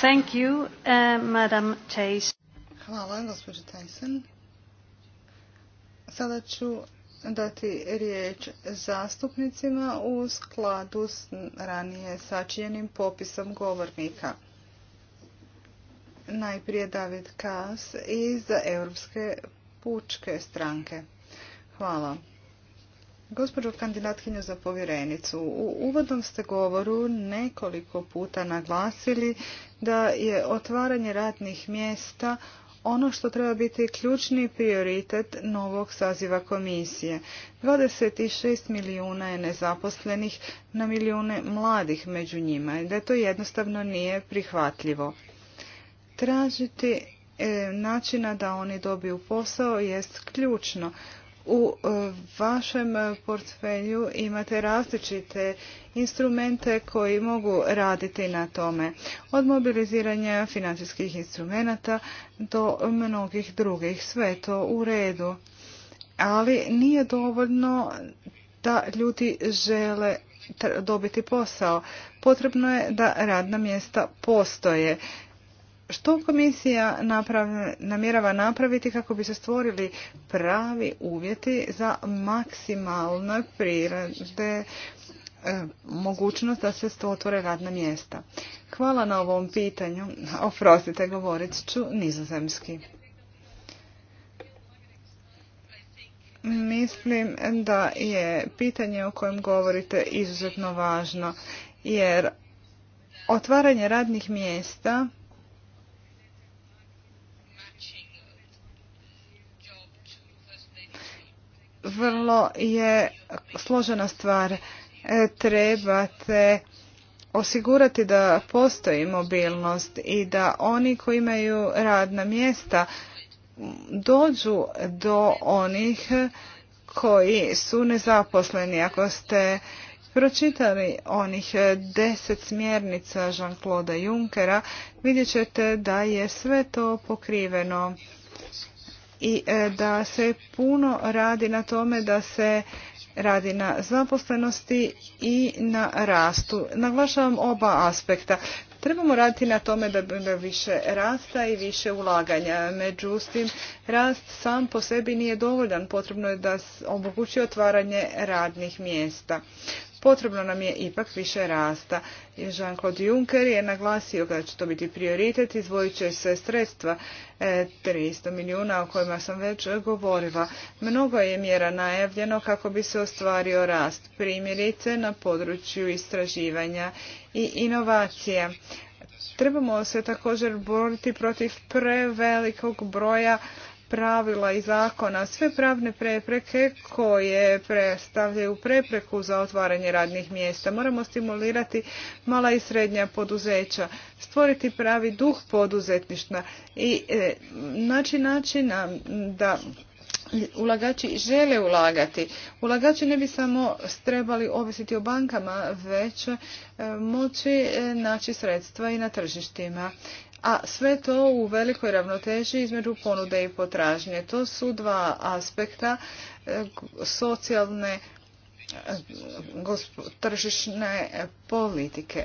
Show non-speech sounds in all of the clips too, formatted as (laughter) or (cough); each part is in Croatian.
Thank you, uh, Hvala, gospođo Tyson. Sada ću dati riječ zastupnicima u skladu s ranije sačinjenim popisom govornika. Najprije David Kass iz Europske pučke stranke. Hvala. Gospođo kandidatkinju za povjerenicu, u uvodnom ste govoru nekoliko puta naglasili da je otvaranje radnih mjesta ono što treba biti ključni prioritet novog saziva komisije. 26 milijuna je nezaposlenih na milijune mladih među njima i da to jednostavno nije prihvatljivo. Tražiti e, načina da oni dobiju posao jest ključno u e, vašem portfelju imate različite instrumente koji mogu raditi na tome, od mobiliziranja financijskih instrumenata do mnogih drugih, sve to u redu. Ali nije dovoljno da ljudi žele dobiti posao. Potrebno je da radna mjesta postoje. Što komisija namjerava napraviti kako bi se stvorili pravi uvjeti za maksimalne prirode e, mogućnost da se otvore radna mjesta. Hvala na ovom pitanju. Oprostite, govorit ću nizozemski. Mislim da je pitanje o kojem govorite izuzetno važno, jer otvaranje radnih mjesta vrlo je složena stvar. E, trebate osigurati da postoji mobilnost i da oni koji imaju radna mjesta dođu do onih koji su nezaposleni. Ako ste pročitali onih deset smjernica Jean-Claude Junckera, vidjet ćete da je sve to pokriveno i e, da se puno radi na tome da se radi na zaposlenosti i na rastu. Naglašavam oba aspekta. Trebamo raditi na tome da bude više rasta i više ulaganja. Međutim, rast sam po sebi nije dovoljan. Potrebno je da omogući otvaranje radnih mjesta. Potrebno nam je ipak više rasta. Jean-Claude Juncker je naglasio da će to biti prioritet, izvojit će se sredstva 300 e, milijuna o kojima sam već govorila. Mnogo je mjera najavljeno kako bi se ostvario rast, primjerice na području istraživanja i inovacija. Trebamo se također boriti protiv prevelikog broja pravila i zakona, sve pravne prepreke koje predstavljaju prepreku za otvaranje radnih mjesta. Moramo stimulirati mala i srednja poduzeća, stvoriti pravi duh poduzetništva i e, naći načina da ulagači žele ulagati. Ulagači ne bi samo trebali ovisiti o bankama, već e, moći e, naći sredstva i na tržištima a sve to u velikoj ravnoteži između ponude i potražnje. To su dva aspekta e, socijalne e, tržišne politike.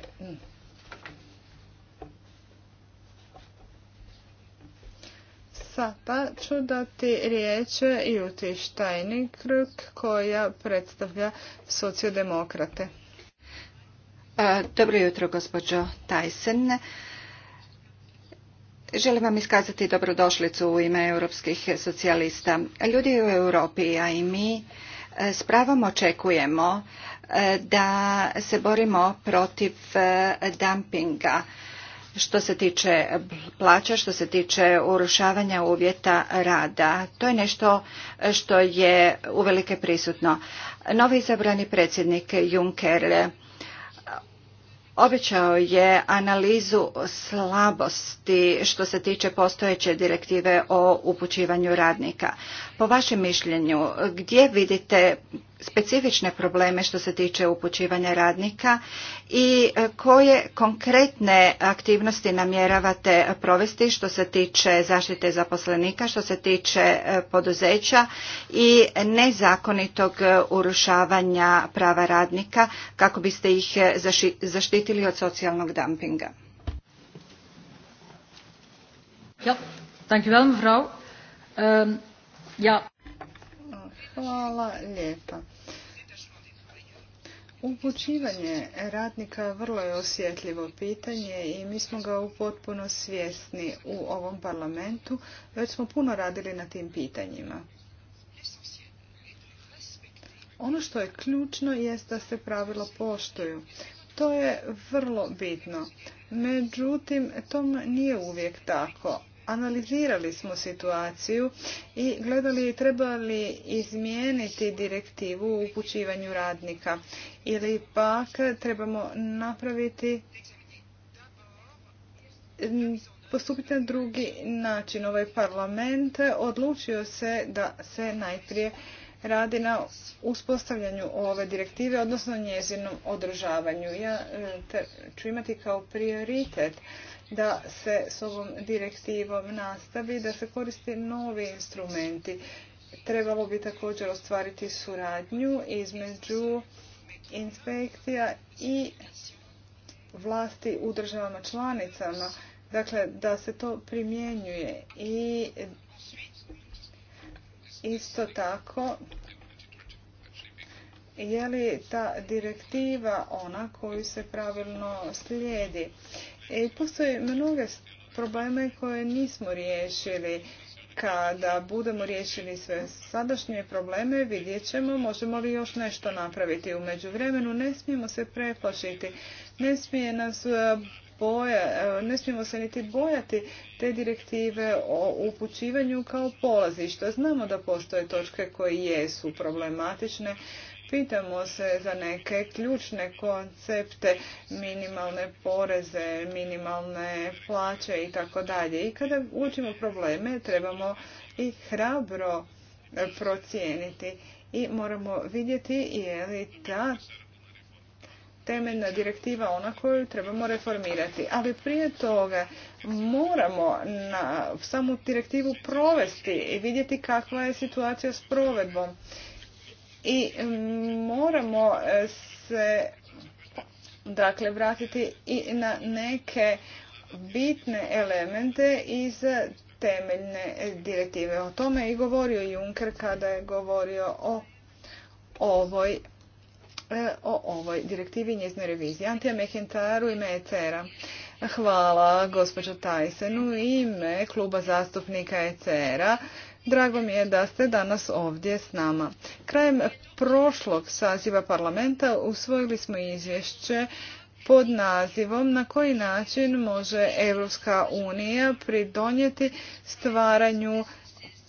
Sada ću dati riječ Juti Štajnikruk koja predstavlja socijaldemokrate. E, dobro jutro, gospođo Tajsen. Želim vam iskazati dobrodošlicu u ime europskih socijalista. Ljudi u Europi, a i mi, e, s pravom očekujemo e, da se borimo protiv e, dumpinga što se tiče plaća, što se tiče urušavanja uvjeta rada. To je nešto što je uvelike prisutno. Novi izabrani predsjednik Juncker Obećao je analizu slabosti što se tiče postojeće direktive o upućivanju radnika. Po vašem mišljenju, gdje vidite specifične probleme što se tiče upućivanja radnika i e, koje konkretne aktivnosti namjeravate provesti što se tiče zaštite zaposlenika, što se tiče e, poduzeća i nezakonitog e, urušavanja prava radnika kako biste ih zaštitili od socijalnog dumpinga. Ja, mevrouw. Ehm, ja. Hvala lijepa. Upućivanje radnika vrlo je osjetljivo pitanje i mi smo ga u potpuno svjesni u ovom parlamentu. Već smo puno radili na tim pitanjima. Ono što je ključno jest da se pravila poštuju. To je vrlo bitno. Međutim, to nije uvijek tako analizirali smo situaciju i gledali treba li izmijeniti direktivu u upućivanju radnika ili pak trebamo napraviti postupiti na drugi način. Ovaj parlament odlučio se da se najprije radi na uspostavljanju ove direktive, odnosno njezinom održavanju. Ja e, ću imati kao prioritet da se s ovom direktivom nastavi, da se koristi novi instrumenti. Trebalo bi također ostvariti suradnju između inspekcija i vlasti u državama članicama, dakle da se to primjenjuje i isto tako je li ta direktiva ona koju se pravilno slijedi. I e, postoje mnoge probleme koje nismo riješili. Kada budemo riješili sve sadašnje probleme, vidjet ćemo možemo li još nešto napraviti. U međuvremenu ne smijemo se preplašiti, ne smije nas e, boja, e, ne smijemo se niti bojati te direktive o upućivanju kao polazišta. Znamo da postoje točke koje jesu problematične, Pitamo se za neke ključne koncepte, minimalne poreze, minimalne plaće i tako dalje. I kada učimo probleme trebamo i hrabro procijeniti i moramo vidjeti je li ta temeljna direktiva ona koju trebamo reformirati. Ali prije toga moramo na samu direktivu provesti i vidjeti kakva je situacija s provedbom i mm, moramo e, se dakle vratiti i na neke bitne elemente iz temeljne direktive. O tome je i govorio Juncker kada je govorio o ovoj e, o ovoj direktivi njeznoj reviziji. Antija Mehentaru ime ECR-a. Hvala gospođo Tajsenu ime kluba zastupnika ECR-a. Drago mi je da ste danas ovdje s nama. Krajem prošlog saziva parlamenta usvojili smo izvješće pod nazivom na koji način može Europska unija pridonijeti stvaranju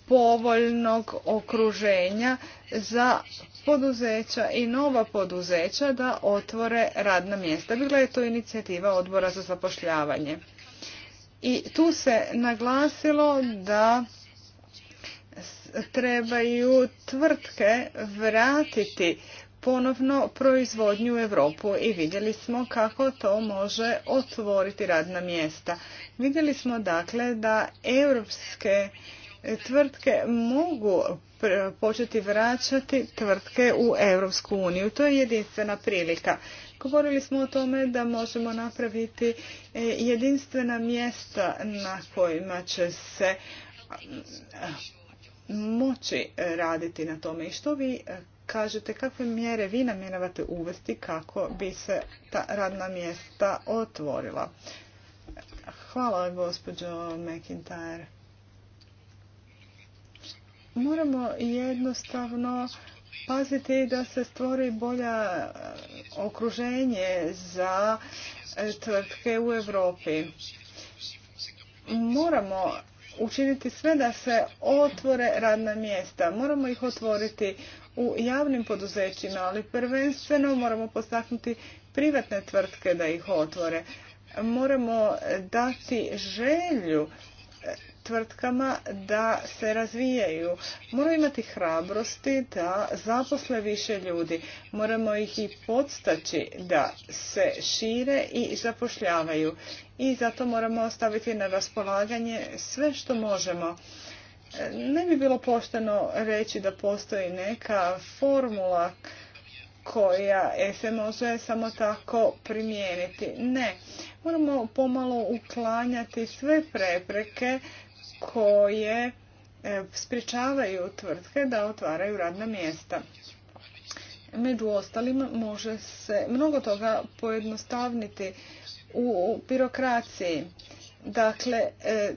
povoljnog okruženja za poduzeća i nova poduzeća da otvore radna mjesta. Bila je to inicijativa odbora za zapošljavanje. I tu se naglasilo da trebaju tvrtke vratiti ponovno proizvodnju u Europu i vidjeli smo kako to može otvoriti radna mjesta. Vidjeli smo dakle da europske tvrtke mogu početi vraćati tvrtke u Europsku uniju. To je jedinstvena prilika. Govorili smo o tome da možemo napraviti e, jedinstvena mjesta na kojima će se moći e, raditi na tome i što vi e, kažete kakve mjere vi namjeravate uvesti kako bi se ta radna mjesta otvorila. Hvala vam, gospođo McIntyre. Moramo jednostavno paziti da se stvori bolja e, okruženje za tvrtke u Europi. Moramo učiniti sve da se otvore radna mjesta. Moramo ih otvoriti u javnim poduzećima, ali prvenstveno moramo postaknuti privatne tvrtke da ih otvore. Moramo dati želju e, tvrtkama da se razvijaju. Moramo imati hrabrosti da zaposle više ljudi. Moramo ih i podstaći da se šire i zapošljavaju i zato moramo staviti na raspolaganje sve što možemo. Ne bi bilo pošteno reći da postoji neka formula koja se može samo tako primijeniti. Ne, moramo pomalo uklanjati sve prepreke koje e, spričavaju tvrtke da otvaraju radna mjesta. Među ostalim može se mnogo toga pojednostavniti u birokraciji. Dakle, e,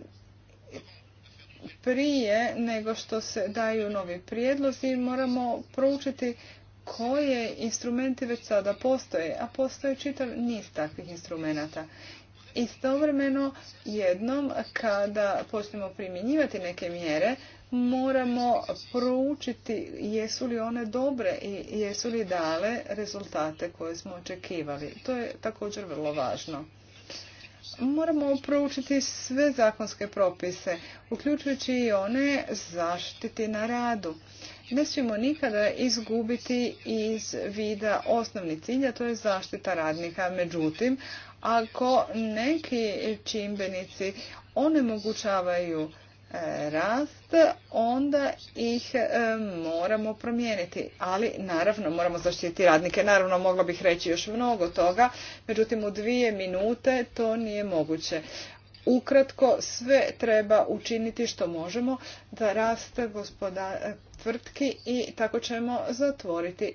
prije nego što se daju novi prijedlozi moramo proučiti koje instrumenti već sada postoje, a postoje čitav niz takvih instrumenata. Istovremeno, jednom kada počnemo primjenjivati neke mjere, moramo proučiti jesu li one dobre i jesu li dale rezultate koje smo očekivali. To je također vrlo važno. Moramo proučiti sve zakonske propise, uključujući i one zaštiti na radu. Ne smijemo nikada izgubiti iz vida osnovni cilj, a to je zaštita radnika. Međutim, ako neki čimbenici onemogućavaju e, rast, onda ih e, moramo promijeniti. Ali naravno moramo zaštiti radnike. Naravno mogla bih reći još mnogo toga, međutim u dvije minute to nije moguće. Ukratko, sve treba učiniti što možemo da raste gospoda, e, tvrtki i tako ćemo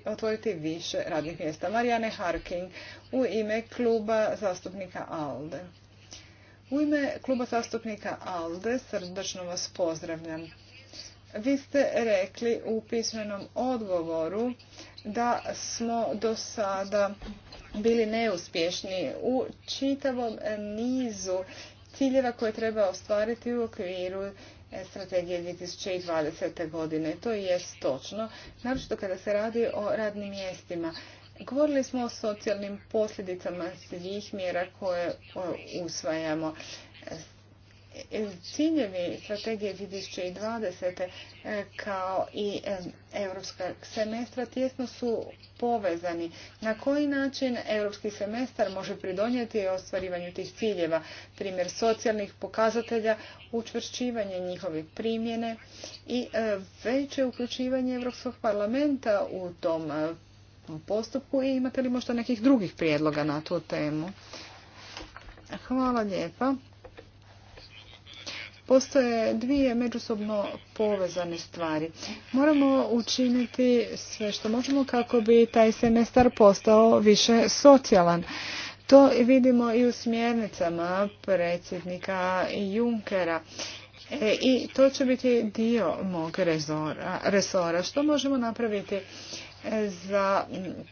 otvoriti više radnih mjesta. Marijane Harking u ime kluba zastupnika ALDE. U ime kluba zastupnika ALDE srdačno vas pozdravljam. Vi ste rekli u pismenom odgovoru da smo do sada bili neuspješni u čitavom nizu ciljeva koje treba ostvariti u okviru e, strategije 2020. godine. To je točno, naročito kada se radi o radnim mjestima. Govorili smo o socijalnim posljedicama svih mjera koje usvajamo. E, Ehm, ciljevi strategije 2020. Eh, kao i ehm, europska semestra tjesno su povezani. Na koji način europski semestar može pridonijeti ostvarivanju tih ciljeva? Primjer socijalnih pokazatelja, učvršćivanje njihove primjene i eh, veće uključivanje Europskog parlamenta u tom eh, postupku i imate li možda nekih drugih prijedloga na tu temu? Hvala lijepa. Postoje dvije međusobno povezane stvari. Moramo učiniti sve što možemo kako bi taj semestar postao više socijalan. To vidimo i u smjernicama predsjednika Junckera. E, I to će biti dio mog resora. resora. Što možemo napraviti e, za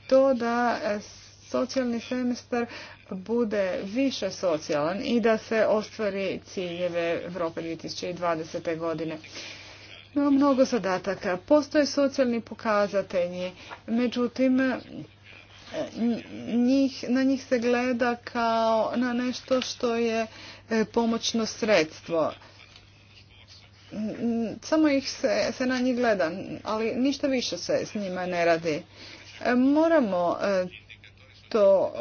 to da socijalni semestar bude više socijalan i da se ostvari ciljeve Europe 2020. godine. Ima mnogo zadataka. Postoje socijalni pokazatelji, međutim, na njih se gleda kao na nešto što je e, pomoćno sredstvo. Samo ih se, se na njih gleda, ali ništa više se s njima ne radi. E, moramo e, to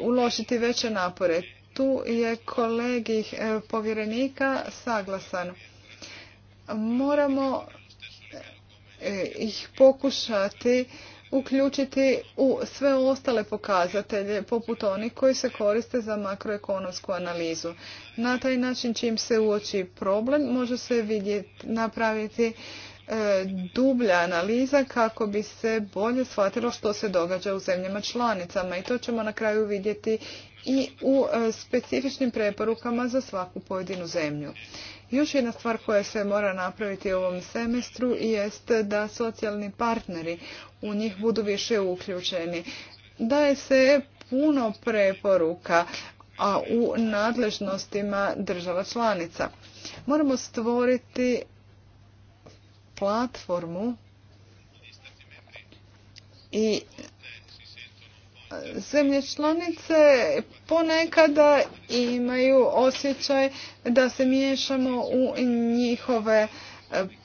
uložiti veće napore. Tu je kolegi eh, povjerenika saglasan. Moramo eh, ih pokušati uključiti u sve ostale pokazatelje poput onih koji se koriste za makroekonomsku analizu. Na taj način čim se uoči problem može se vidjeti, napraviti E, dublja analiza kako bi se bolje shvatilo što se događa u zemljama članicama i to ćemo na kraju vidjeti i u e, specifičnim preporukama za svaku pojedinu zemlju. Još jedna stvar koja se mora napraviti u ovom semestru jest da socijalni partneri u njih budu više uključeni. Daje se puno preporuka a u nadležnostima država članica. Moramo stvoriti platformu i zemlje članice ponekada imaju osjećaj da se miješamo u njihove e,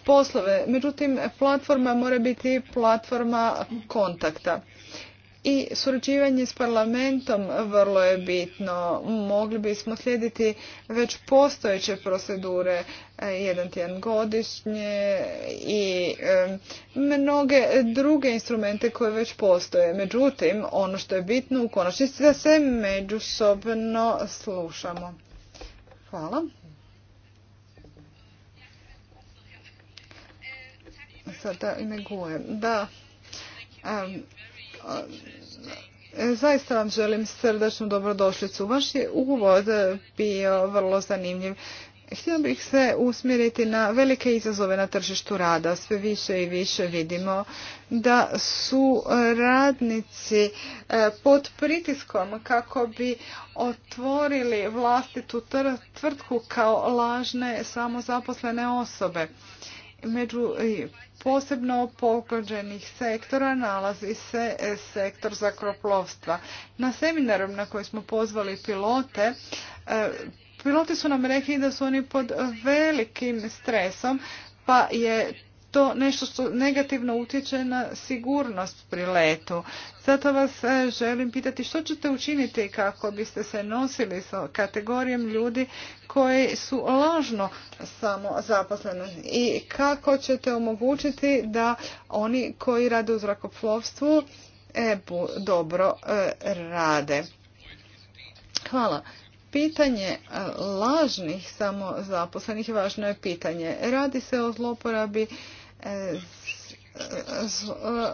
poslove. Međutim, platforma mora biti platforma kontakta i surađivanje s parlamentom vrlo je bitno. Mogli bismo slijediti već postojeće procedure e, jedan tjedan godišnje i e, mnoge druge instrumente koje već postoje. Međutim, ono što je bitno u konačnici da se međusobno slušamo. Hvala. Sada ne Da. E, E, zaista vam želim srdačnu dobrodošlicu. Vaš je uvod bio vrlo zanimljiv. Htio bih se usmjeriti na velike izazove na tržištu rada. Sve više i više vidimo da su radnici e, pod pritiskom kako bi otvorili vlastitu tvrtku kao lažne samozaposlene osobe. Među e, posebno pogođenih sektora nalazi se e, sektor zakroplovstva. Na seminaru na koji smo pozvali pilote, e, piloti su nam rekli da su oni pod velikim stresom, pa je to nešto što negativno utječe na sigurnost pri letu. Zato vas e, želim pitati što ćete učiniti kako biste se nosili sa kategorijom ljudi koji su lažno samo i kako ćete omogućiti da oni koji rade u zrakoplovstvu e, dobro e, rade. Hvala. Pitanje e, lažnih samozaposlenih važno je pitanje. Radi se o zloporabi E, e,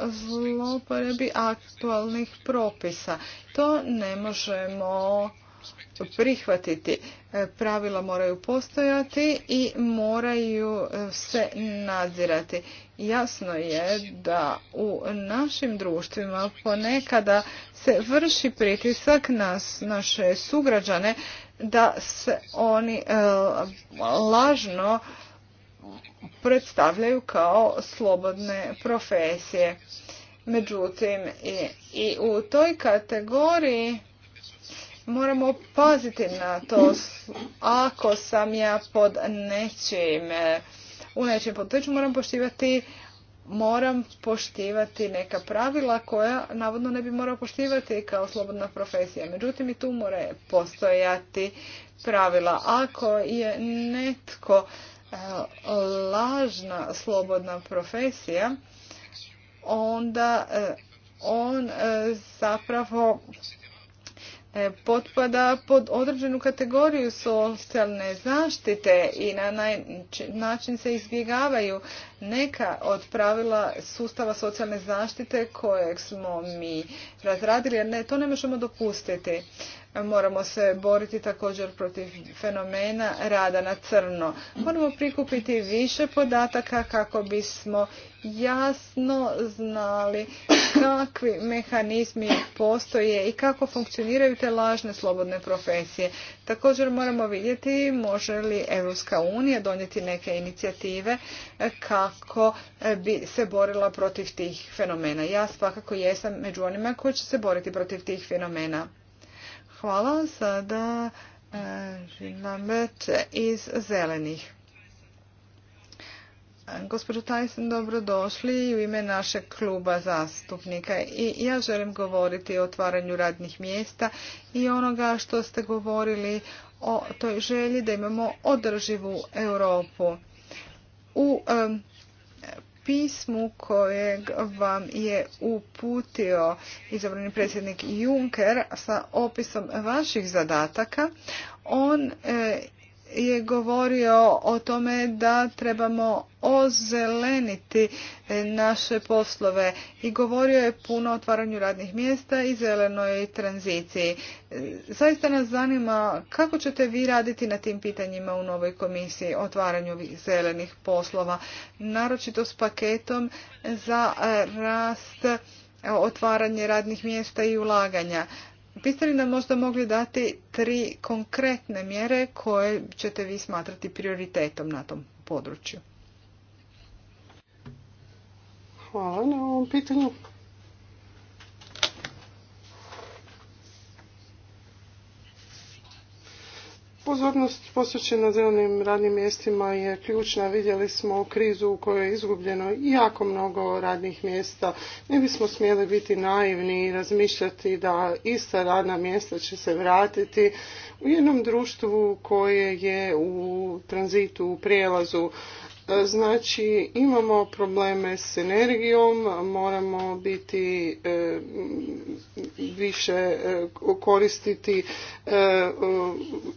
zloporebi aktualnih propisa. To ne možemo prihvatiti. E, pravila moraju postojati i moraju se nadzirati. Jasno je da u našim društvima ponekada se vrši pritisak na naše sugrađane da se oni lažno predstavljaju kao slobodne profesije. Međutim, i, i u toj kategoriji moramo paziti na to. Ako sam ja pod nečim, u nečem podteću, moram poštivati moram poštivati neka pravila koja navodno ne bi morao poštivati kao slobodna profesija. Međutim, i tu mora postojati pravila. Ako je netko lažna slobodna profesija, onda e, on e, zapravo e, potpada pod određenu kategoriju socijalne zaštite i na način se izbjegavaju neka od pravila sustava socijalne zaštite kojeg smo mi razradili, jer ne, to ne možemo dopustiti moramo se boriti također protiv fenomena rada na crno. Moramo prikupiti više podataka kako bismo jasno znali kakvi mehanizmi postoje i kako funkcioniraju te lažne slobodne profesije. Također moramo vidjeti može li Europska unija donijeti neke inicijative kako bi se borila protiv tih fenomena. Ja svakako jesam među onima koji će se boriti protiv tih fenomena. Hvala. Sada Žilambert e, iz Zelenih. Gospođo dobro dobrodošli u ime našeg kluba zastupnika i ja želim govoriti o otvaranju radnih mjesta i onoga što ste govorili o toj želji da imamo održivu Europu. U pismu kojeg vam je uputio izabrani predsjednik Juncker sa opisom vaših zadataka, on e, je govorio o tome da trebamo ozeleniti e, naše poslove i govorio je puno o otvaranju radnih mjesta i zelenoj tranziciji. E, zaista nas zanima kako ćete vi raditi na tim pitanjima u novoj komisiji o otvaranju zelenih poslova, naročito s paketom za e, rast otvaranje radnih mjesta i ulaganja biste li nam možda mogli dati tri konkretne mjere koje ćete vi smatrati prioritetom na tom području? Hvala na ovom pitanju. Pozornost posvećena zelenim radnim mjestima je ključna. Vidjeli smo krizu u kojoj je izgubljeno jako mnogo radnih mjesta. Ne bismo smjeli biti naivni i razmišljati da ista radna mjesta će se vratiti u jednom društvu koje je u tranzitu, u prijelazu. E, znači imamo probleme s energijom, moramo biti e, više e, koristiti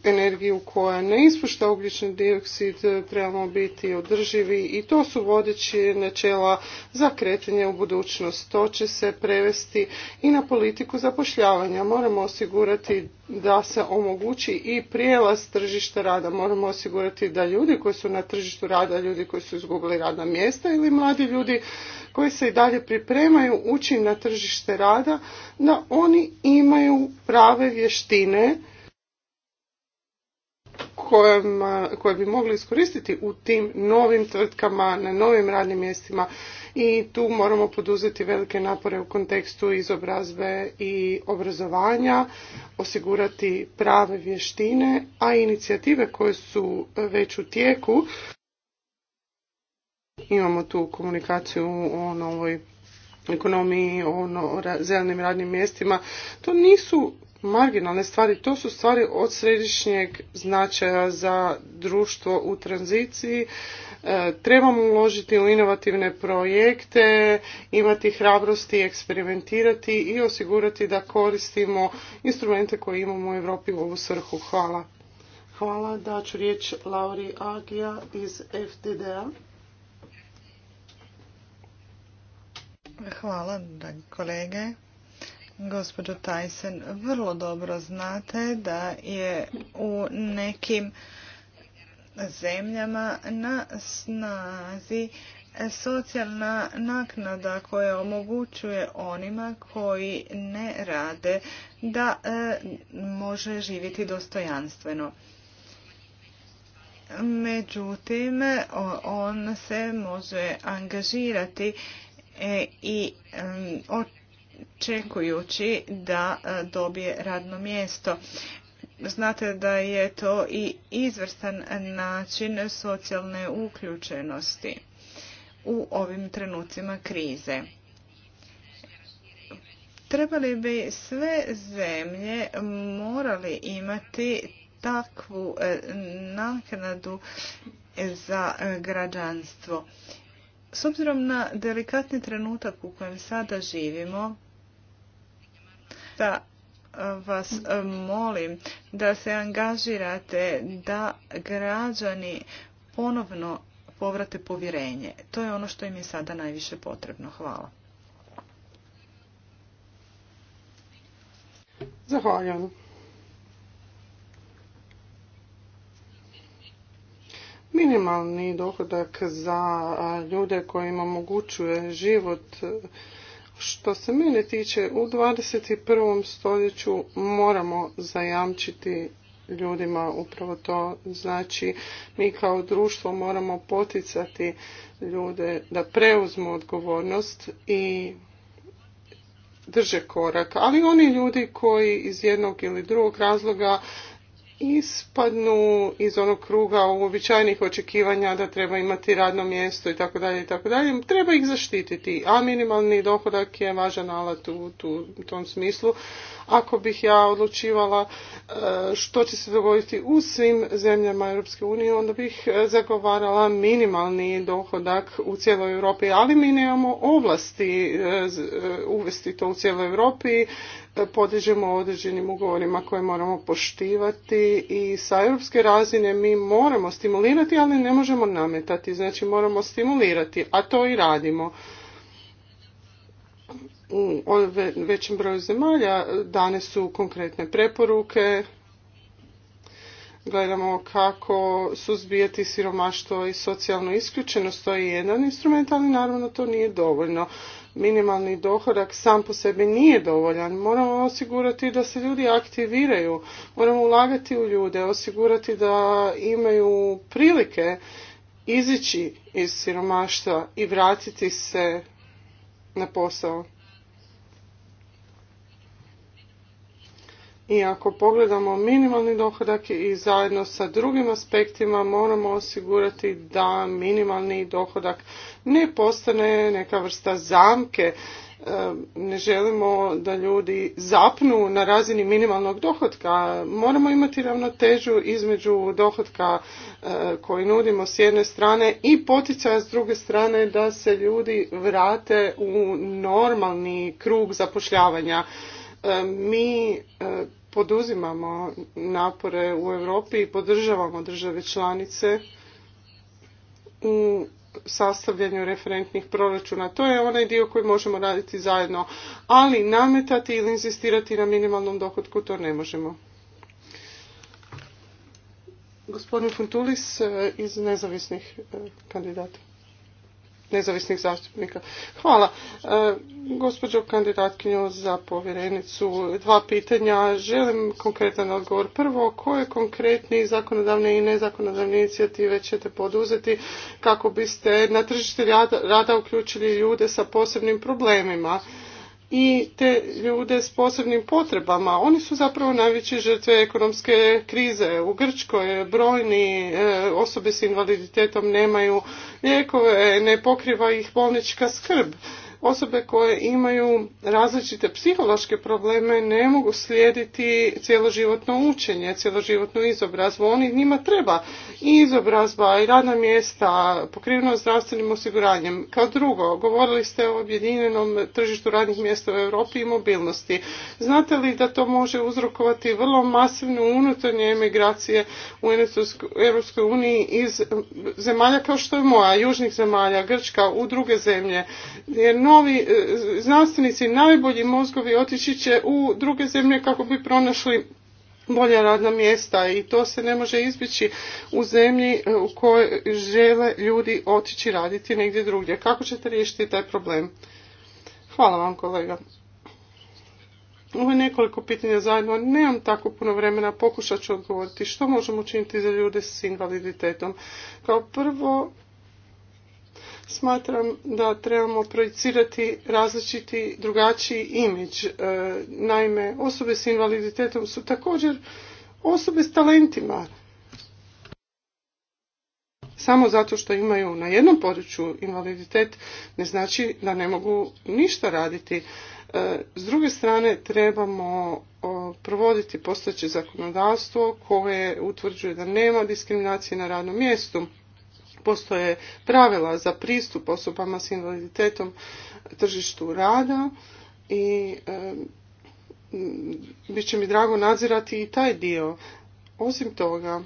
energiju koja ne ispušta ugljični dioksid, trebamo biti održivi i to su vodeći načela za kretanje u budućnost. To će se prevesti i na politiku zapošljavanja. Moramo osigurati da se omogući i prijelaz tržišta rada. Moramo osigurati da ljudi koji su na tržištu rada, ljudi koji su izgubili radna mjesta ili mladi ljudi koji se i dalje pripremaju ući na tržište rada, da oni imaju prave vještine koje bi mogli iskoristiti u tim novim tvrtkama, na novim radnim mjestima i tu moramo poduzeti velike napore u kontekstu izobrazbe i obrazovanja, osigurati prave vještine, a inicijative koje su e, već u tijeku imamo tu komunikaciju o novoj ekonomiji, o ono, zelenim radnim mjestima. To nisu marginalne stvari, to su stvari od središnjeg značaja za društvo u tranziciji. E, trebamo uložiti u inovativne projekte, imati hrabrosti, eksperimentirati i osigurati da koristimo instrumente koje imamo u Europi u ovu svrhu. Hvala. Hvala, daću riječ Lauri Agija iz FTDA. Hvala, kolege. Gospođo Tyson, vrlo dobro znate da je u nekim zemljama na snazi socijalna naknada koja omogućuje onima koji ne rade da e, može živjeti dostojanstveno. Međutim, on se može angažirati e, i e, čekujući da e, dobije radno mjesto. Znate da je to i izvrstan način socijalne uključenosti u ovim trenucima krize. Trebali bi sve zemlje morali imati takvu e, naknadu za e, građanstvo. S obzirom na delikatni trenutak u kojem sada živimo, zaista e, vas e, molim da se angažirate da građani ponovno povrate povjerenje. To je ono što im je sada najviše potrebno. Hvala. Zahvaljujem. Minimalni dohodak za ljude kojima omogućuje život što se mene tiče, u 21. stoljeću moramo zajamčiti ljudima upravo to. Znači, mi kao društvo moramo poticati ljude da preuzmu odgovornost i drže korak. Ali oni ljudi koji iz jednog ili drugog razloga ispadnu iz onog kruga uobičajenih očekivanja da treba imati radno mjesto i tako dalje i tako dalje. Treba ih zaštititi, a minimalni dohodak je važan alat u, tom smislu. Ako bih ja odlučivala e, što će se dogoditi u svim zemljama Europske unije, onda bih zagovarala minimalni dohodak u cijeloj Europi, ali mi nemamo ovlasti e, e, uvesti to u cijeloj Europi podižemo određenim ugovorima koje moramo poštivati i sa europske razine mi moramo stimulirati, ali ne možemo nametati, znači moramo stimulirati, a to i radimo. U većem broju zemalja dane su konkretne preporuke, gledamo kako suzbijati siromaštvo i socijalnu isključenost, to je jedan instrument, ali naravno to nije dovoljno minimalni dohodak sam po sebi nije dovoljan. Moramo osigurati da se ljudi aktiviraju, moramo ulagati u ljude, osigurati da imaju prilike izići iz siromaštva i vratiti se na posao. I ako pogledamo minimalni dohodak i zajedno sa drugim aspektima moramo osigurati da minimalni dohodak ne postane neka vrsta zamke. E, ne želimo da ljudi zapnu na razini minimalnog dohodka. Moramo imati ravnotežu između dohotka e, koji nudimo s jedne strane i poticaja s druge strane da se ljudi vrate u normalni krug zapošljavanja e, mi poduzimamo napore u Europi i podržavamo države članice u sastavljanju referentnih proračuna. To je onaj dio koji možemo raditi zajedno, ali nametati ili inzistirati na minimalnom dohotku to ne možemo. Gospodin Funtulis eh, iz nezavisnih eh, kandidata nezavisnih zastupnika. Hvala. E, gospođo kandidatkinju za povjerenicu, dva pitanja. Želim konkretan odgovor. Prvo, koje konkretni zakonodavne i nezakonodavne inicijative ćete poduzeti kako biste na tržište rada, rada uključili ljude sa posebnim problemima? i te ljude s posebnim potrebama. Oni su zapravo najveće žrtve ekonomske krize. U Grčkoj brojni e, osobe s invaliditetom nemaju lijekove, ne pokriva ih bolnička skrb. Osobe koje imaju različite psihološke probleme ne mogu slijediti cjeloživotno učenje, cjeloživotnu izobrazbu. Oni njima treba i izobrazba i radna mjesta, pokriveno zdravstvenim osiguranjem. Kao drugo, govorili ste o objedinjenom tržištu radnih mjesta u Europi i mobilnosti. Znate li da to može uzrokovati vrlo masivno unutarnje emigracije u Europskoj uniji iz zemalja kao što je moja, južnih zemalja, Grčka, u druge zemlje? Jer novi e, znanstvenici, najbolji mozgovi otići će u druge zemlje kako bi pronašli bolja radna mjesta i to se ne može izbjeći u zemlji e, u kojoj žele ljudi otići raditi negdje drugdje. Kako ćete riješiti taj problem? Hvala vam kolega. Ovo nekoliko pitanja zajedno, nemam tako puno vremena, pokušat ću odgovoriti što možemo učiniti za ljude s invaliditetom. Kao prvo, smatram da trebamo projicirati različiti drugačiji imidž. E, naime, osobe s invaliditetom su također osobe s talentima. Samo zato što imaju na jednom području invaliditet ne znači da ne mogu ništa raditi. E, s druge strane trebamo provoditi postojeće zakonodavstvo koje utvrđuje da nema diskriminacije na radnom mjestu postoje pravila za pristup osobama s invaliditetom tržištu rada i bit će mi drago nadzirati i taj dio. Osim toga,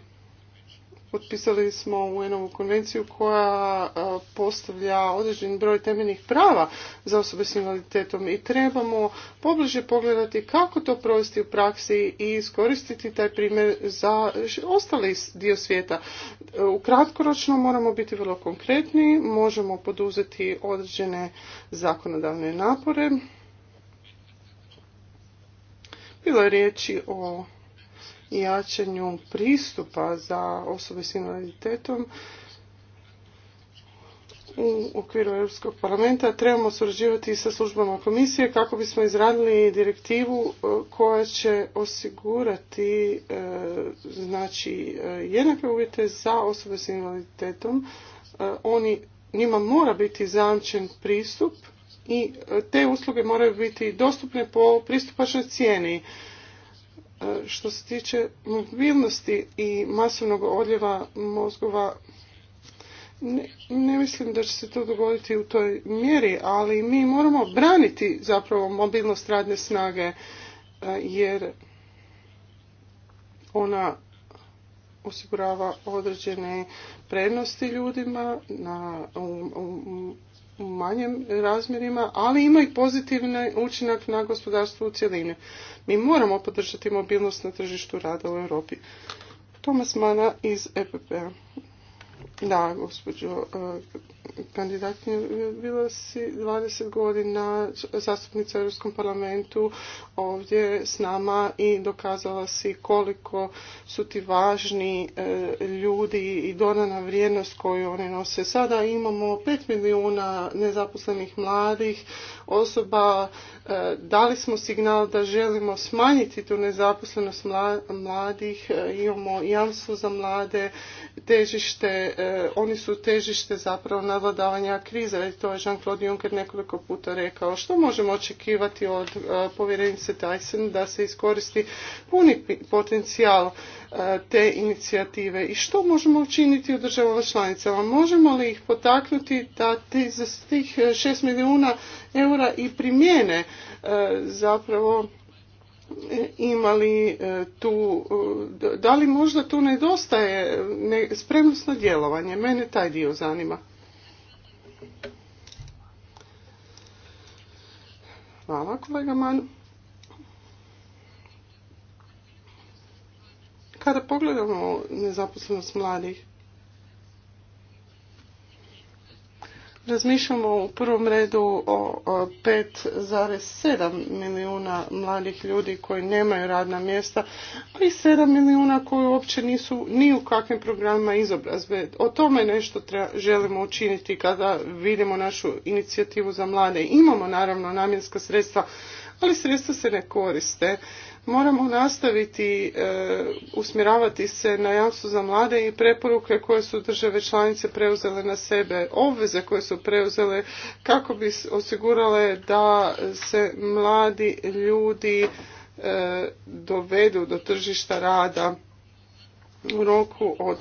potpisali smo u enovu konvenciju koja e, postavlja određen broj temeljnih prava za osobe s invaliditetom i trebamo pobliže pogledati kako to provesti u praksi i iskoristiti taj primjer za ostali dio svijeta. E, u kratkoročno moramo biti vrlo konkretni, možemo poduzeti određene zakonodavne napore. Bilo je riječi o jačanju pristupa za osobe s invaliditetom u okviru Europskog parlamenta trebamo surađivati sa službama komisije kako bismo izradili direktivu e, koja će osigurati e, znači e, jednake uvjete za osobe s invaliditetom. Oni, njima mora biti zamčen pristup i te usluge moraju biti dostupne po pristupačnoj cijeni E, što se tiče mobilnosti i masovnog odljeva mozgova, ne, mislim da će se to dogoditi u toj mjeri, ali mi moramo braniti zapravo mobilnost radne snage e, jer ona osigurava određene prednosti ljudima na, manjim razmjerima, ali ima i pozitivni učinak na gospodarstvo u cjelini. Mi moramo podržati mobilnost na tržištu rada u Europi. Tomas Mana iz EPP-a. Da, gospođo e, kandidatnje, bila si 20 godina zastupnica u Europskom parlamentu ovdje s nama i dokazala si koliko su ti važni e, ljudi i donana vrijednost koju oni nose. Sada imamo 5 milijuna nezaposlenih mladih osoba. E, dali smo signal da želimo smanjiti tu nezaposlenost mladih. Imamo jamstvo za mlade, težište oni su težište zapravo navladavanja kriza i to je Jean-Claude Juncker nekoliko puta rekao. Što možemo očekivati od e, povjerenice Tyson da se iskoristi puni potencijal e, te inicijative i što možemo učiniti u državama članicama? Možemo li ih potaknuti da za tih 6 milijuna eura i primjene e, zapravo imali e, tu, e, da li možda tu nedostaje spremnost na djelovanje? Mene taj dio zanima. Hvala kolega Manu. Kada pogledamo nezaposlenost mladih, Razmišljamo u prvom redu o 5,7 milijuna mladih ljudi koji nemaju radna mjesta, a i 7 milijuna koji uopće nisu ni u kakvim programima izobrazbe. O tome nešto želimo učiniti kada vidimo našu inicijativu za mlade. Imamo naravno namjenska sredstva, ali sredstva se ne koriste moramo nastaviti e, usmjeravati se na jamstvo za mlade i preporuke koje su države članice preuzele na sebe, obveze koje su preuzele kako bi osigurale da se mladi ljudi e, dovedu do tržišta rada u roku od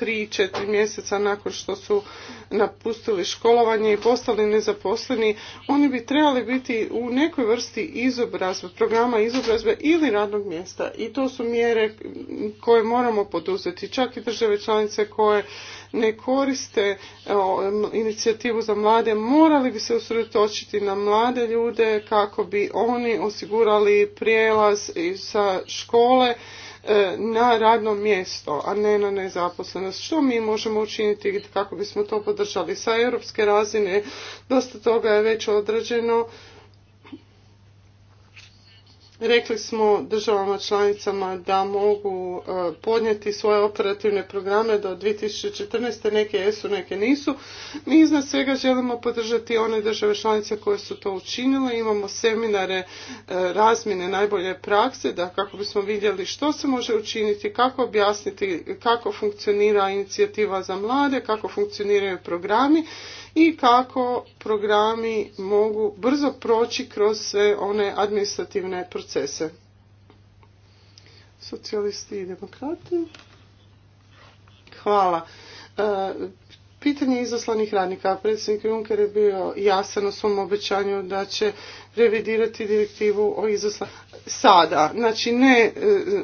3-4 e, mjeseca nakon što su napustili školovanje i postali nezaposleni, oni bi trebali biti u nekoj vrsti izobrazbe, programa izobrazbe ili radnog mjesta. I to su mjere koje moramo poduzeti. Čak i države članice koje ne koriste e, inicijativu za mlade, morali bi se usredotočiti na mlade ljude kako bi oni osigurali prijelaz sa škole E, na radno mjesto, a ne na nezaposlenost. Što mi možemo učiniti kako bismo to podržali? Sa europske razine dosta toga je već odrađeno Rekli smo državama članicama da mogu e, podnijeti svoje operativne programe do 2014. Neke jesu, neke nisu. Mi iznad svega želimo podržati one države članice koje su to učinile. Imamo seminare e, razmjene najbolje prakse da kako bismo vidjeli što se može učiniti, kako objasniti kako funkcionira inicijativa za mlade, kako funkcioniraju programi i kako programi mogu brzo proći kroz sve one administrativne procese. Socijalisti i demokrati. Hvala. E, pitanje izoslanih radnika. Predsjednik Juncker je bio jasan u svom obećanju da će revidirati direktivu o izoslanih sada. Znači ne e,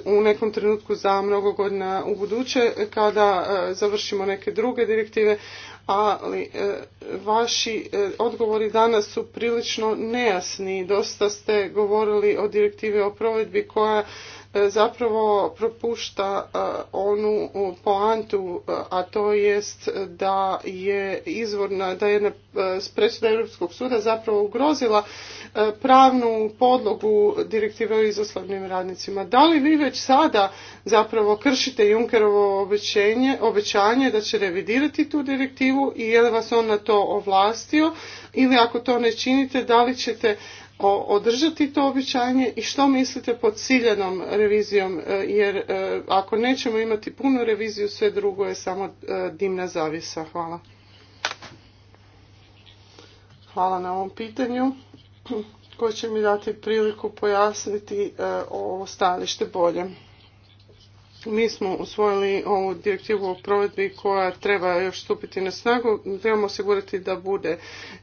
u nekom trenutku za mnogo godina u buduće kada e, završimo neke druge direktive, ali e, vaši e, odgovori danas su prilično nejasni. Dosta ste govorili o direktivi o provedbi koja E, zapravo propušta e, onu poantu, e, a to jest da je izvorna, da je presuda Europskog suda zapravo ugrozila pravnu podlogu direktive o izoslovnim radnicima. Da li vi već sada zapravo kršite Junkerovo obećanje, obećanje da će revidirati tu direktivu i je li vas on na to ovlastio ili ako to ne činite da li ćete održati to običanje i što mislite pod ciljanom revizijom e, jer e, ako nećemo imati punu reviziju sve drugo je samo e, dimna zavisa. Hvala. Hvala na ovom pitanju koje će mi dati priliku pojasniti ovo stajalište bolje mi smo usvojili ovu direktivu o provedbi koja treba još stupiti na snagu. Trebamo osigurati da bude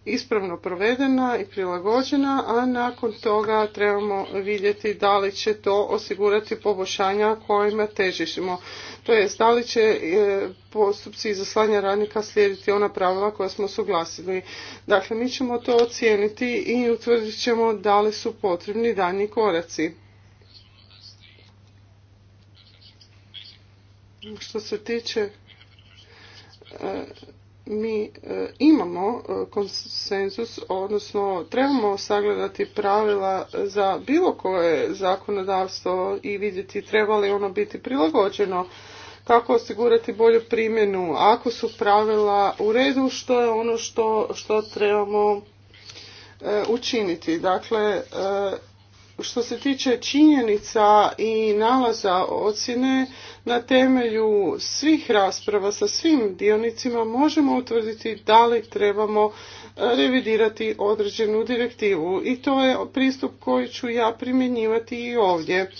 ispravno provedena i prilagođena, a nakon toga trebamo vidjeti da li će to osigurati poboljšanja kojima težišimo. To je da li će e, postupci izaslanja radnika slijediti ona pravila koja smo suglasili. Dakle, mi ćemo to ocijeniti i utvrdit ćemo da li su potrebni danji koraci. Što se tiče e, mi e, imamo e, konsenzus, odnosno trebamo sagledati pravila za bilo koje zakonodavstvo i vidjeti treba li ono biti prilagođeno, kako osigurati bolju primjenu, ako su pravila u redu, što je ono što, što trebamo učiniti. Dakle, što se tiče činjenica i nalaza ocjene na temelju svih rasprava sa svim dionicima možemo utvrditi da li trebamo e, revidirati određenu direktivu i to je pristup koji ću ja primjenjivati i ovdje.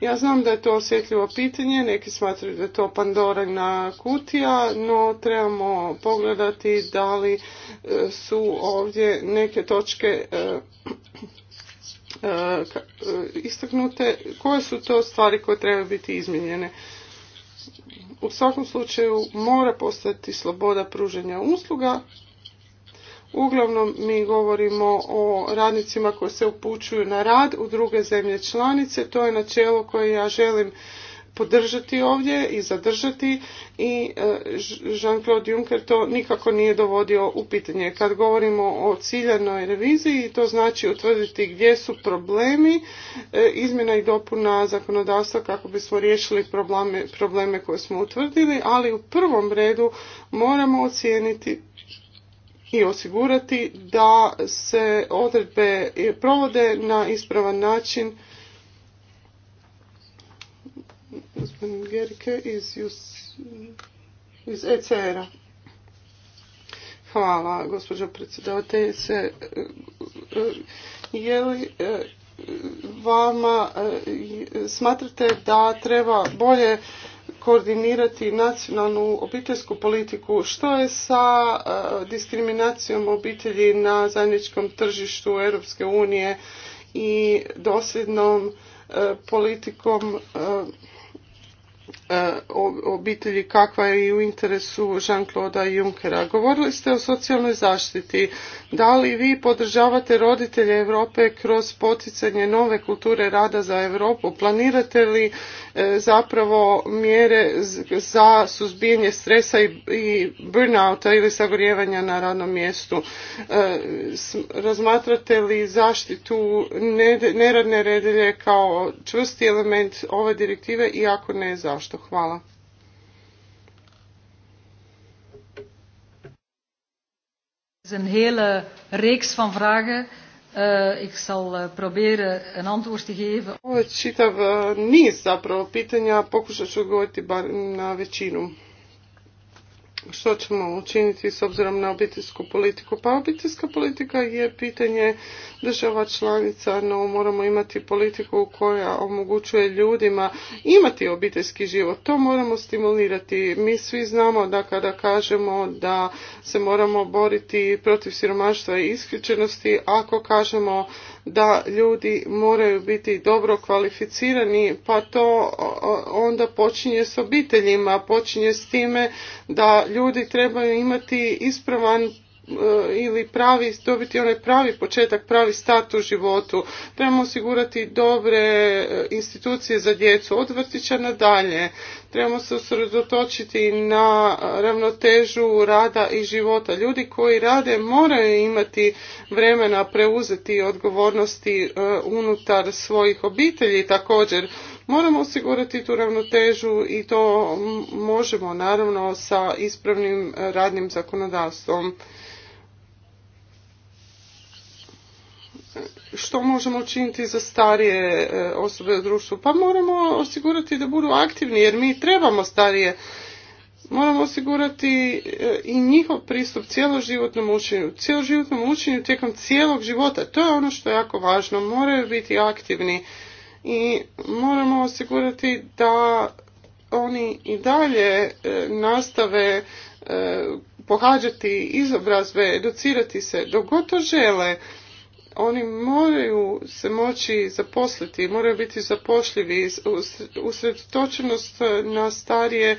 Ja znam da je to osjetljivo pitanje, neki smatraju da je to na kutija, no trebamo pogledati da li e, su ovdje neke točke e, E, e, istaknute koje su to stvari koje trebaju biti izmijenjene. U svakom slučaju mora postati sloboda pruženja usluga. Uglavnom mi govorimo o radnicima koji se upućuju na rad u druge zemlje članice. To je načelo koje ja želim podržati ovdje i zadržati i e, Jean-Claude Juncker to nikako nije dovodio u pitanje. Kad govorimo o ciljanoj reviziji, to znači utvrditi gdje su problemi e, izmjena i dopuna zakonodavstva kako bismo riješili probleme, probleme koje smo utvrdili, ali u prvom redu moramo ocijeniti i osigurati da se odredbe provode na ispravan način gospodin Gerike iz, iz ECR-a. Hvala, gospođo predsjedavateljice. Je li e, vama, e, smatrate da treba bolje koordinirati nacionalnu obiteljsku politiku. Što je sa e, diskriminacijom obitelji na zajedničkom tržištu Europske unije i dosljednom politikom E, obitelji kakva je i u interesu Jean-Claude Junckera. Govorili ste o socijalnoj zaštiti. Da li vi podržavate roditelje Europe kroz poticanje nove kulture rada za Europu? Planirate li E, zapravo mjere za suzbijanje stresa i burnouta ili sagorijevanja na radnom mjestu. E, razmatrate li zaštitu neradne redelje kao čvrsti element ove direktive i ako ne, zašto? Hvala. is een hele reeks van vragen. Eh, ik zal eh, proberen een antwoord te geven. Ovo je čitav eh, niz pitanja, pokušat ću odgovoriti bar na većinu što ćemo učiniti s obzirom na obiteljsku politiku? Pa obiteljska politika je pitanje država članica, no moramo imati politiku koja omogućuje ljudima imati obiteljski život. To moramo stimulirati. Mi svi znamo da kada kažemo da se moramo boriti protiv siromaštva i isključenosti, ako kažemo da ljudi moraju biti dobro kvalificirani, pa to onda počinje s obiteljima, počinje s time da ljudi trebaju imati ispravan E, ili pravi, dobiti onaj pravi početak, pravi start u životu. Trebamo osigurati dobre e, institucije za djecu od vrtića na dalje. Trebamo se usredotočiti na ravnotežu rada i života. Ljudi koji rade moraju imati vremena preuzeti odgovornosti e, unutar svojih obitelji također. Moramo osigurati tu ravnotežu i to možemo naravno sa ispravnim radnim zakonodavstvom. što možemo učiniti za starije e, osobe u društvu? Pa moramo osigurati da budu aktivni jer mi trebamo starije. Moramo osigurati e, i njihov pristup cijeloživotnom učenju. životnom učenju tijekom cijelog života. To je ono što je jako važno. Moraju biti aktivni i moramo osigurati da oni i dalje e, nastave pohađati izobrazbe, educirati se dok žele oni moraju se moći zaposliti, moraju biti zapošljivi, usredotočenost na starije.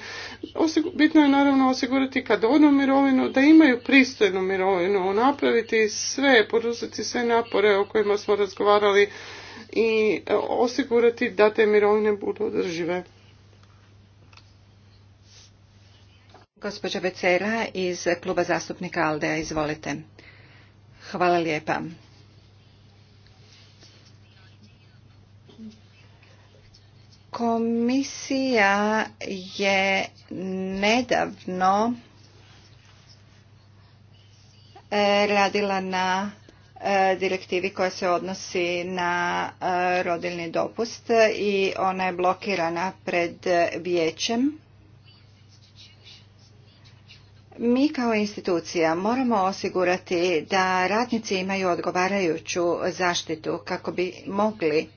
Bitno je naravno osigurati kad odu mirovinu, da imaju pristojnu mirovinu, napraviti sve, poduzeti sve napore o kojima smo razgovarali i e, osigurati da te mirovine budu održive. Gospođa Becera iz kluba zastupnika Aldea, izvolite. Hvala lijepa. Komisija je nedavno e, radila na e, direktivi koja se odnosi na e, rodilni dopust i ona je blokirana pred vijećem. Mi kao institucija moramo osigurati da radnici imaju odgovarajuću zaštitu kako bi mogli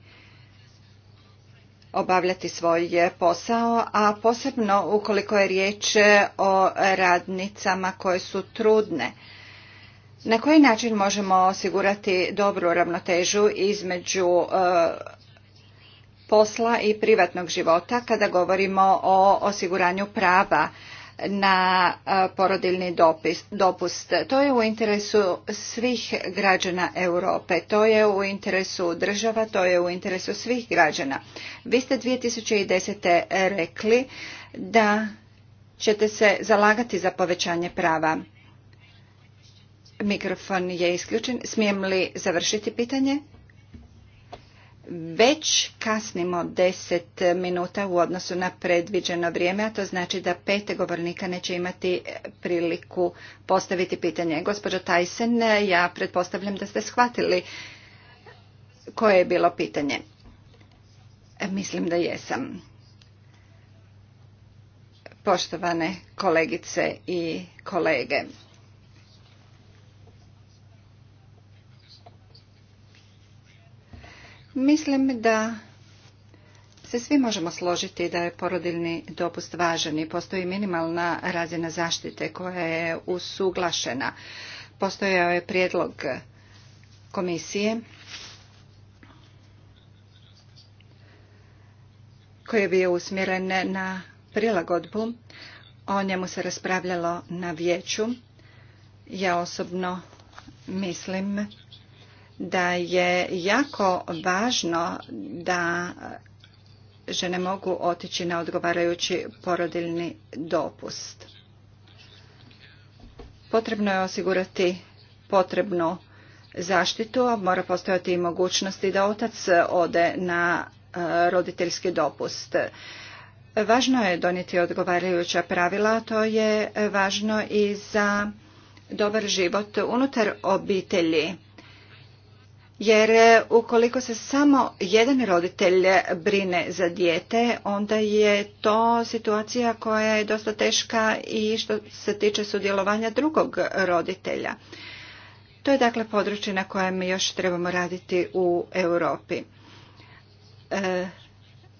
obavljati svoj e, posao, a posebno ukoliko je riječ e, o radnicama koje su trudne. Na koji način možemo osigurati dobru ravnotežu između e, posla i privatnog života kada govorimo o osiguranju prava na porodilni dopust. To je u interesu svih građana Europe, to je u interesu država, to je u interesu svih građana. Vi ste 2010. rekli da ćete se zalagati za povećanje prava. Mikrofon je isključen. Smijem li završiti pitanje? već kasnimo deset minuta u odnosu na predviđeno vrijeme, a to znači da pete govornika neće imati priliku postaviti pitanje. Gospođo Tajsen, ja pretpostavljam da ste shvatili koje je bilo pitanje. E, mislim da jesam. Poštovane kolegice i kolege. Mislim da se svi možemo složiti da je porodiljni dopust važan i postoji minimalna razina zaštite koja je usuglašena. Postojao je prijedlog komisije koji je bio usmjeren na prilagodbu. O njemu se raspravljalo na vijeću. Ja osobno mislim da je jako važno da žene mogu otići na odgovarajući porodilni dopust. Potrebno je osigurati potrebnu zaštitu, mora postojati i mogućnosti da otac ode na e, roditeljski dopust. Važno je donijeti odgovarajuća pravila, to je važno i za dobar život unutar obitelji jer e, ukoliko se samo jedan roditelj brine za dijete, onda je to situacija koja je dosta teška i što se tiče sudjelovanja drugog roditelja. To je dakle područje na kojem još trebamo raditi u Europi. E,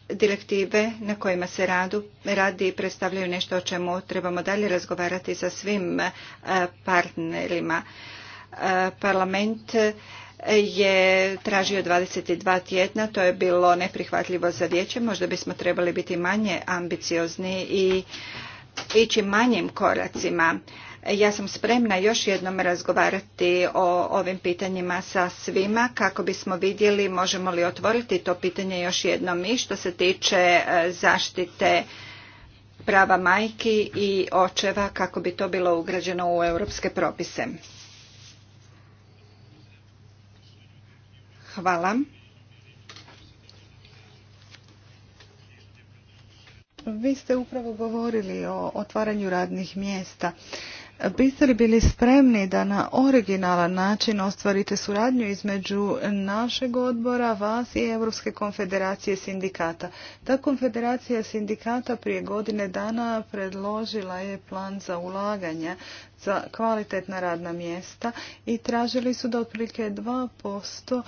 direktive na kojima se radu, radi predstavljaju nešto o čemu trebamo dalje razgovarati sa svim e, partnerima. E, parlament je tražio 22 tjedna, to je bilo neprihvatljivo za vijeće, možda bismo trebali biti manje ambiciozni i ići manjim koracima. Ja sam spremna još jednom razgovarati o ovim pitanjima sa svima kako bismo vidjeli možemo li otvoriti to pitanje još jednom i što se tiče e, zaštite prava majki i očeva kako bi to bilo ugrađeno u europske propise. Hvala. Vi ste upravo govorili o otvaranju radnih mjesta. Biste li bili spremni da na originalan način ostvarite suradnju između našeg odbora, vas i Europske konfederacije sindikata? Ta konfederacija sindikata prije godine dana predložila je plan za ulaganja za kvalitetna radna mjesta i tražili su da otprilike 2%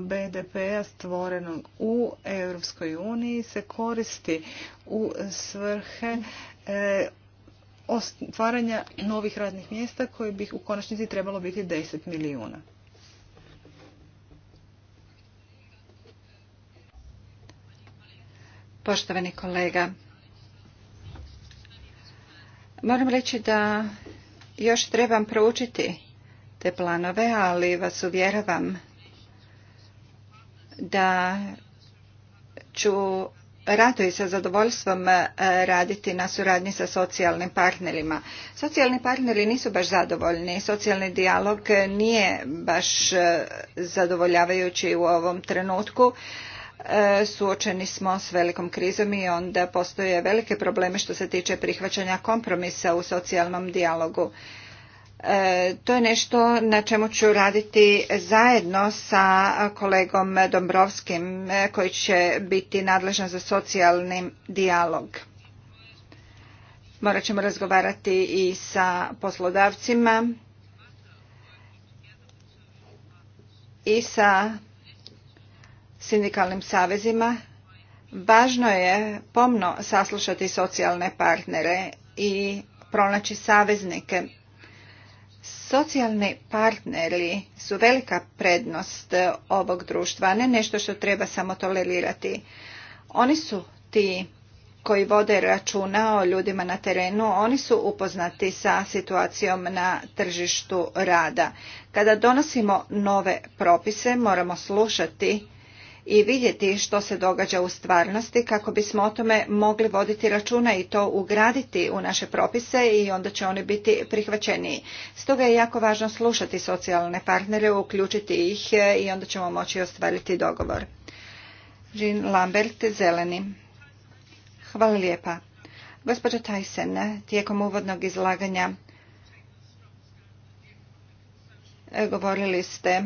BDP-a stvorenog u Europskoj uniji se koristi u svrhe e, ostvaranja novih radnih mjesta koje bi u konačnici trebalo biti 10 milijuna. Poštovani kolega, moram reći da još trebam proučiti te planove, ali vas uvjeravam da ću rado i sa zadovoljstvom e, raditi na suradnji sa socijalnim partnerima. Socijalni partneri nisu baš zadovoljni, socijalni dijalog nije baš e, zadovoljavajući u ovom trenutku e, suočeni smo s velikom krizom i onda postoje velike probleme što se tiče prihvaćanja kompromisa u socijalnom dijalogu. E, to je nešto na čemu ću raditi zajedno sa kolegom Dombrovskim e, koji će biti nadležan za socijalni dijalog. Morat ćemo razgovarati i sa poslodavcima i sa sindikalnim savezima. Važno je pomno saslušati socijalne partnere i pronaći saveznike Socijalni partneri su velika prednost e, ovog društva, ne nešto što treba samo tolerirati. Oni su ti koji vode računa o ljudima na terenu, oni su upoznati sa situacijom na tržištu rada. Kada donosimo nove propise, moramo slušati i vidjeti što se događa u stvarnosti kako bismo o tome mogli voditi računa i to ugraditi u naše propise i onda će oni biti prihvaćeniji. Stoga je jako važno slušati socijalne partnere, uključiti ih e, i onda ćemo moći ostvariti dogovor. Jean Lambert, Zeleni. Hvala lijepa. Gospođa Tyson, tijekom uvodnog izlaganja e, govorili ste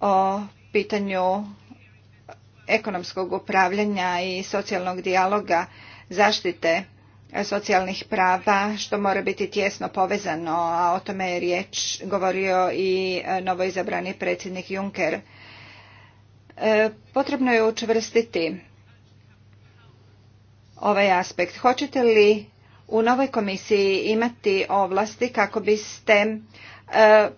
o pitanju ekonomskog upravljanja i socijalnog dijaloga zaštite socijalnih prava što mora biti tjesno povezano, a o tome je riječ govorio i e, novoizabrani predsjednik Juncker. E, potrebno je učvrstiti ovaj aspekt. Hoćete li u novoj komisiji imati ovlasti kako biste e,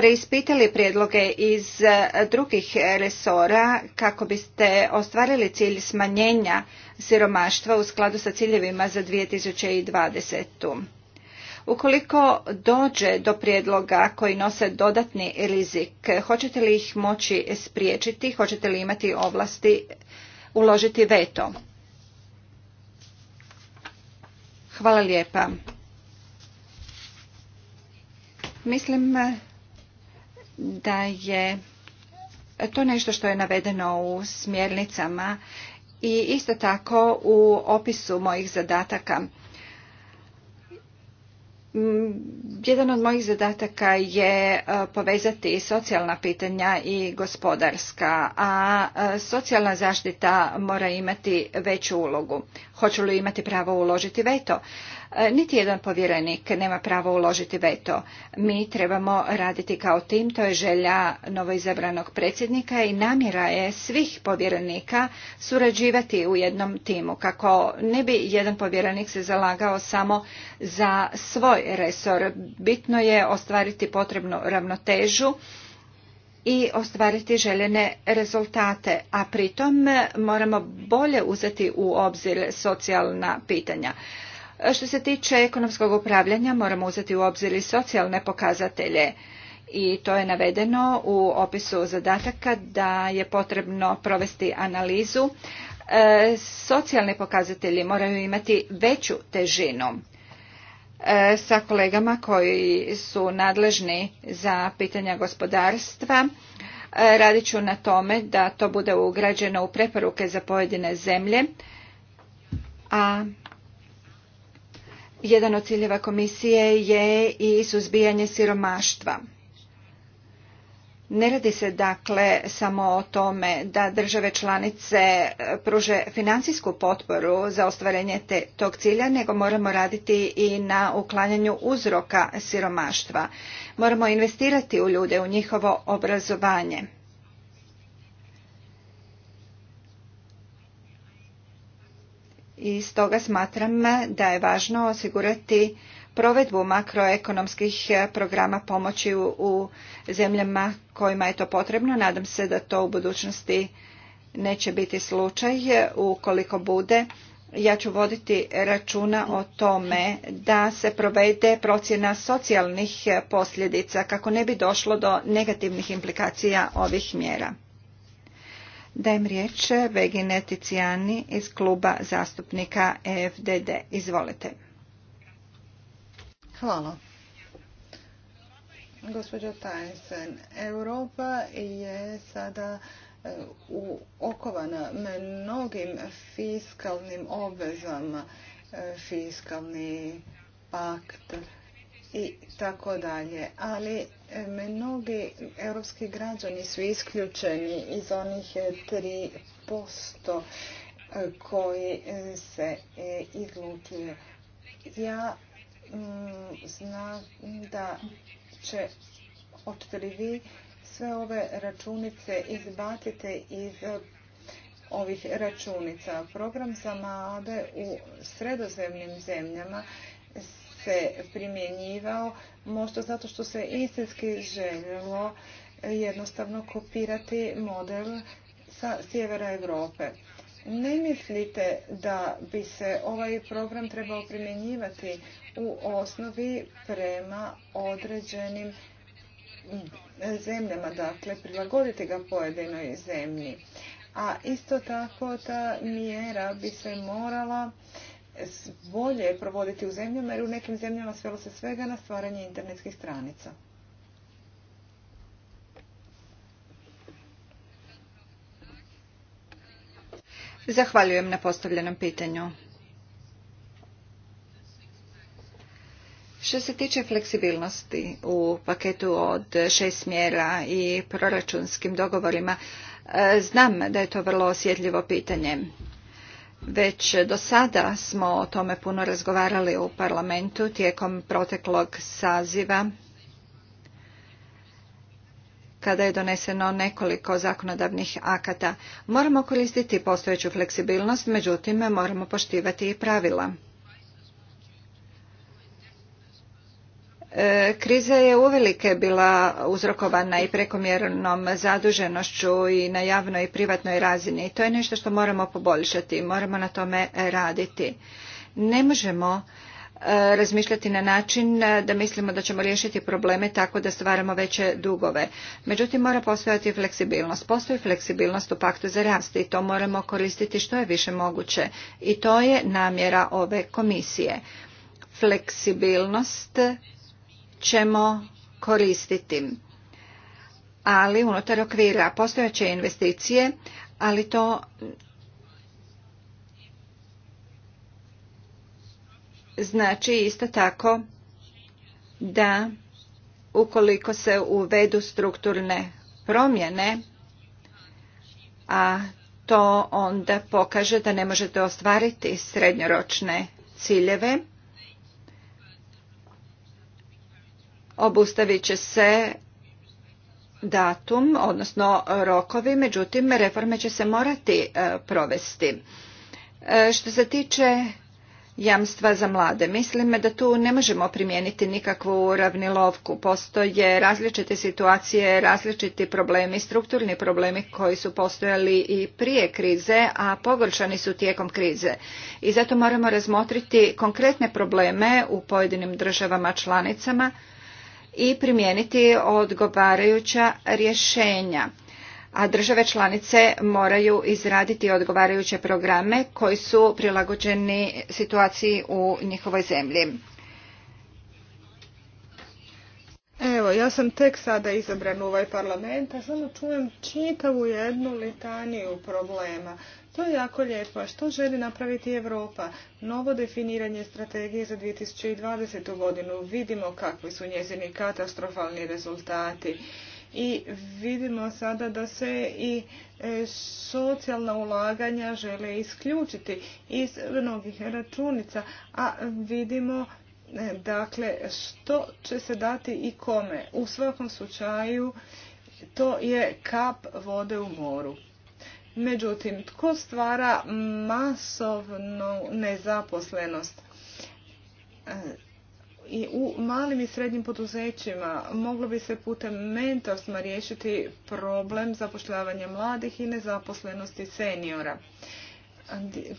preispitali prijedloge iz e, drugih resora kako biste ostvarili cilj smanjenja siromaštva u skladu sa ciljevima za 2020. Ukoliko dođe do prijedloga koji nose dodatni rizik, hoćete li ih moći spriječiti, hoćete li imati ovlasti uložiti veto? Hvala lijepa. Mislim da je to nešto što je navedeno u smjernicama i isto tako u opisu mojih zadataka. Mm, jedan od mojih zadataka je e, povezati socijalna pitanja i gospodarska, a e, socijalna zaštita mora imati veću ulogu. Hoću li imati pravo uložiti veto? E, niti jedan povjerenik nema pravo uložiti veto. Mi trebamo raditi kao tim, to je želja novoizabranog predsjednika i namjera je svih povjerenika surađivati u jednom timu, kako ne bi jedan povjerenik se zalagao samo za svoj resor. Bitno je ostvariti potrebnu ravnotežu i ostvariti željene rezultate, a pritom moramo bolje uzeti u obzir socijalna pitanja. Što se tiče ekonomskog upravljanja, moramo uzeti u obzir i socijalne pokazatelje i to je navedeno u opisu zadataka da je potrebno provesti analizu. E, socijalni pokazatelji moraju imati veću težinu. E, sa kolegama koji su nadležni za pitanja gospodarstva e, radit ću na tome da to bude ugrađeno u preporuke za pojedine zemlje, a jedan od ciljeva komisije je i suzbijanje siromaštva. Ne radi se dakle samo o tome da države članice e, pruže financijsku potporu za ostvarenje te, tog cilja, nego moramo raditi i na uklanjanju uzroka siromaštva. Moramo investirati u ljude, u njihovo obrazovanje. i stoga smatram da je važno osigurati provedbu makroekonomskih eh, programa pomoći u zemljama kojima je to potrebno. Nadam se da to u budućnosti neće biti slučaj. Ukoliko bude, ja ću voditi računa o tome da se provede procjena socijalnih eh, posljedica kako ne bi došlo do negativnih implikacija ovih mjera. Dajem riječ Begine Ticijani iz kluba zastupnika EFDD. Izvolite. Hvala. Gospođo Tyson, Europa je sada e, uokovana okovana mnogim fiskalnim obvezama, e, fiskalni pakt i tako dalje. Ali Mnogi europski građani su isključeni iz onih 3% koji se e, izlutili. Ja mm, znam da će od vi sve ove računice izbacite iz e, ovih računica. Program za u sredozemnim zemljama se primjenjivao, možda zato što se istinski željelo jednostavno kopirati model sa sjevera Europe. Ne mislite da bi se ovaj program trebao primjenjivati u osnovi prema određenim zemljama, dakle prilagoditi ga pojedinoj zemlji. A isto tako ta mjera bi se morala bolje provoditi u zemljama jer u nekim zemljama svelo se svega na stvaranje internetskih stranica. Zahvaljujem na postavljenom pitanju. Što se tiče fleksibilnosti u paketu od šest mjera i proračunskim dogovorima, e, znam da je to vrlo osjetljivo pitanje. Već do sada smo o tome puno razgovarali u parlamentu tijekom proteklog saziva kada je doneseno nekoliko zakonodavnih akata. Moramo koristiti postojeću fleksibilnost, međutim moramo poštivati i pravila. E, kriza je uvelike bila uzrokovana i prekomjernom zaduženošću i na javnoj i privatnoj razini i to je nešto što moramo poboljšati, i moramo na tome raditi. Ne možemo e, razmišljati na način da mislimo da ćemo riješiti probleme tako da stvaramo veće dugove. Međutim, mora postojati fleksibilnost. Postoji fleksibilnost u paktu za rast i to moramo koristiti što je više moguće. I to je namjera ove komisije. Fleksibilnost ćemo koristiti. Ali unutar okvira postojeće investicije, ali to znači isto tako da ukoliko se uvedu strukturne promjene, a to onda pokaže da ne možete ostvariti srednjoročne ciljeve, Obustavit će se datum, odnosno rokovi, međutim reforme će se morati e, provesti. E, što se tiče jamstva za mlade. Mislim da tu ne možemo primijeniti nikakvu ravnilovku. Postoje različite situacije, različiti problemi, strukturni problemi koji su postojali i prije krize, a pogoršani su tijekom krize. I zato moramo razmotriti konkretne probleme u pojedinim državama članicama i primijeniti odgovarajuća rješenja a države članice moraju izraditi odgovarajuće programe koji su prilagođeni situaciji u njihovoj zemlji. Evo, ja sam tek sada izabran u ovaj parlament, a samo čujem čitavu jednu litaniju problema. To je jako lijepo. Što želi napraviti Europa? Novo definiranje strategije za 2020. godinu. Vidimo kakvi su njezini katastrofalni rezultati. I vidimo sada da se i e, socijalna ulaganja žele isključiti iz mnogih računica, a vidimo e, dakle što će se dati i kome. U svakom slučaju to je kap vode u moru. Međutim, tko stvara masovnu nezaposlenost? E, I u malim i srednjim poduzećima moglo bi se putem mentorstva riješiti problem zapošljavanja mladih i nezaposlenosti seniora.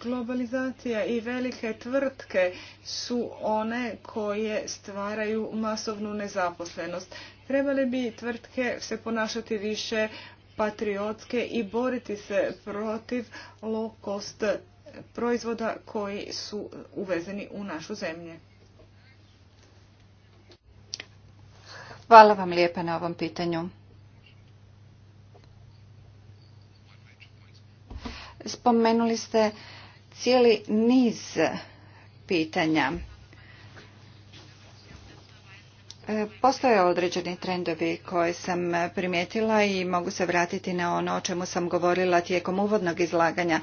Globalizacija i velike tvrtke su one koje stvaraju masovnu nezaposlenost. Trebali bi tvrtke se ponašati više patriotske i boriti se protiv low cost proizvoda koji su uvezeni u našu zemlju. Hvala vam lijepa na ovom pitanju. Spomenuli ste cijeli niz pitanja E, postoje određeni trendovi koje sam primijetila i mogu se vratiti na ono o čemu sam govorila tijekom uvodnog izlaganja.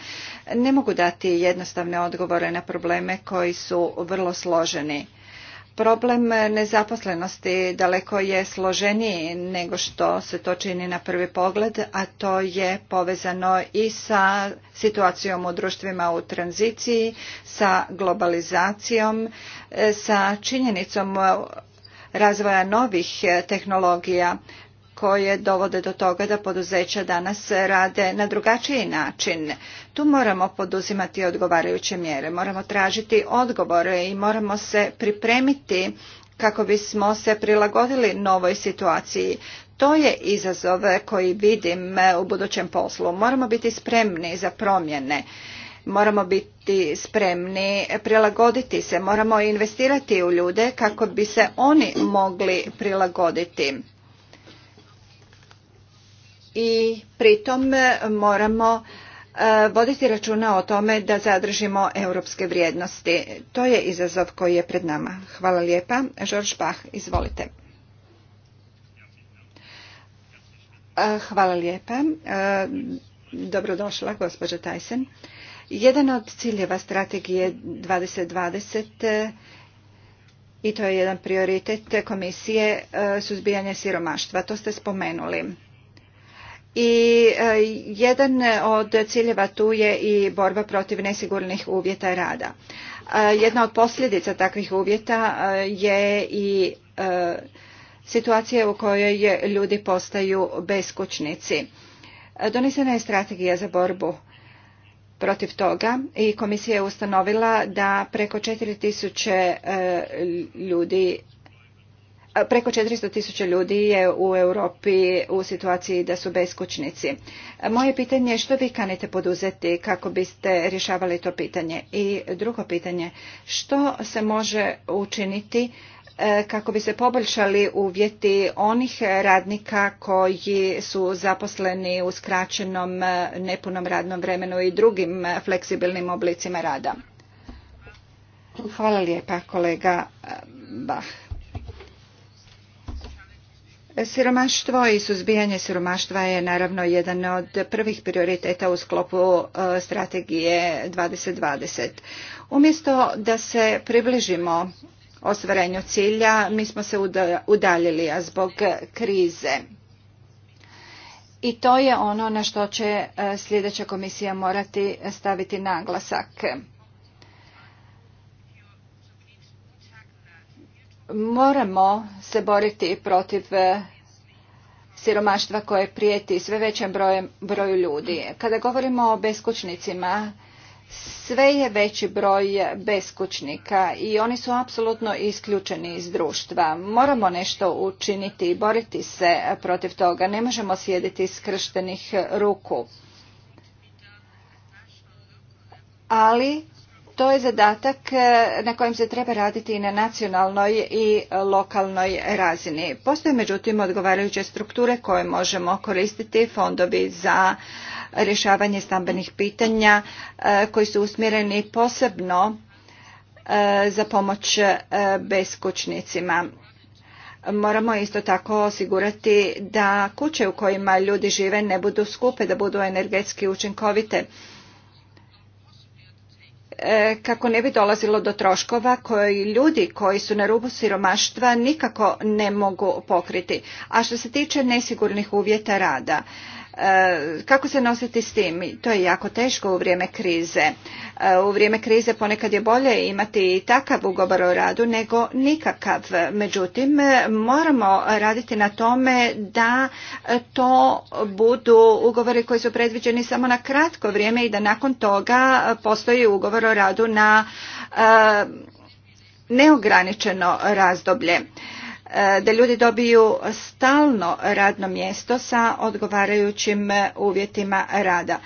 Ne mogu dati jednostavne odgovore na probleme koji su vrlo složeni. Problem nezaposlenosti daleko je složeniji nego što se to čini na prvi pogled, a to je povezano i sa situacijom u društvima u tranziciji, sa globalizacijom, e, sa činjenicom razvoja novih e, tehnologija koje dovode do toga da poduzeća danas rade na drugačiji način. Tu moramo poduzimati odgovarajuće mjere, moramo tražiti odgovore i moramo se pripremiti kako bismo se prilagodili novoj situaciji. To je izazov koji vidim e, u budućem poslu. Moramo biti spremni za promjene. Moramo biti spremni prilagoditi se, moramo investirati u ljude kako bi se oni mogli prilagoditi. I pritom moramo e, voditi računa o tome da zadržimo europske vrijednosti. To je izazov koji je pred nama. Hvala lijepa. Žorž Bach, izvolite. E, hvala lijepa. E, dobrodošla, gospođa Tajsen. Jedan od ciljeva strategije 2020 i to je jedan prioritet komisije e, suzbijanje siromaštva. To ste spomenuli. I e, jedan od ciljeva tu je i borba protiv nesigurnih uvjeta rada. E, jedna od posljedica takvih uvjeta je i situacija u kojoj ljudi postaju beskućnici. Donesena je strategija za borbu protiv toga i komisija je ustanovila da preko 4000 e, ljudi e, Preko 400 tisuća ljudi je u Europi u situaciji da su beskućnici. Moje pitanje je što vi kanite poduzeti kako biste rješavali to pitanje? I drugo pitanje, što se može učiniti E, kako bi se poboljšali uvjeti onih radnika koji su zaposleni u skraćenom e, nepunom radnom vremenu i drugim e, fleksibilnim oblicima rada. Hvala lijepa kolega Bach. Siromaštvo i suzbijanje siromaštva je naravno jedan od prvih prioriteta u sklopu strategije 2020. Umjesto da se približimo ostvarenju cilja, mi smo se udaljili zbog e, krize. I to je ono na što će e, sljedeća komisija morati staviti naglasak. Moramo se boriti protiv e, siromaštva koje prijeti sve većem broju ljudi. Kada govorimo o beskućnicima, sve je veći broj beskućnika i oni su apsolutno isključeni iz društva. Moramo nešto učiniti i boriti se protiv toga. Ne možemo sjediti krštenih ruku. Ali to je zadatak eh, na kojem se treba raditi i na nacionalnoj i lokalnoj razini. Postoje međutim odgovarajuće strukture koje možemo koristiti, fondovi za rješavanje stambenih pitanja e, koji su usmjereni posebno e, za pomoć e, beskućnicima. Moramo isto tako osigurati da kuće u kojima ljudi žive ne budu skupe, da budu energetski učinkovite kako ne bi dolazilo do troškova koji ljudi koji su na rubu siromaštva nikako ne mogu pokriti. A što se tiče nesigurnih uvjeta rada, kako se nositi s tim? To je jako teško u vrijeme krize. U vrijeme krize ponekad je bolje imati i takav ugovor o radu nego nikakav. Međutim, moramo raditi na tome da to budu ugovori koji su predviđeni samo na kratko vrijeme i da nakon toga postoji ugovor o radu na e, neograničeno razdoblje. E, da ljudi dobiju stalno radno mjesto sa odgovarajućim uvjetima rada.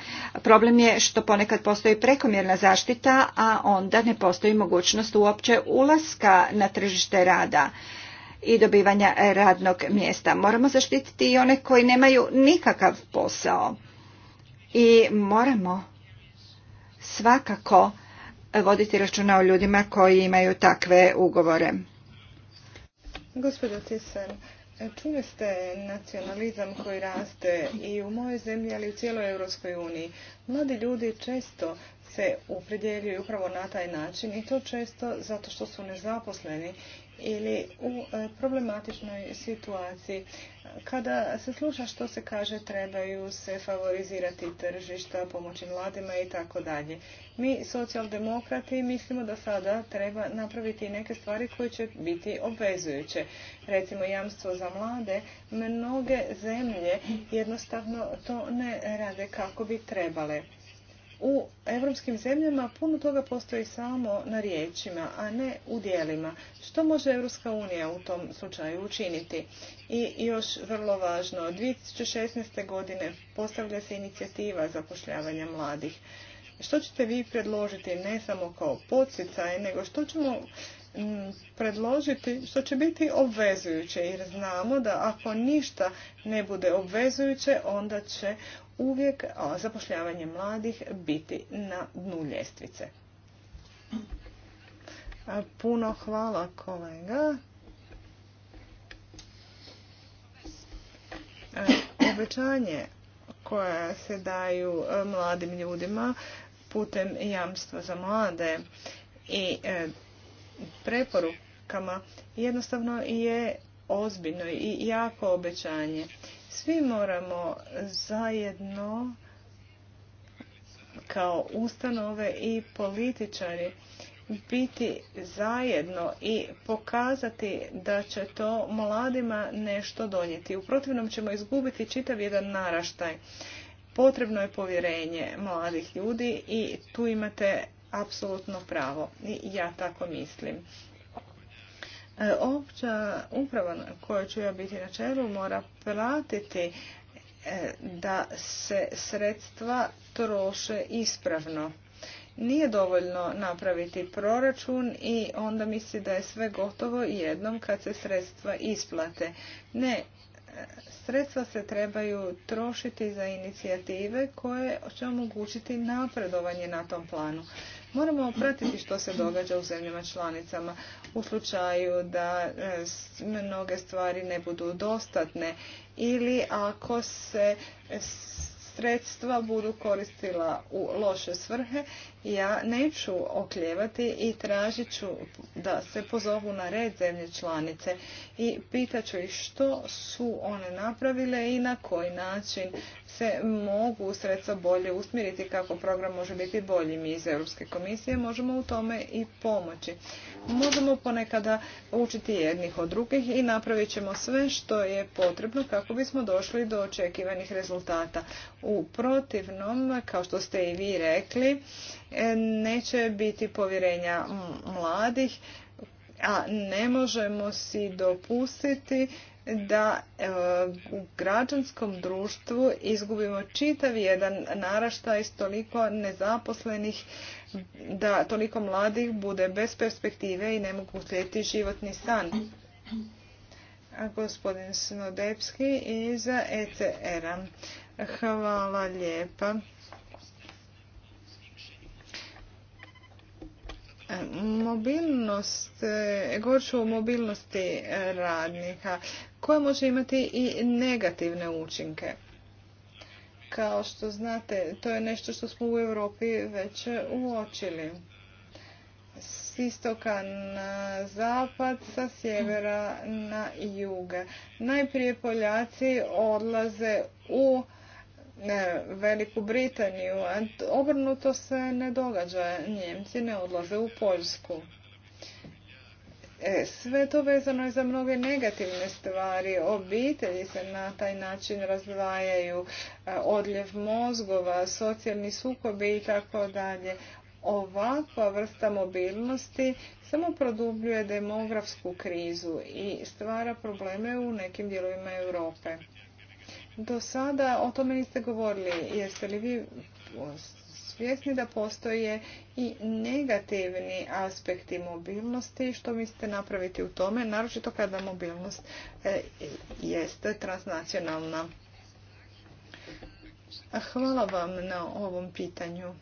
Problem je što ponekad postoji prekomjerna zaštita, a onda ne postoji mogućnost uopće ulaska na tržište rada i dobivanja radnog mjesta. Moramo zaštititi i one koji nemaju nikakav posao. I moramo svakako voditi računa o ljudima koji imaju takve ugovore. Gospođo Cisen, čuli ste nacionalizam koji raste i u mojoj zemlji, ali i u cijeloj Europskoj uniji. Mladi ljudi često se upredjeljuju upravo na taj način i to često zato što su nezaposleni ili u e, problematičnoj situaciji. Kada se sluša što se kaže, trebaju se favorizirati tržišta, pomoći mladima i tako dalje. Mi socijaldemokrati mislimo da sada treba napraviti neke stvari koje će biti obvezujuće. Recimo jamstvo za mlade, mnoge zemlje jednostavno to ne rade kako bi trebale u europskim zemljama puno toga postoji samo na riječima, a ne u dijelima. Što može Europska unija u tom slučaju učiniti? I još vrlo važno, 2016. godine postavlja se inicijativa zapošljavanja mladih. Što ćete vi predložiti ne samo kao podsjecaj, nego što ćemo mm, predložiti što će biti obvezujuće jer znamo da ako ništa ne bude obvezujuće onda će uvijek zapošljavanje mladih biti na dnu ljestvice. Puno hvala kolega. Obećanje koje se daju mladim ljudima putem jamstva za mlade i e, preporukama jednostavno je ozbiljno i jako obećanje svi moramo zajedno kao ustanove i političari biti zajedno i pokazati da će to mladima nešto donijeti. U protivnom ćemo izgubiti čitav jedan naraštaj. Potrebno je povjerenje mladih ljudi i tu imate apsolutno pravo. I ja tako mislim. E, opća uprava koja kojoj ću ja biti na čelu mora pratiti e, da se sredstva troše ispravno. Nije dovoljno napraviti proračun i onda misli da je sve gotovo jednom kad se sredstva isplate. Ne, e, sredstva se trebaju trošiti za inicijative koje će omogućiti napredovanje na tom planu. Moramo pratiti što se događa u zemljama članicama u slučaju da e, mnoge stvari ne budu dostatne ili ako se sredstva budu koristila u loše svrhe ja neću okljevati i tražit ću da se pozovu na red zemlje članice i pitat ću ih što su one napravile i na koji način se mogu sredstva bolje usmjeriti kako program može biti bolji. Mi iz Europske komisije možemo u tome i pomoći. Možemo ponekada učiti jednih od drugih i napravit ćemo sve što je potrebno kako bismo došli do očekivanih rezultata. U protivnom, kao što ste i vi rekli, E, neće biti povjerenja mladih, a ne možemo si dopustiti da e, u građanskom društvu izgubimo čitav jedan naraštaj s toliko nezaposlenih da toliko mladih bude bez perspektive i ne mogu slijediti životni san. gospodin Snodepski iz ecr Hvala lijepa. Mobilnost, e, govorit o mobilnosti e, radnika, koja može imati i negativne učinke. Kao što znate, to je nešto što smo u Europi već uočili. S istoka na zapad, sa sjevera na jug. Najprije Poljaci odlaze u Veliku Britaniju, a obrnuto se ne događa. Njemci ne odlaze u Poljsku. E, sve to vezano je za mnoge negativne stvari. Obitelji se na taj način razdvajaju, e, odljev mozgova, socijalni sukobi i tako dalje. Ovakva vrsta mobilnosti samo produbljuje demografsku krizu i stvara probleme u nekim dijelovima Europe. Do sada o tome niste govorili. Jeste li vi svjesni da postoje i negativni aspekti mobilnosti? Što mislite napraviti u tome, naročito kada mobilnost e, jeste transnacionalna? Hvala vam na ovom pitanju.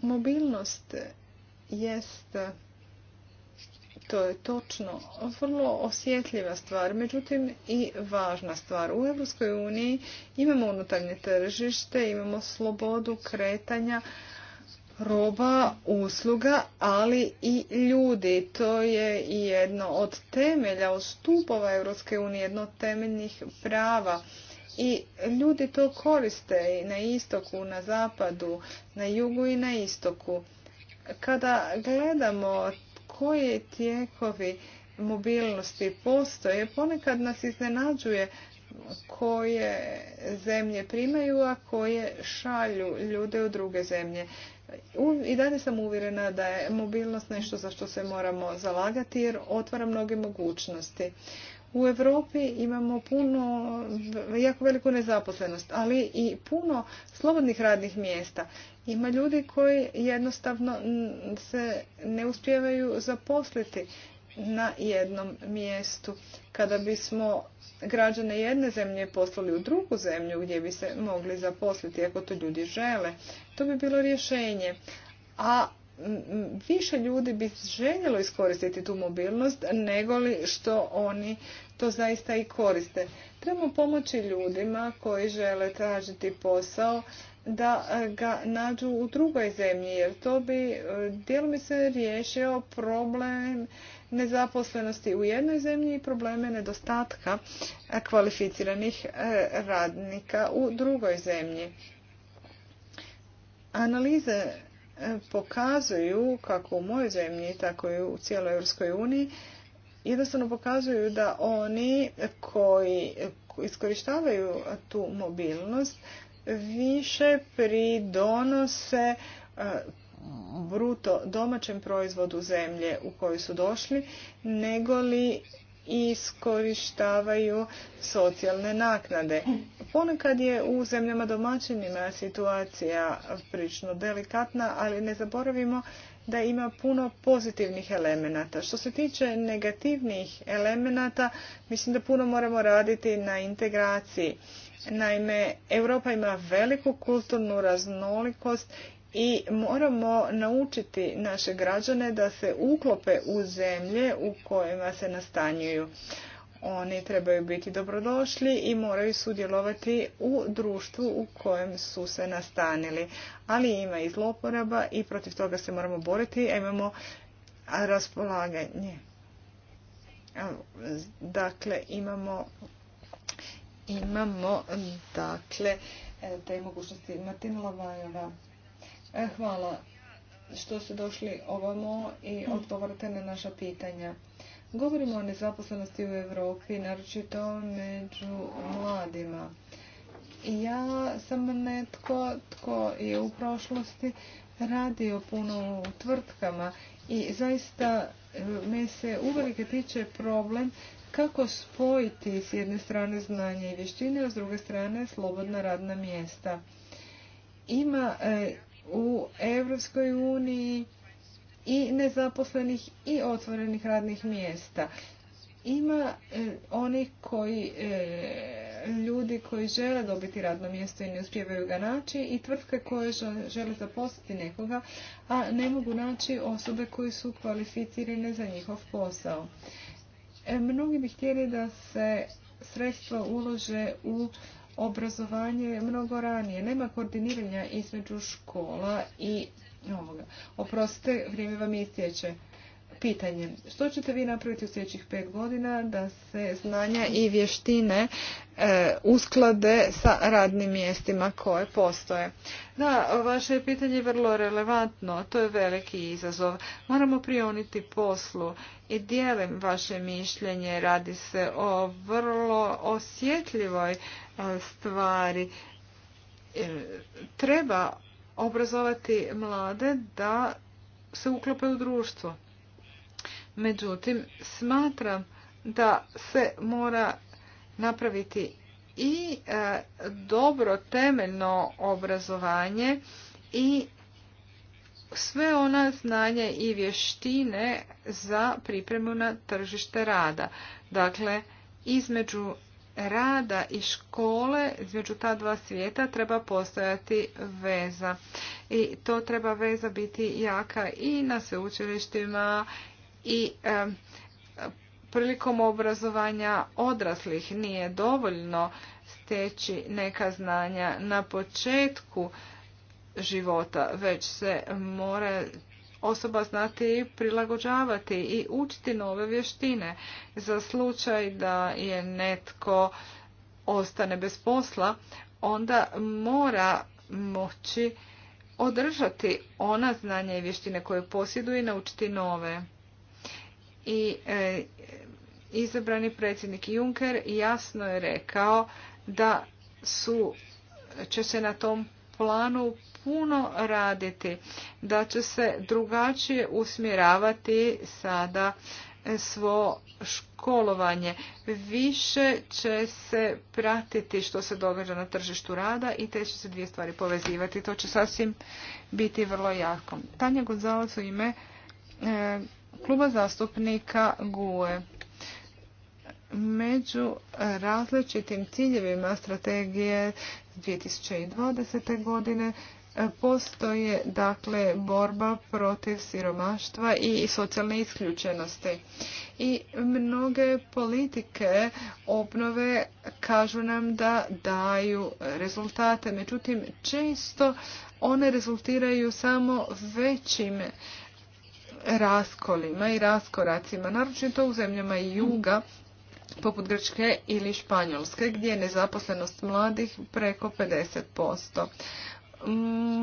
Mobilnost jeste to je točno vrlo osjetljiva stvar, međutim i važna stvar. U Europskoj uniji imamo unutarnje tržište, imamo slobodu kretanja roba, usluga, ali i ljudi. To je i jedno od temelja, od stupova Europske unije, jedno od temeljnih prava. I ljudi to koriste i na istoku, na zapadu, na jugu i na istoku. Kada gledamo koje tijekovi mobilnosti postoje, ponekad nas iznenađuje koje zemlje primaju, a koje šalju ljude u druge zemlje. I dalje sam uvjerena da je mobilnost nešto za što se moramo zalagati jer otvara mnoge mogućnosti. U Europi imamo puno, jako veliku nezaposlenost, ali i puno slobodnih radnih mjesta. Ima ljudi koji jednostavno se ne uspijevaju zaposliti na jednom mjestu. Kada bismo građane jedne zemlje poslali u drugu zemlju gdje bi se mogli zaposliti ako to ljudi žele, to bi bilo rješenje. A više ljudi bi željelo iskoristiti tu mobilnost nego li što oni to zaista i koriste. Trebamo pomoći ljudima koji žele tražiti posao da e, ga nađu u drugoj zemlji, jer to bi e, dijelom se riješio problem nezaposlenosti u jednoj zemlji i probleme nedostatka kvalificiranih e, radnika u drugoj zemlji. Analize pokazuju, kako u mojoj zemlji, tako i u cijeloj Europskoj uniji, jednostavno pokazuju da oni koji iskorištavaju tu mobilnost više pridonose e, bruto domaćem proizvodu zemlje u koju su došli, nego li iskorištavaju socijalne naknade. Ponekad je u zemljama domaćinima situacija prilično delikatna, ali ne zaboravimo da ima puno pozitivnih elemenata. Što se tiče negativnih elemenata, mislim da puno moramo raditi na integraciji. Naime, Europa ima veliku kulturnu raznolikost i moramo naučiti naše građane da se uklope u zemlje u kojima se nastanjuju. Oni trebaju biti dobrodošli i moraju sudjelovati u društvu u kojem su se nastanili. Ali ima i zloporaba i protiv toga se moramo boriti, a imamo raspolaganje. Dakle, imamo imamo dakle te mogućnosti. Martina Lavajeva, e, hvala što ste došli ovamo i odgovorite na naša pitanja. Govorimo o nezaposlenosti u Evropi, naročito među mladima. Ja sam netko tko je u prošlosti radio puno u tvrtkama i zaista e, me se uvelike tiče problem kako spojiti s jedne strane znanje i vještine, a s druge strane slobodna radna mjesta. Ima e, u Europskoj uniji i nezaposlenih i otvorenih radnih mjesta. Ima e, oni koji e, ljudi koji žele dobiti radno mjesto i ne uspijevaju ga naći i tvrtke koje žele zaposliti nekoga, a ne mogu naći osobe koji su kvalificirane za njihov posao. E, mnogi bi htjeli da se sredstva ulože u obrazovanje mnogo ranije. Nema koordiniranja između škola i ovoga. Oprostite, vrijeme vam istječe pitanje. Što ćete vi napraviti u sljedećih pet godina da se znanja i vještine e, usklade sa radnim mjestima koje postoje? Da, vaše je pitanje vrlo relevantno. To je veliki izazov. Moramo prioniti poslu i dijelim vaše mišljenje. Radi se o vrlo osjetljivoj e, stvari. E, treba obrazovati mlade da se uklope u društvo. Međutim, smatram da se mora napraviti i e, dobro temeljno obrazovanje i sve ona znanje i vještine za pripremu na tržište rada. Dakle, između rada i škole, između ta dva svijeta treba postojati veza. I to treba veza biti jaka i na sveučilištima i e, prilikom obrazovanja odraslih nije dovoljno steći neka znanja na početku života, već se mora osoba znati prilagođavati i učiti nove vještine za slučaj da je netko ostane bez posla, onda mora moći održati ona znanja i vještine koje posjeduje i naučiti nove i e, izabrani predsjednik Juncker jasno je rekao da su, će se na tom planu puno raditi, da će se drugačije usmjeravati sada e, svo školovanje. Više će se pratiti što se događa na tržištu rada i te će se dvije stvari povezivati. To će sasvim biti vrlo jako. Tanja Gonzalez u ime e, kluba zastupnika GUE. Među različitim ciljevima strategije 2020. godine e, postoje dakle borba protiv siromaštva i socijalne isključenosti. I mnoge politike obnove kažu nam da daju rezultate, međutim često one rezultiraju samo većim raskolima i raskoracima, naročito u zemljama i juga, poput Grčke ili Španjolske, gdje je nezaposlenost mladih preko 50%.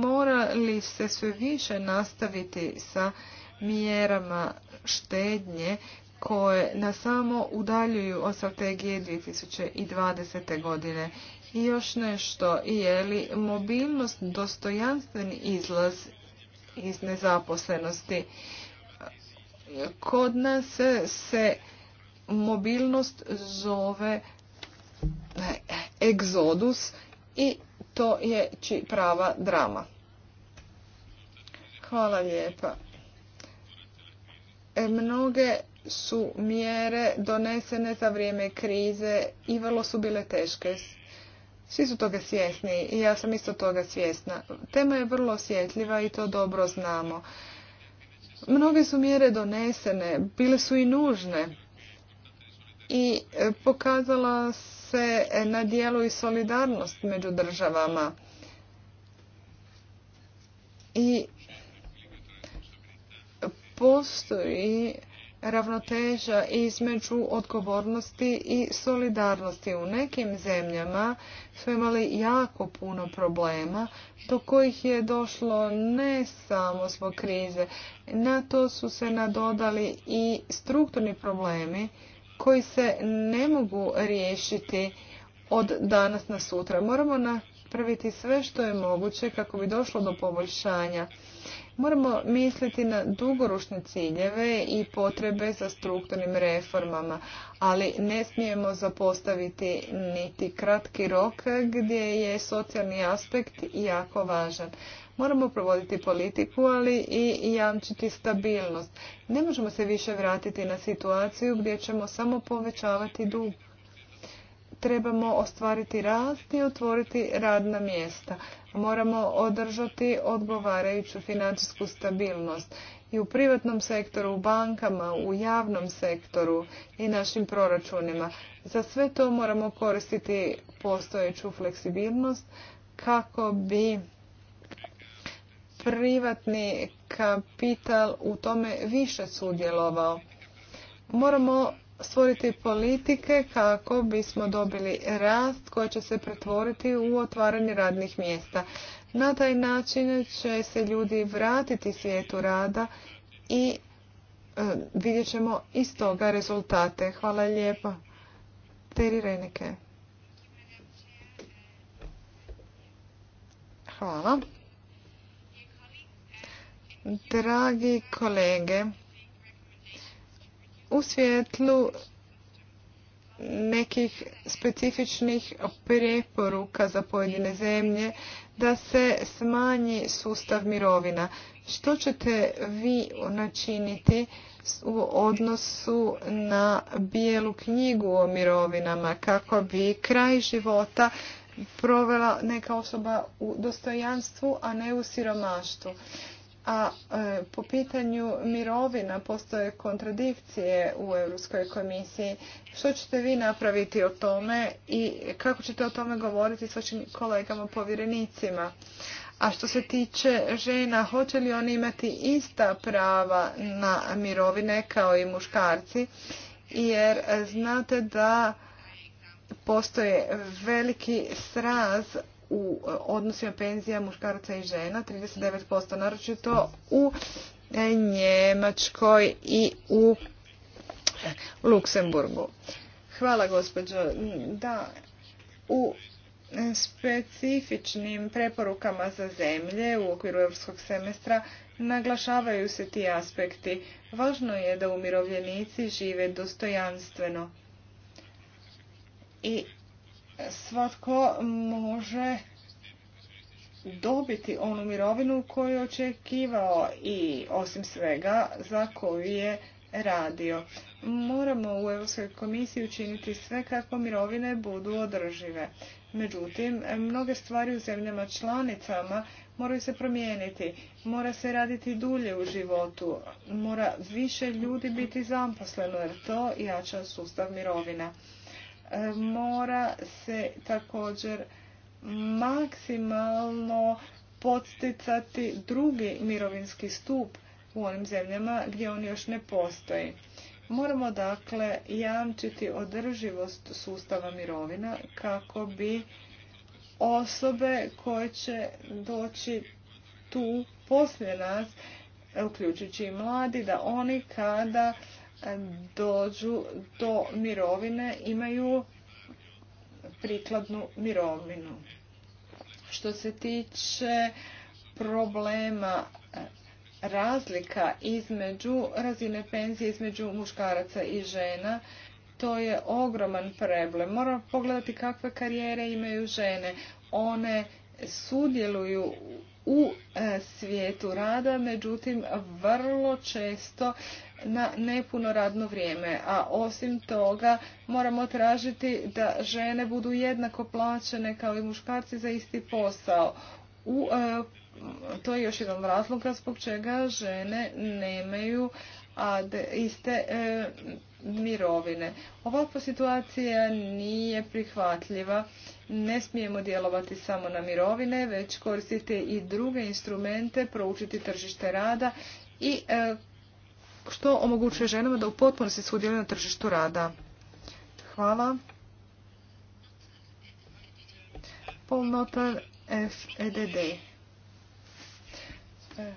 Mora li se sve više nastaviti sa mjerama štednje koje nas samo udaljuju od strategije 2020. godine. I još nešto, je li mobilnost dostojanstven izlaz iz nezaposlenosti? Kod nas se mobilnost zove egzodus i to je prava drama. Hvala lijepa. E, mnoge su mjere donesene za vrijeme krize i vrlo su bile teške. Svi su toga svjesni i ja sam isto toga svjesna. Tema je vrlo osjetljiva i to dobro znamo. Mnoge su mjere donesene, bile su i nužne i e, pokazala se e, na dijelu i solidarnost među državama. I postoji ravnoteža između odgovornosti i solidarnosti. U nekim zemljama su imali jako puno problema do kojih je došlo ne samo zbog krize. Na to su se nadodali i strukturni problemi koji se ne mogu riješiti od danas na sutra. Moramo napraviti sve što je moguće kako bi došlo do poboljšanja Moramo misliti na dugoročne ciljeve i potrebe za strukturnim reformama, ali ne smijemo zapostaviti niti kratki rok gdje je socijalni aspekt jako važan. Moramo provoditi politiku, ali i jamčiti stabilnost. Ne možemo se više vratiti na situaciju gdje ćemo samo povećavati dug trebamo ostvariti rast i otvoriti radna mjesta. Moramo održati odgovarajuću financijsku stabilnost i u privatnom sektoru, u bankama, u javnom sektoru i našim proračunima. Za sve to moramo koristiti postojeću fleksibilnost kako bi privatni kapital u tome više sudjelovao. Moramo stvoriti politike kako bismo dobili rast koji će se pretvoriti u otvaranje radnih mjesta. Na taj način će se ljudi vratiti svijetu rada i e, vidjet ćemo iz toga rezultate. Hvala lijepa. Teri Renike. Hvala. Dragi kolege, u svjetlu nekih specifičnih preporuka za pojedine zemlje da se smanji sustav mirovina. Što ćete vi načiniti u odnosu na bijelu knjigu o mirovinama kako bi kraj života provela neka osoba u dostojanstvu, a ne u siromaštvu? a e, po pitanju mirovina postoje kontradikcije u Europskoj komisiji. Što ćete vi napraviti o tome i kako ćete o tome govoriti s vašim kolegama povjerenicima? A što se tiče žena, hoće li oni imati ista prava na mirovine kao i muškarci? Jer znate da postoje veliki sraz u e, odnosima penzija muškaraca i žena 39%, naročito u e, Njemačkoj i u e, Luksemburgu. Hvala gospođo. Da, u specifičnim preporukama za zemlje u okviru europskog semestra naglašavaju se ti aspekti. Važno je da umirovljenici žive dostojanstveno. I svatko može dobiti onu mirovinu koju je očekivao i osim svega za koju je radio. Moramo u Europskoj komisiji učiniti sve kako mirovine budu održive. Međutim, mnoge stvari u zemljama članicama moraju se promijeniti. Mora se raditi dulje u životu. Mora više ljudi biti zaposleno jer to jača sustav mirovina. E, mora se također maksimalno podsticati drugi mirovinski stup u onim zemljama gdje on još ne postoji. Moramo dakle jamčiti održivost sustava mirovina kako bi osobe koje će doći tu poslije nas, uključujući i mladi, da oni kada dođu do mirovine imaju prikladnu mirovinu. Što se tiče problema e, razlika između razine penzije između muškaraca i žena, to je ogroman problem. Moramo pogledati kakve karijere imaju žene. One sudjeluju u e, svijetu rada, međutim vrlo često na nepuno radno vrijeme, a osim toga moramo tražiti da žene budu jednako plaćene kao i muškarci za isti posao. U, e, to je još jedan razlog zbog čega žene nemaju iste e, mirovine. Ovakva situacija nije prihvatljiva. Ne smijemo djelovati samo na mirovine, već koristiti i druge instrumente, proučiti tržište rada i e, što omogućuje ženama da u potpunosti sudjeluju na tržištu rada. Hvala. Paul Notar, FEDD. E,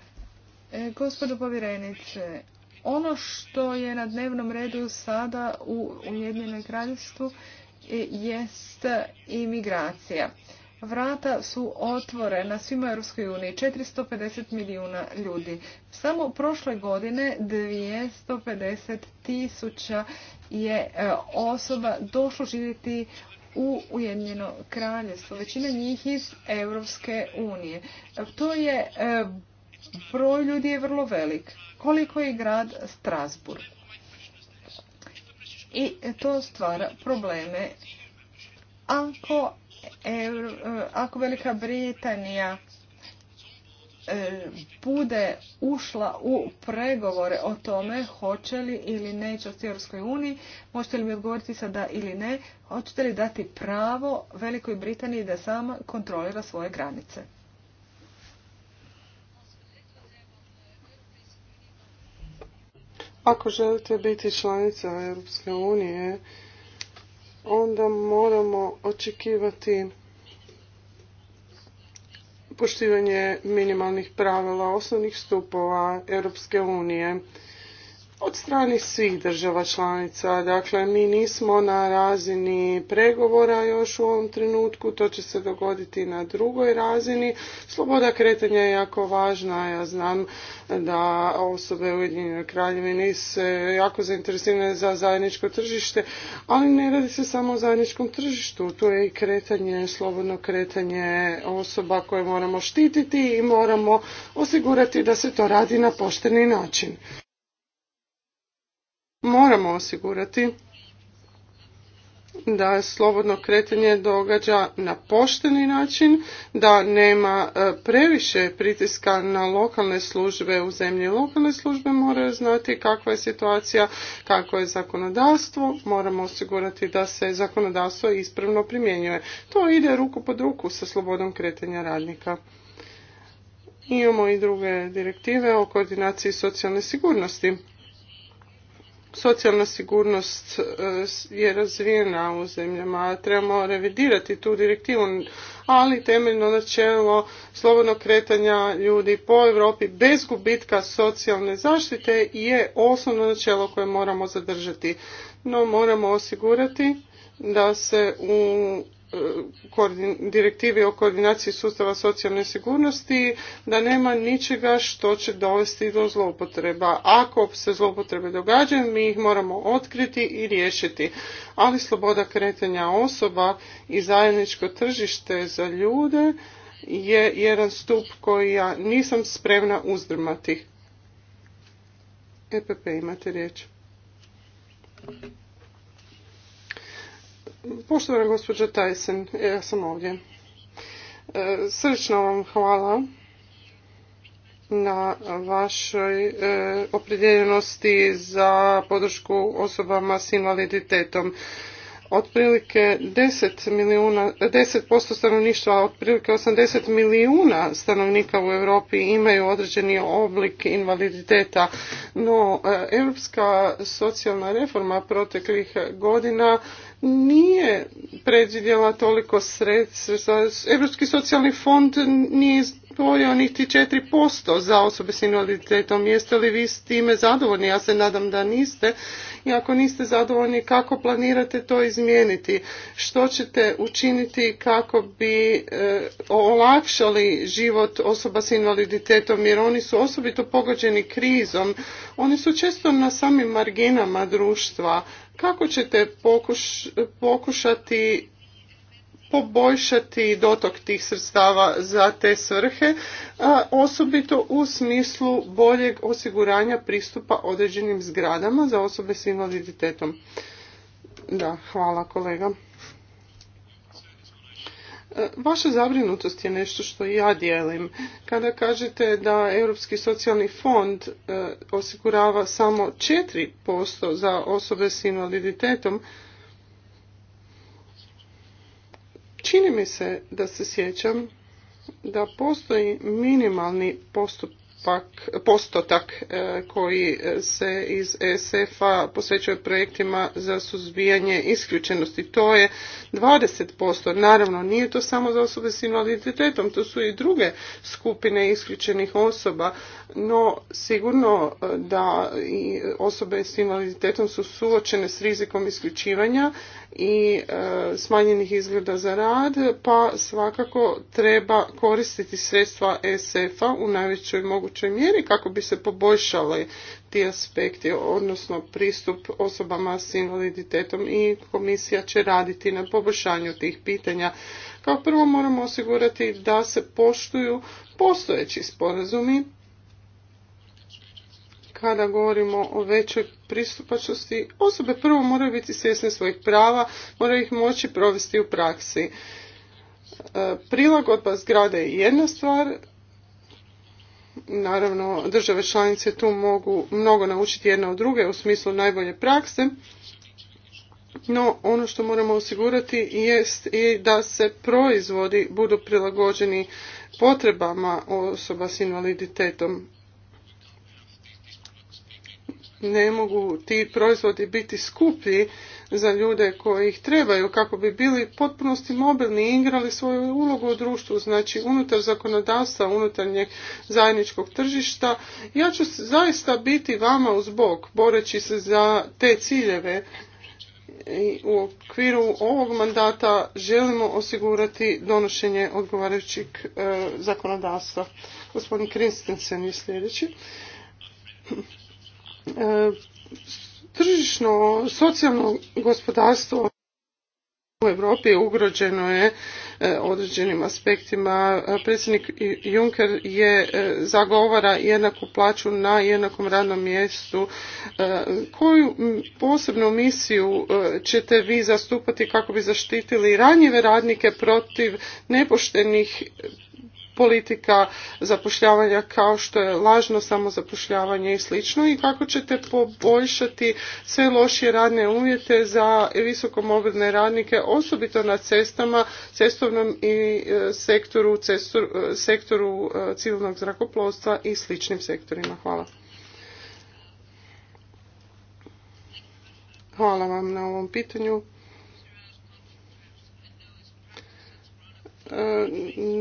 e, gospodo povjerenice, ono što je na dnevnom redu sada u Ujedinjenom kraljevstvu e, jest imigracija vrata su otvorena svima Europskoj uniji, 450 milijuna ljudi. Samo prošle godine 250 tisuća je e, osoba došlo živjeti u Ujedinjeno kraljevstvo, većina njih iz Europske unije. E, to je e, broj ljudi je vrlo velik. Koliko je grad Strasburg? I to stvara probleme ako E, ako Velika Britanija e, bude ušla u pregovore o tome hoće li ili neće u Europskoj uniji, možete li mi odgovoriti sada ili ne, hoćete li dati pravo Velikoj Britaniji da sama kontrolira svoje granice? Ako želite biti članica Europske unije, onda moramo očekivati poštivanje minimalnih pravila osnovnih stupova Europske unije od strane svih država članica. Dakle, mi nismo na razini pregovora još u ovom trenutku, to će se dogoditi na drugoj razini. Sloboda kretanja je jako važna, ja znam da osobe u Ujedinjenoj kraljevini se jako zainteresirane za zajedničko tržište, ali ne radi se samo o zajedničkom tržištu, tu je i kretanje, slobodno kretanje osoba koje moramo štititi i moramo osigurati da se to radi na pošteni način moramo osigurati da slobodno kretanje događa na pošteni način, da nema e, previše pritiska na lokalne službe u zemlji. Lokalne službe moraju znati kakva je situacija, kako je zakonodavstvo, moramo osigurati da se zakonodavstvo ispravno primjenjuje. To ide ruku pod ruku sa slobodom kretanja radnika. Imamo i druge direktive o koordinaciji socijalne sigurnosti socijalna sigurnost e, je razvijena u zemljama, trebamo revidirati tu direktivu, ali temeljno načelo slobodnog kretanja ljudi po Europi bez gubitka socijalne zaštite je osnovno načelo koje moramo zadržati. No moramo osigurati da se u direktivi o koordinaciji sustava socijalne sigurnosti da nema ničega što će dovesti do zloupotreba. Ako se zloupotrebe događaju, mi ih moramo otkriti i riješiti. Ali sloboda kretanja osoba i zajedničko tržište za ljude je jedan stup koji ja nisam spremna uzdrmati. E, EPP imate riječ. Poštovana gospođa Tyson, ja sam ovdje. E, Srčno vam hvala na vašoj e, opredjeljenosti za podršku osobama s invaliditetom otprilike 10 milijuna, 10% stanovništva, otprilike 80 milijuna stanovnika u Europi imaju određeni oblik invaliditeta. No, e, europska socijalna reforma proteklih godina nije predvidjela toliko sredstva. Europski socijalni fond nije izdvojio niti posto za osobe s invaliditetom. Jeste li vi s time zadovoljni? Ja se nadam da niste i ako niste zadovoljni kako planirate to izmijeniti, što ćete učiniti kako bi e, olakšali život osoba s invaliditetom jer oni su osobito pogođeni krizom, oni su često na samim marginama društva. Kako ćete pokušati poboljšati dotok tih sredstava za te svrhe, osobito u smislu boljeg osiguranja pristupa određenim zgradama za osobe s invaliditetom. Da, hvala kolega. E, vaša zabrinutost je nešto što i ja dijelim. Kada kažete da Europski socijalni fond e, osigurava samo 4% za osobe s invaliditetom, Čini mi se da se sjećam da postoji minimalni postotak e, koji se iz ESF-a posvećuje projektima za suzbijanje isključenosti. To je 20%. Naravno, nije to samo za osobe s invaliditetom, to su i druge skupine isključenih osoba, no sigurno e, da i osobe s invaliditetom su suočene s rizikom isključivanja i e, smanjenih izgleda za rad, pa svakako treba koristiti sredstva e SF-a u najvećoj mogućoj mjeri kako bi se poboljšali ti aspekti, odnosno pristup osobama s invaliditetom i komisija će raditi na poboljšanju tih pitanja. Kao prvo moramo osigurati da se poštuju postojeći sporazumi kada govorimo o većoj pristupačnosti, osobe prvo moraju biti svjesne svojih prava, moraju ih moći provesti u praksi. E, prilagodba zgrade je jedna stvar, naravno države članice tu mogu mnogo naučiti jedna od druge u smislu najbolje prakse, no ono što moramo osigurati jest i da se proizvodi budu prilagođeni potrebama osoba s invaliditetom ne mogu ti proizvodi biti skuplji za ljude koji ih trebaju kako bi bili potpunosti mobilni i igrali svoju ulogu u društvu, znači unutar zakonodavstva, unutarnjeg zajedničkog tržišta. Ja ću zaista biti vama uz bok boreći se za te ciljeve i u okviru ovog mandata želimo osigurati donošenje odgovarajućeg e, zakonodavstva. Gospodin Kristensen je sljedeći. E, tržišno socijalno gospodarstvo u Europi ugrođeno je e, određenim aspektima. Predsjednik Juncker je e, zagovara jednaku plaću na jednakom radnom mjestu. Koju posebnu misiju ćete vi zastupati kako bi zaštitili ranjive radnike protiv nepoštenih politika zapošljavanja kao što je lažno samozapošljavanje i slično i kako ćete poboljšati sve lošije radne uvjete za visokomobile radnike osobito na cestama, cestovnom i e, sektoru, e, sektoru e, civilnog zrakoplovstva i sličnim sektorima. Hvala. Hvala vam na ovom pitanju.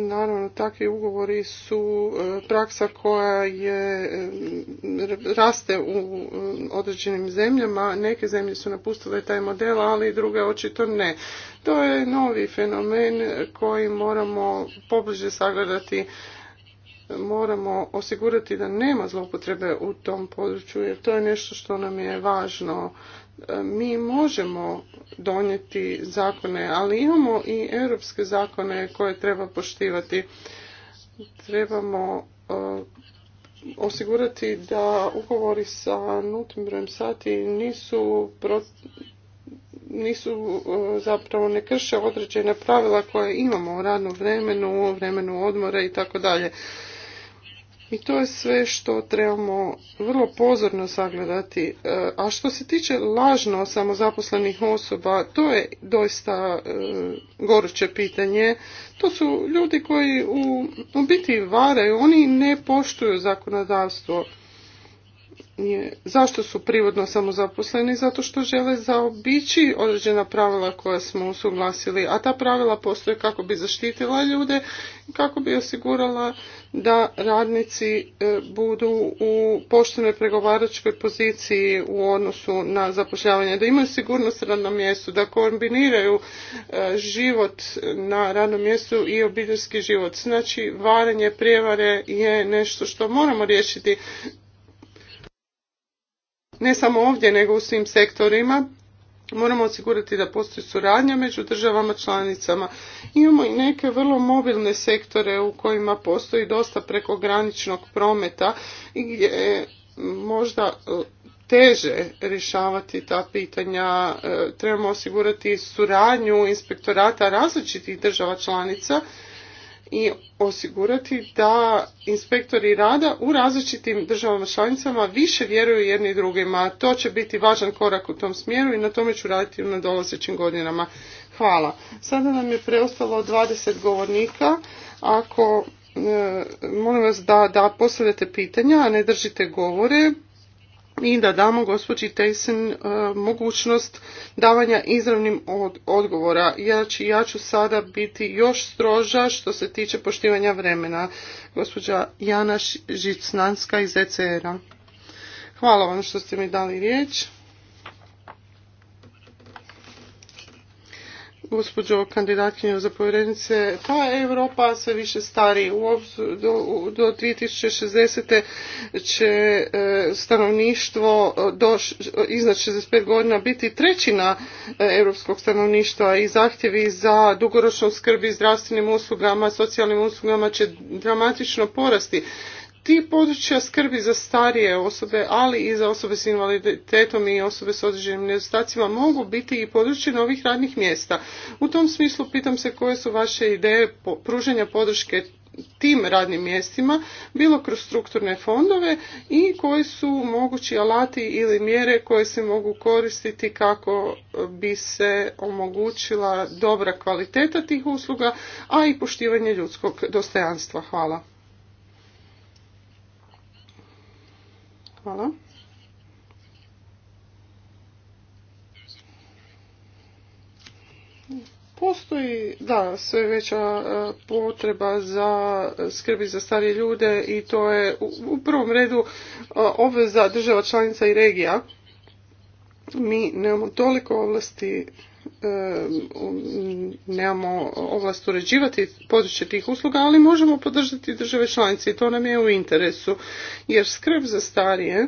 Naravno, takvi ugovori su e, praksa koja je, e, raste u e, određenim zemljama. Neke zemlje su napustile taj model, ali druge očito ne. To je novi fenomen koji moramo pobliže sagledati. Moramo osigurati da nema zloupotrebe u tom području, jer to je nešto što nam je važno mi možemo donijeti zakone, ali imamo i europske zakone koje treba poštivati. Trebamo e, osigurati da ugovori sa nutnim brojem sati nisu nisu e, zapravo ne krše određene pravila koje imamo u radnom vremenu, vremenu odmora i tako dalje. I to je sve što trebamo vrlo pozorno sagledati. E, a što se tiče lažno samozaposlenih osoba, to je doista e, goruće pitanje. To su ljudi koji u, u biti varaju, oni ne poštuju zakonodavstvo zašto su privodno samozaposleni? Zato što žele zaobići određena pravila koja smo usuglasili, a ta pravila postoje kako bi zaštitila ljude kako bi osigurala da radnici e, budu u poštenoj pregovaračkoj poziciji u odnosu na zapošljavanje, da imaju sigurnost radnom mjestu, da kombiniraju e, život na radnom mjestu i obiteljski život. Znači, varanje, prijevare je nešto što moramo riješiti ne samo ovdje nego u svim sektorima. Moramo osigurati da postoji suradnja među državama članicama. Imamo i neke vrlo mobilne sektore u kojima postoji dosta prekograničnog prometa i gdje možda e, teže rješavati ta pitanja. E, trebamo osigurati suradnju inspektorata različitih država članica i osigurati da inspektori rada u različitim državama članicama više vjeruju jedni drugima. To će biti važan korak u tom smjeru i na tome ću raditi u nadolazećim godinama. Hvala. Sada nam je preostalo 20 govornika. Ako e, molim vas da, da postavljate pitanja, a ne držite govore, i da damo gospođi Tesen e, mogućnost davanja izravnim odgovora. Ja ću, ja ću sada biti još stroža što se tiče poštivanja vremena. Gospođa Jana Žicnanska iz ECR-a. Hvala vam što ste mi dali riječ. gospođo kandidatkinju za povjerenice, ta pa Europa sve više stari. U do, do 2060. će e, stanovništvo e, do, iznad 65 godina biti trećina e, europskog stanovništva i zahtjevi za dugoročnu skrbi zdravstvenim uslugama, socijalnim uslugama će dramatično porasti ti područja skrbi za starije osobe, ali i za osobe s invaliditetom i osobe s određenim nedostacima mogu biti i područje novih radnih mjesta. U tom smislu pitam se koje su vaše ideje pružanja podrške tim radnim mjestima, bilo kroz strukturne fondove i koji su mogući alati ili mjere koje se mogu koristiti kako bi se omogućila dobra kvaliteta tih usluga, a i poštivanje ljudskog dostojanstva. Hvala. Hvala. Postoji, da, sve veća e, potreba za skrbi za starije ljude i to je u prvom redu e, obveza država članica i regija. Mi nemamo toliko ovlasti nemamo ovlast uređivati područje tih usluga, ali možemo podržati države članice i to nam je u interesu, jer skrb za starije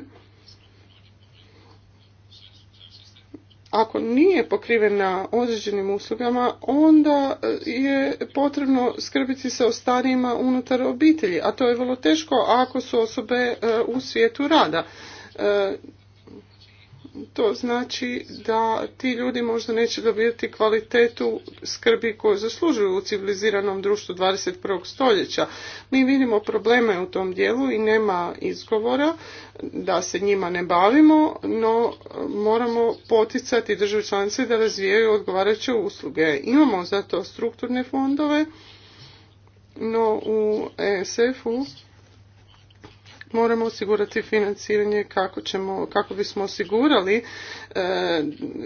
ako nije na određenim uslugama, onda e, je potrebno skrbiti se o starijima unutar obitelji, a to je vrlo teško ako su osobe e, u svijetu rada e, to znači da ti ljudi možda neće dobijati kvalitetu skrbi koju zaslužuju u civiliziranom društvu 21. stoljeća. Mi vidimo probleme u tom dijelu i nema izgovora da se njima ne bavimo, no moramo poticati države članice da razvijaju odgovarajuće usluge. Imamo zato strukturne fondove, no u ESF-u moramo osigurati financiranje kako, ćemo, kako bismo osigurali e,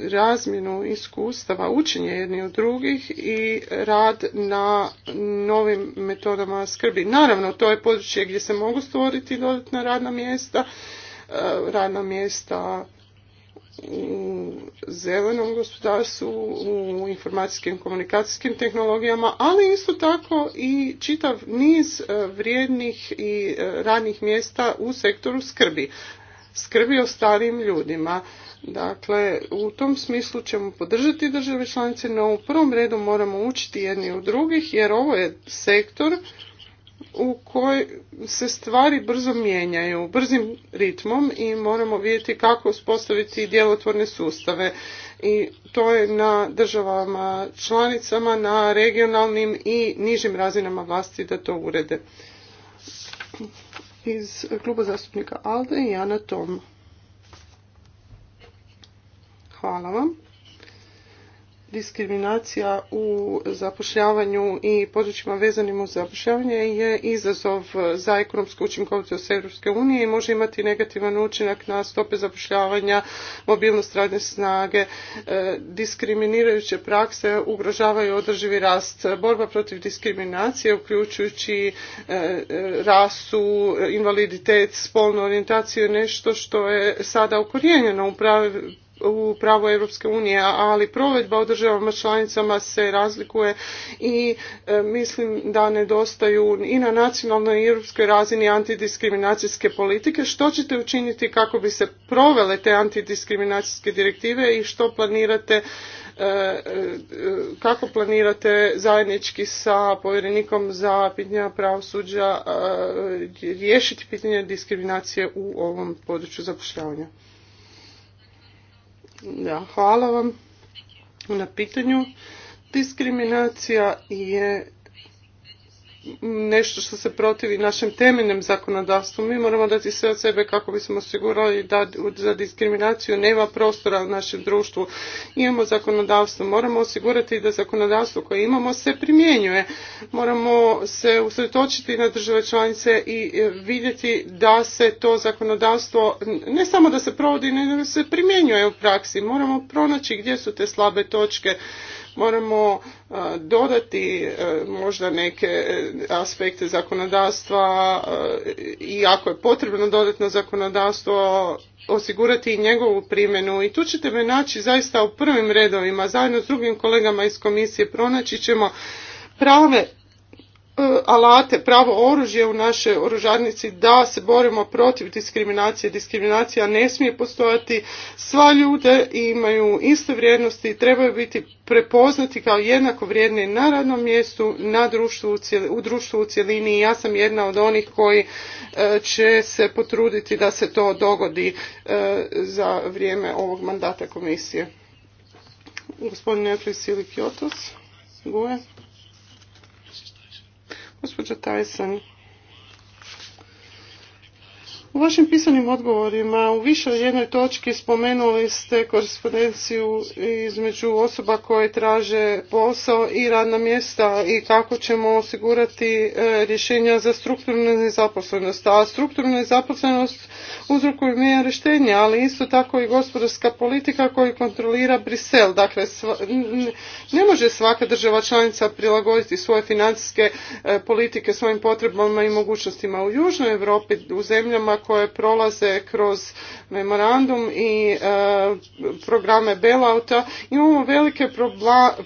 razmjenu iskustava, učenje jedni od drugih i rad na novim metodama skrbi. Naravno, to je područje gdje se mogu stvoriti dodatna radna mjesta, e, radna mjesta u zelenom gospodarstvu, u informacijskim komunikacijskim tehnologijama, ali isto tako i čitav niz e, vrijednih i e, radnih mjesta u sektoru skrbi. Skrbi o starijim ljudima. Dakle, u tom smislu ćemo podržati države članice, no u prvom redu moramo učiti jedni od drugih, jer ovo je sektor u kojoj se stvari brzo mijenjaju, brzim ritmom i moramo vidjeti kako uspostaviti djelotvorne sustave. I to je na državama članicama, na regionalnim i nižim razinama vlasti da to urede. Iz kluba zastupnika Alde i Jana Tom. Hvala vam diskriminacija u zapošljavanju i područjima vezanim uz zapošljavanje je izazov za ekonomsku učinkovitost Europske unije i može imati negativan učinak na stope zapošljavanja, mobilnost radne snage, e, diskriminirajuće prakse ugrožavaju održivi rast. Borba protiv diskriminacije uključujući e, rasu, invaliditet, spolnu orijentaciju je nešto što je sada ukorijenjeno u pravi u pravo Europske unije, ali provedba u državama članicama se razlikuje i e, mislim da nedostaju i na nacionalnoj i europskoj razini antidiskriminacijske politike. Što ćete učiniti kako bi se provele te antidiskriminacijske direktive i što planirate e, e, kako planirate zajednički sa povjerenikom za pitanja pravosuđa riješiti pitanje diskriminacije u ovom području zapošljavanja? da hvala vam na pitanju. Diskriminacija je nešto što se protivi našem temeljnom zakonodavstvu. Mi moramo dati sve od sebe kako bismo osigurali da za diskriminaciju nema prostora u našem društvu. Imamo zakonodavstvo, moramo osigurati da zakonodavstvo koje imamo se primjenjuje. Moramo se usretočiti na države članice i vidjeti da se to zakonodavstvo ne samo da se provodi, nego se primjenjuje u praksi. Moramo pronaći gdje su te slabe točke Moramo e, dodati e, možda neke e, aspekte zakonodavstva i ako je potrebno dodatno zakonodavstvo osigurati i njegovu primjenu i tu ćete me naći zaista u prvim redovima zajedno s drugim kolegama iz komisije pronaći ćemo prave Eh, alate, pravo oružje u našoj oružarnici da se borimo protiv diskriminacije. Diskriminacija ne smije postojati. Sva ljude imaju iste vrijednosti i trebaju biti prepoznati kao jednako vrijedni na radnom mjestu, na društvu, u društvu u cjelini ja sam jedna od onih koji eh, će se potruditi da se to dogodi eh, za vrijeme ovog mandata komisije. Gospodin Neflis ili Gospođa thyssen u vašim pisanim odgovorima u više jednoj točki spomenuli ste korespondenciju između osoba koje traže posao i radna mjesta i kako ćemo osigurati e, rješenja za strukturnu nezaposlenost. A strukturnu nezaposlenost uzrokuju mjere štednje ali isto tako i gospodarska politika koju kontrolira Brisel. Dakle, ne može svaka država članica prilagoditi svoje financijske e, politike svojim potrebama i mogućnostima. U Južnoj Europi, u zemljama koje prolaze kroz memorandum i e, programe bailouta imamo velike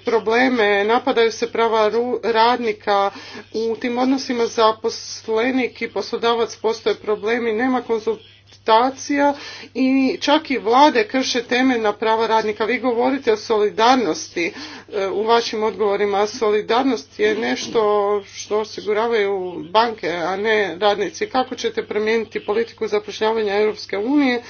probleme, napadaju se prava radnika, u tim odnosima zaposlenik i poslodavac postoje problemi, nema konzultacije eksploatacija i čak i vlade krše temeljna prava radnika. Vi govorite o solidarnosti e, u vašim odgovorima. Solidarnost je nešto što osiguravaju banke, a ne radnici. Kako ćete promijeniti politiku zapošljavanja Europske unije?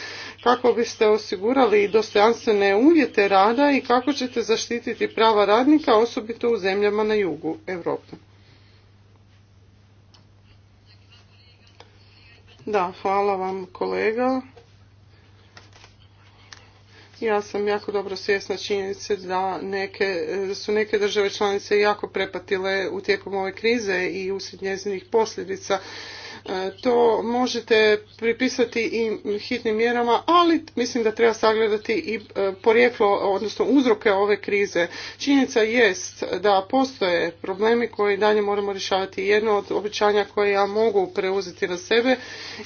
Kako biste osigurali dostojanstvene uvjete rada i kako ćete zaštititi prava radnika, osobito u zemljama na jugu Europe? Da, hvala vam kolega. Ja sam jako dobro svjesna činjenice da su neke države članice jako prepatile u tijekom ove krize i usred njezinih posljedica. E, to možete pripisati i hitnim mjerama, ali mislim da treba sagledati i e, porijeklo, odnosno uzroke ove krize. Činjenica jest da postoje problemi koje dalje moramo rješavati. Jedno od obećanja koje ja mogu preuzeti na sebe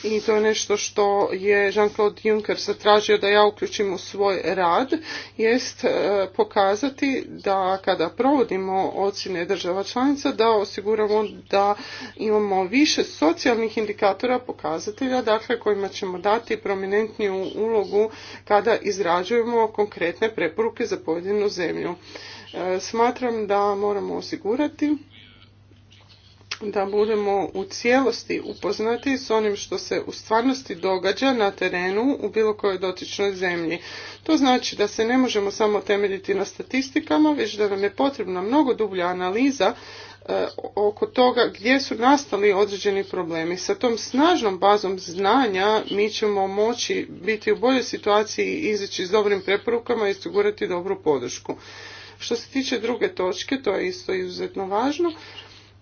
i to je nešto što je Jean-Claude Juncker zatražio da ja uključim u svoj rad, jest e, pokazati da kada provodimo ocjene država članica, da osiguramo da imamo više socijalnih indikatora, pokazatelja, dakle kojima ćemo dati prominentniju ulogu kada izrađujemo konkretne preporuke za pojedinu zemlju. E, smatram da moramo osigurati da budemo u cijelosti upoznati s onim što se u stvarnosti događa na terenu u bilo kojoj dotičnoj zemlji. To znači da se ne možemo samo temeljiti na statistikama, već da nam je potrebna mnogo dublja analiza E, oko toga gdje su nastali određeni problemi. Sa tom snažnom bazom znanja mi ćemo moći biti u boljoj situaciji i s dobrim preporukama i osigurati dobru podršku. Što se tiče druge točke, to je isto izuzetno važno,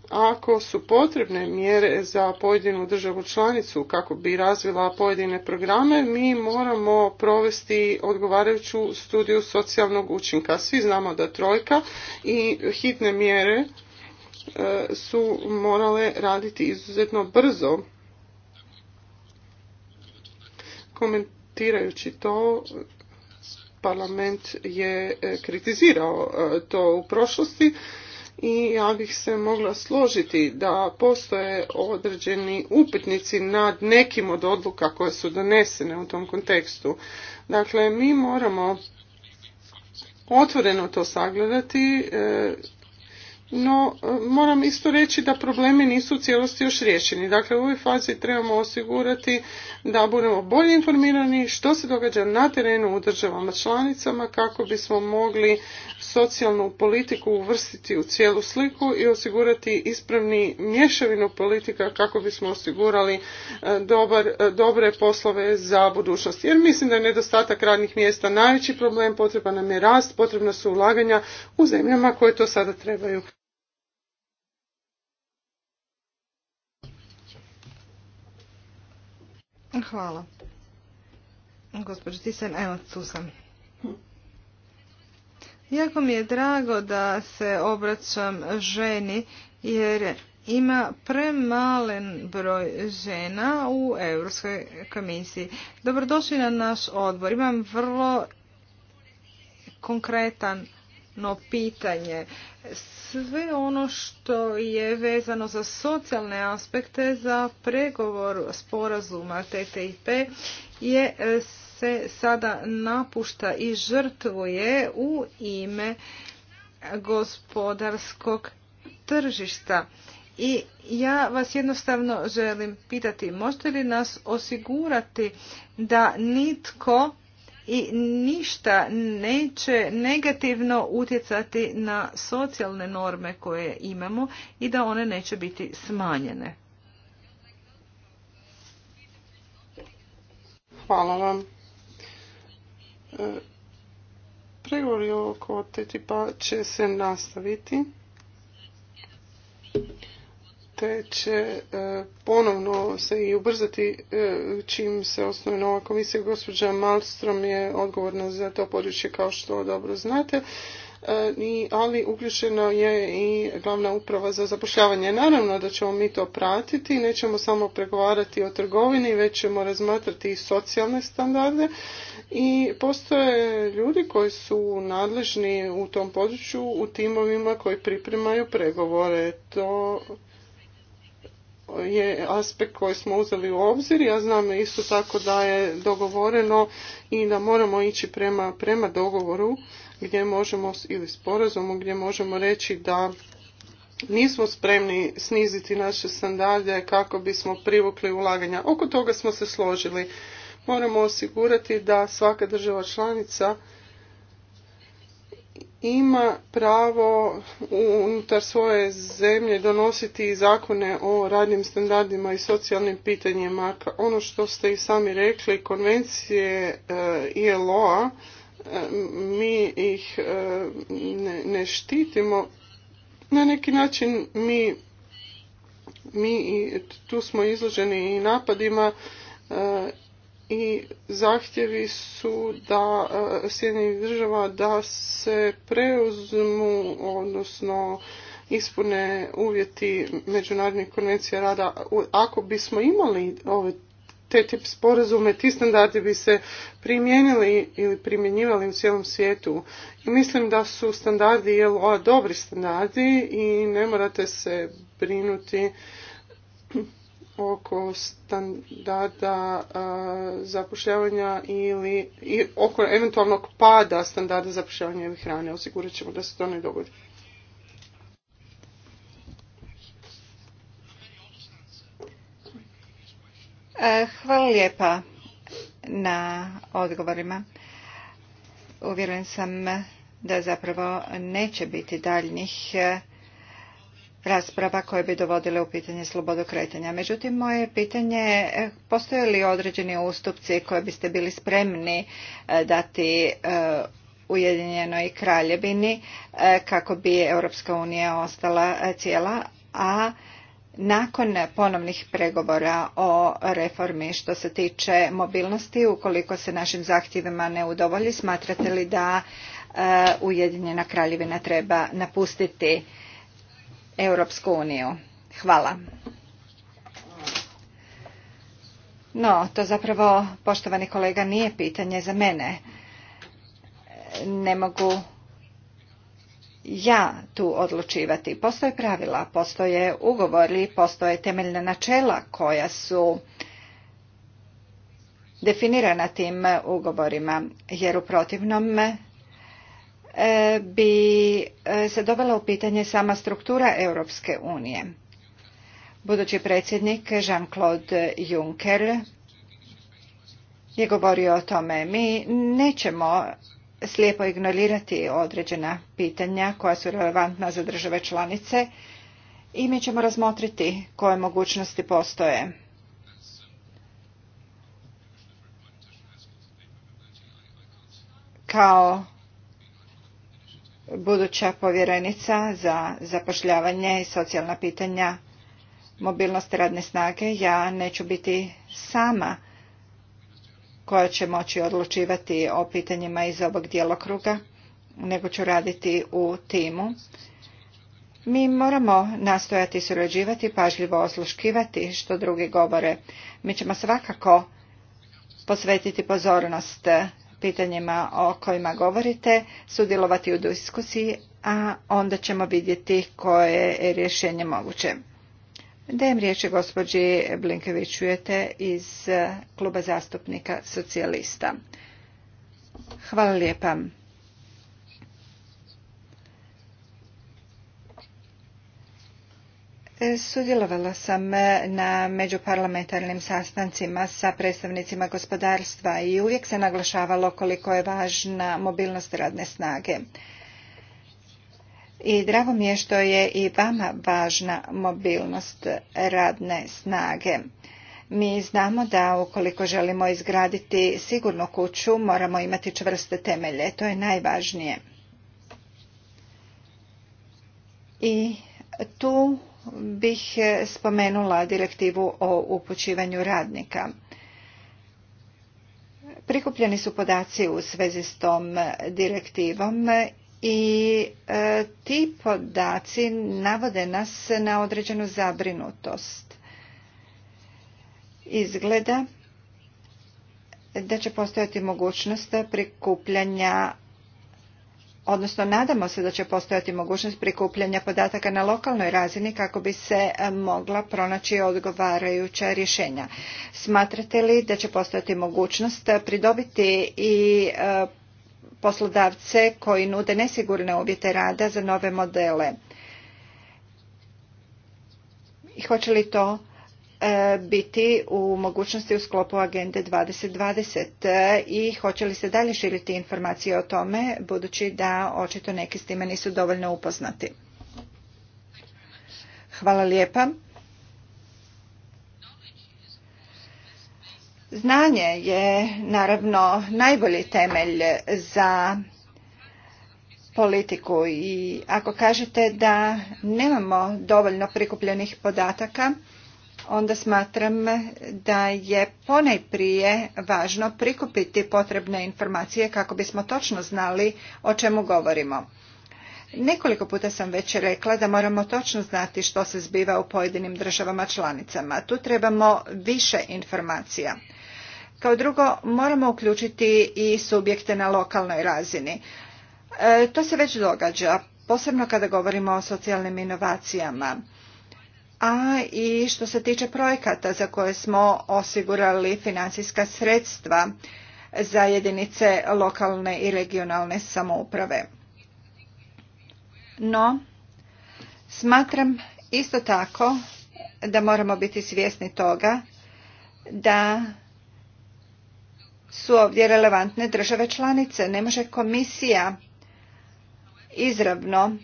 ako su potrebne mjere za pojedinu državu članicu kako bi razvila pojedine programe, mi moramo provesti odgovarajuću studiju socijalnog učinka. Svi znamo da trojka i hitne mjere E, su morale raditi izuzetno brzo. Komentirajući to, parlament je e, kritizirao e, to u prošlosti i ja bih se mogla složiti da postoje određeni upitnici nad nekim od odluka koje su donesene u tom kontekstu. Dakle, mi moramo otvoreno to sagledati, no moram isto reći da problemi nisu u cijelosti još riješeni. Dakle, u ovoj fazi trebamo osigurati da budemo bolje informirani što se događa na terenu u državama članicama kako bismo mogli socijalnu politiku uvrstiti u cijelu sliku i osigurati ispravni mješavinu politika kako bismo osigurali e, dobar, e, dobre poslove za budućnost. Jer mislim da je nedostatak radnih mjesta najveći problem, potreban nam je rast, potrebna su ulaganja u zemljama koje to sada trebaju. Hvala. Gospođo Tisen, evo tu sam. Jako mi je drago da se obraćam ženi jer ima premalen broj žena u Europskoj komisiji. Dobrodošli na naš odbor. Imam vrlo konkretan no pitanje. Sve ono što je vezano za socijalne aspekte za pregovor sporazuma TTIP je se sada napušta i žrtvuje u ime gospodarskog tržišta. I ja vas jednostavno želim pitati, možete li nas osigurati da nitko i ništa neće negativno utjecati na socijalne norme koje imamo i da one neće biti smanjene. Hvala vam. E, oko ttip će se nastaviti te će e, ponovno se i ubrzati e, čim se osnuje nova komisija. Gospođa Malstrom je odgovorna za to područje kao što dobro znate. E, ali uključena je i glavna uprava za zapošljavanje. Naravno da ćemo mi to pratiti, nećemo samo pregovarati o trgovini, već ćemo razmatrati i socijalne standarde. I postoje ljudi koji su nadležni u tom području u timovima koji pripremaju pregovore. To je aspekt koji smo uzeli u obzir. Ja znam isto tako da je dogovoreno i da moramo ići prema, prema dogovoru gdje možemo ili sporazumu gdje možemo reći da nismo spremni sniziti naše standarde kako bismo privukli ulaganja. Oko toga smo se složili. Moramo osigurati da svaka država članica ima pravo unutar svoje zemlje donositi zakone o radnim standardima i socijalnim pitanjima. Ono što ste i sami rekli, konvencije e, ILO-a, e, mi ih e, ne, štitimo. Na neki način mi, mi tu smo izloženi i napadima i zahtjevi su da e, Sjedinjenih država da se preuzmu, odnosno ispune uvjeti međunarodnih konvencija rada. Ako bismo imali ove te tip sporazume, ti standardi bi se primijenili ili primjenjivali u cijelom svijetu. I mislim da su standardi ilo dobri standardi i ne morate se brinuti oko standarda zapošljavanja ili oko eventualnog pada standarda zapošljavanja ili hrane. Osigurat ćemo da se to ne dogodi. E, hvala lijepa na odgovorima. Uvjeren sam da zapravo neće biti daljnjih rasprava koje bi dovodile u pitanje slobodu kretanja. Međutim, moje pitanje je eh, postoje li određeni ustupci koje biste bili spremni eh, dati eh, Ujedinjenoj kraljevini kako bi Europska unija ostala cijela, a nakon ponovnih pregovora o reformi što se tiče mobilnosti, ukoliko se našim zahtjevima ne udovolji, smatrate li da Ujedinjena kraljevina treba napustiti Europsku uniju. Hvala. No, to zapravo, poštovani kolega, nije pitanje za mene. Ne mogu ja tu odlučivati. Postoje pravila, postoje ugovori, postoje temeljna načela koja su definirana tim ugovorima, jer u protivnom E, bi e, se dovela u pitanje sama struktura Europske unije. Budući predsjednik Jean-Claude Juncker je govorio o tome. Mi nećemo slijepo ignorirati određena pitanja koja su relevantna za države članice i mi ćemo razmotriti koje mogućnosti postoje. Kao buduća povjerenica za zapošljavanje i socijalna pitanja mobilnost radne snage ja neću biti sama koja će moći odlučivati o pitanjima iz ovog djelokruga nego ću raditi u timu mi moramo nastojati surađivati pažljivo osluškivati što drugi govore mi ćemo svakako posvetiti pozornost pitanjima o kojima govorite, sudjelovati u diskusiji, a onda ćemo vidjeti koje je rješenje moguće. Dajem riječi, gospođi čujete iz Kluba zastupnika socijalista. Hvala lijepa. E, sudjelovala sam e, na međuparlamentarnim sastancima sa predstavnicima gospodarstva i uvijek se naglašavalo koliko je važna mobilnost radne snage. I drago mi je što je i vama važna mobilnost radne snage. Mi znamo da ukoliko želimo izgraditi sigurnu kuću, moramo imati čvrste temelje. To je najvažnije. I tu bih e, spomenula direktivu o upućivanju radnika. Prikupljeni su podaci u svezi s tom e, direktivom i e, ti podaci navode nas na određenu zabrinutost. Izgleda da će postojati mogućnost prikupljanja odnosno nadamo se da će postojati mogućnost prikupljanja podataka na lokalnoj razini kako bi se e, mogla pronaći odgovarajuća rješenja. Smatrate li da će postojati mogućnost pridobiti i e, poslodavce koji nude nesigurne uvjete rada za nove modele? I hoće li to E, biti u mogućnosti u sklopu Agende 2020 e, i hoće li se dalje širiti informacije o tome, budući da očito neki s time nisu dovoljno upoznati. Hvala lijepa. Znanje je naravno najbolji temelj za politiku i ako kažete da nemamo dovoljno prikupljenih podataka, onda smatram da je ponajprije važno prikupiti potrebne informacije kako bismo točno znali o čemu govorimo. Nekoliko puta sam već rekla da moramo točno znati što se zbiva u pojedinim državama članicama. Tu trebamo više informacija. Kao drugo, moramo uključiti i subjekte na lokalnoj razini. E, to se već događa, posebno kada govorimo o socijalnim inovacijama a i što se tiče projekata za koje smo osigurali financijska sredstva za jedinice lokalne i regionalne samouprave. No, smatram isto tako da moramo biti svjesni toga da su ovdje relevantne države članice. Ne može komisija izravno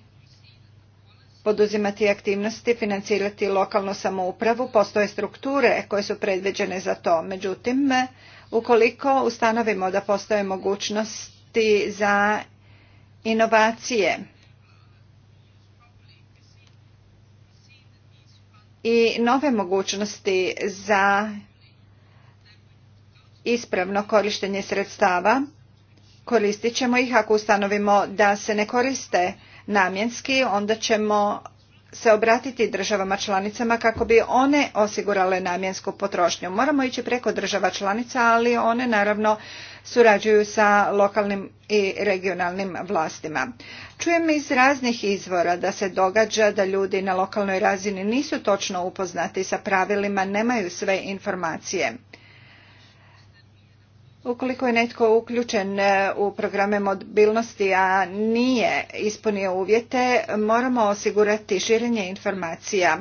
poduzimati aktivnosti, financirati lokalnu samoupravu, postoje strukture koje su predviđene za to. Međutim, ukoliko ustanovimo da postoje mogućnosti za inovacije i nove mogućnosti za ispravno korištenje sredstava, koristit ćemo ih ako ustanovimo da se ne koriste namjenski, onda ćemo se obratiti državama članicama kako bi one osigurale namjensku potrošnju. Moramo ići preko država članica, ali one naravno surađuju sa lokalnim i regionalnim vlastima. Čujem iz raznih izvora da se događa da ljudi na lokalnoj razini nisu točno upoznati sa pravilima, nemaju sve informacije. Ukoliko je netko uključen e, u programe mobilnosti, a nije ispunio uvjete, moramo osigurati širenje informacija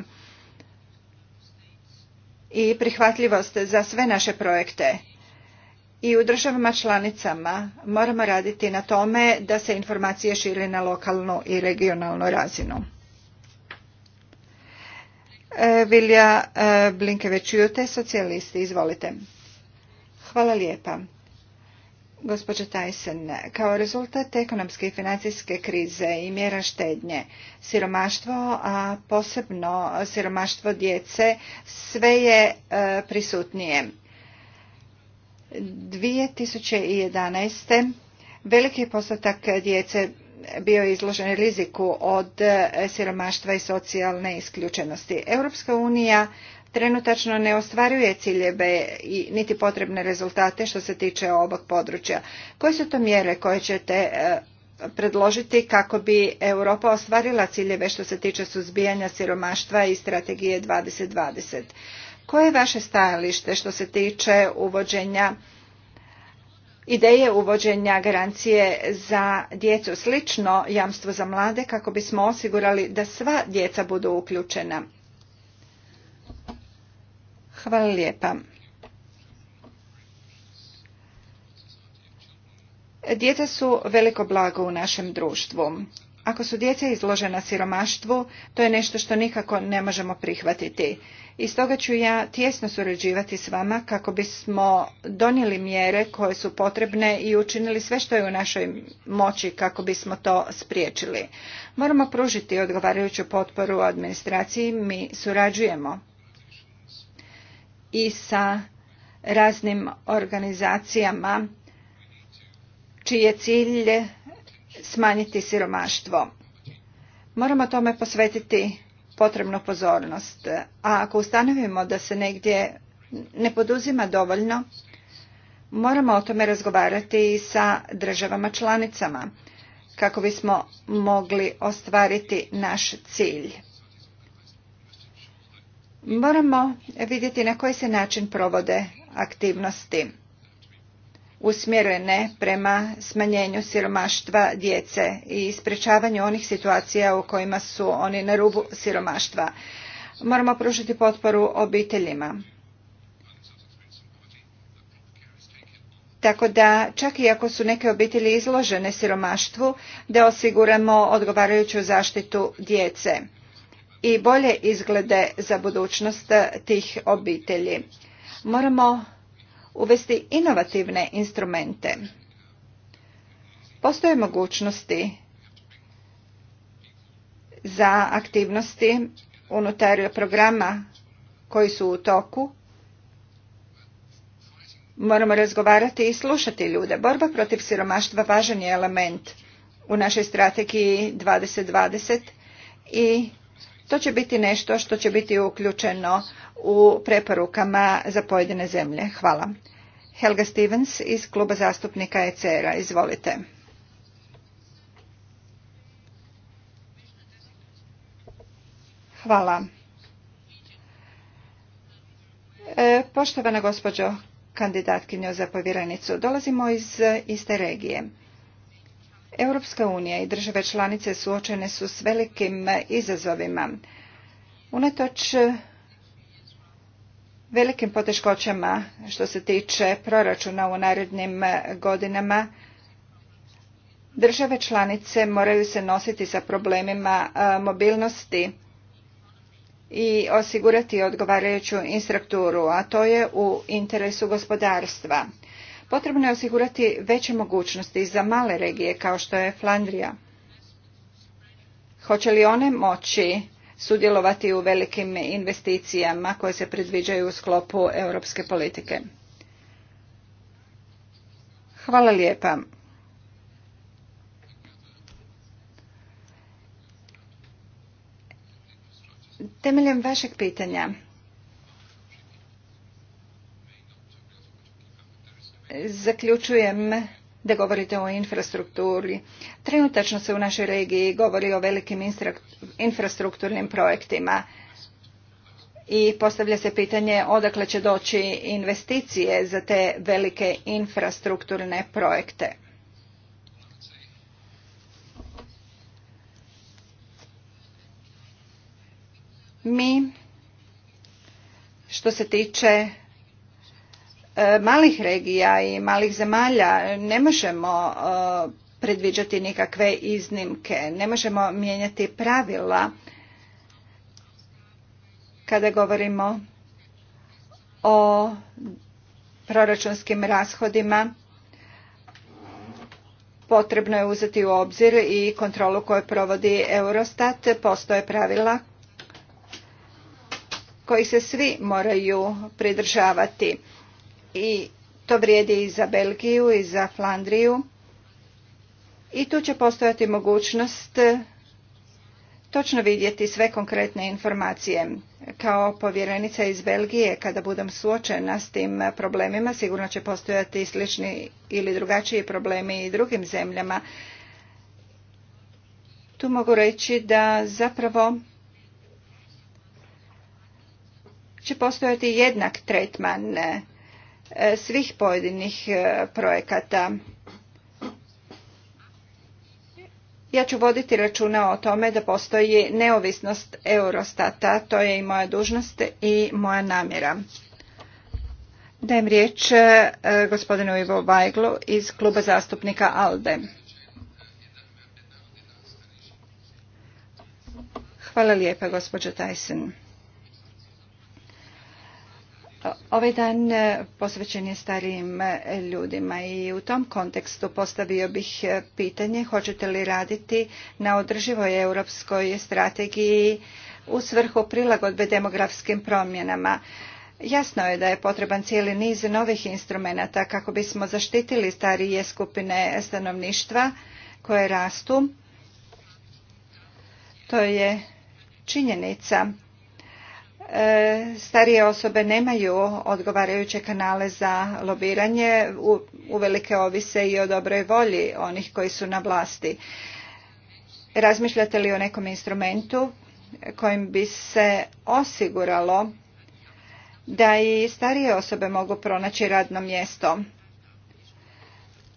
i prihvatljivost za sve naše projekte. I u državama članicama moramo raditi na tome da se informacije šire na lokalnu i regionalnu razinu. E, Vilja e, Blinkeveć-Jute, socijalisti, izvolite. Hvala lijepa. Gospođa Tajsen, kao rezultat ekonomske i financijske krize i mjera štednje, siromaštvo, a posebno siromaštvo djece, sve je e, prisutnije. 2011. veliki postotak djece bio je izložen riziku od e, siromaštva i socijalne isključenosti. Europska unija trenutačno ne ostvaruje ciljeve i niti potrebne rezultate što se tiče ovog područja. Koje su to mjere koje ćete e, predložiti kako bi Europa ostvarila ciljeve što se tiče suzbijanja siromaštva i strategije 2020? Koje je vaše stajalište što se tiče uvođenja ideje uvođenja garancije za djecu slično jamstvo za mlade kako bismo osigurali da sva djeca budu uključena Hvala lijepa. Djeca su veliko blago u našem društvu. Ako su djeca izložena siromaštvu, to je nešto što nikako ne možemo prihvatiti. I stoga ću ja tjesno surađivati s vama kako bismo donijeli mjere koje su potrebne i učinili sve što je u našoj moći kako bismo to spriječili. Moramo pružiti odgovarajuću potporu administraciji, mi surađujemo i sa raznim organizacijama čiji je cilj smanjiti siromaštvo. Moramo tome posvetiti potrebnu pozornost, a ako ustanovimo da se negdje ne poduzima dovoljno, moramo o tome razgovarati i sa državama članicama kako bismo mogli ostvariti naš cilj. Moramo vidjeti na koji se način provode aktivnosti usmjerene prema smanjenju siromaštva djece i sprečavanju onih situacija u kojima su oni na rubu siromaštva. Moramo pružiti potporu obiteljima. Tako da čak i ako su neke obitelji izložene siromaštvu, da osiguramo odgovarajuću zaštitu djece i bolje izglede za budućnost tih obitelji. Moramo uvesti inovativne instrumente. Postoje mogućnosti za aktivnosti unutar programa koji su u toku. Moramo razgovarati i slušati ljude. Borba protiv siromaštva važan je element u našoj strategiji 2020 i to će biti nešto što će biti uključeno u preporukama za pojedine zemlje. Hvala. Helga Stevens iz kluba zastupnika ECR-a. Izvolite. Hvala. E, poštovana gospođo kandidatkinjo za povjerenicu, dolazimo iz iste regije. Europska unija i države članice suočene su s velikim izazovima. Unatoč velikim poteškoćama što se tiče proračuna u narednim godinama, države članice moraju se nositi sa problemima mobilnosti i osigurati odgovarajuću instrukturu, a to je u interesu gospodarstva. Potrebno je osigurati veće mogućnosti za male regije kao što je Flandrija. Hoće li one moći sudjelovati u velikim investicijama koje se predviđaju u sklopu europske politike? Hvala lijepa. Temeljem vašeg pitanja zaključujem da govorite o infrastrukturi. Trenutačno se u našoj regiji govori o velikim infrastrukturnim projektima i postavlja se pitanje odakle će doći investicije za te velike infrastrukturne projekte. Mi što se tiče E, malih regija i malih zemalja ne možemo e, predviđati nikakve iznimke, ne možemo mijenjati pravila kada govorimo o proračunskim rashodima potrebno je uzeti u obzir i kontrolu koju provodi Eurostat. Postoje pravila koji se svi moraju pridržavati i to vrijedi i za Belgiju i za Flandriju. I tu će postojati mogućnost e, točno vidjeti sve konkretne informacije. Kao povjerenica iz Belgije, kada budem suočena s tim problemima, sigurno će postojati slični ili drugačiji problemi i drugim zemljama. Tu mogu reći da zapravo će postojati jednak tretman e, E, svih pojedinih e, projekata. Ja ću voditi računa o tome da postoji neovisnost Eurostata, to je i moja dužnost i moja namjera. Dajem riječ e, gospodinu Ivo Vajglu iz kluba zastupnika ALDE. Hvala lijepa gospođo Tyson. Ovaj dan e, posvećen je starijim e, ljudima i u tom kontekstu postavio bih e, pitanje hoćete li raditi na održivoj europskoj strategiji u svrhu prilagodbe demografskim promjenama. Jasno je da je potreban cijeli niz novih instrumenata kako bismo zaštitili starije skupine stanovništva koje rastu. To je činjenica E, starije osobe nemaju odgovarajuće kanale za lobiranje, uvelike ovise i o dobroj volji onih koji su na vlasti. Razmišljate li o nekom instrumentu kojim bi se osiguralo da i starije osobe mogu pronaći radno mjesto?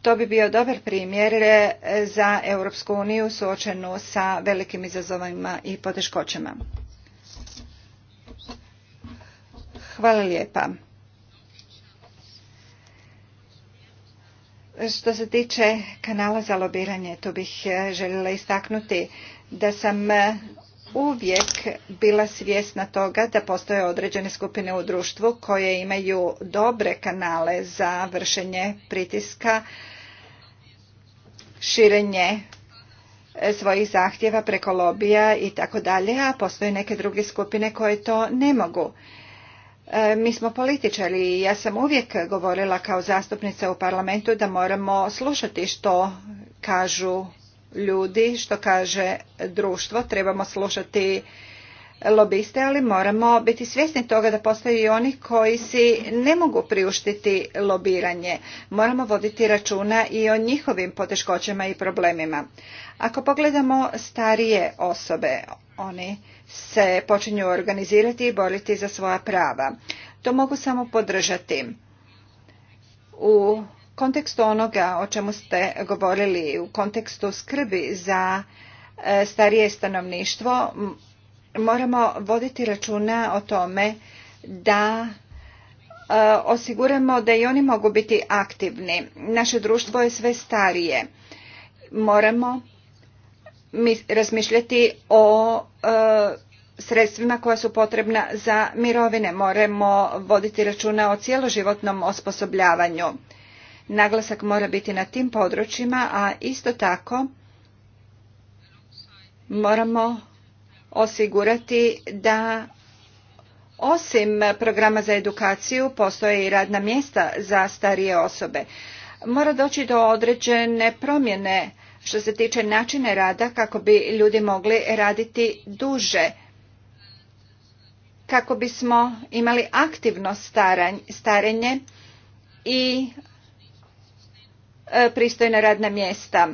To bi bio dobar primjer za Europsku uniju suočenu sa velikim izazovima i poteškoćama. Hvala lijepa. Što se tiče kanala za lobiranje, tu bih e, željela istaknuti da sam e, uvijek bila svjesna toga da postoje određene skupine u društvu koje imaju dobre kanale za vršenje pritiska, širenje e, svojih zahtjeva preko lobija i tako dalje, a postoje neke druge skupine koje to ne mogu. E, mi smo političari i ja sam uvijek govorila kao zastupnica u parlamentu da moramo slušati što kažu ljudi, što kaže društvo, trebamo slušati lobiste, ali moramo biti svjesni toga da postoje i oni koji si ne mogu priuštiti lobiranje. Moramo voditi računa i o njihovim poteškoćama i problemima. Ako pogledamo starije osobe, oni se počinju organizirati i boriti za svoja prava. To mogu samo podržati. U kontekstu onoga o čemu ste govorili, u kontekstu skrbi za e, starije stanovništvo, moramo voditi računa o tome da e, osiguramo da i oni mogu biti aktivni. Naše društvo je sve starije. Moramo razmišljati o e, sredstvima koja su potrebna za mirovine. Moramo voditi računa o cijeloživotnom osposobljavanju. Naglasak mora biti na tim područjima, a isto tako moramo osigurati da osim programa za edukaciju postoje i radna mjesta za starije osobe. Mora doći do određene promjene što se tiče načina rada kako bi ljudi mogli raditi duže kako bismo imali aktivno starenje i e, pristojna radna mjesta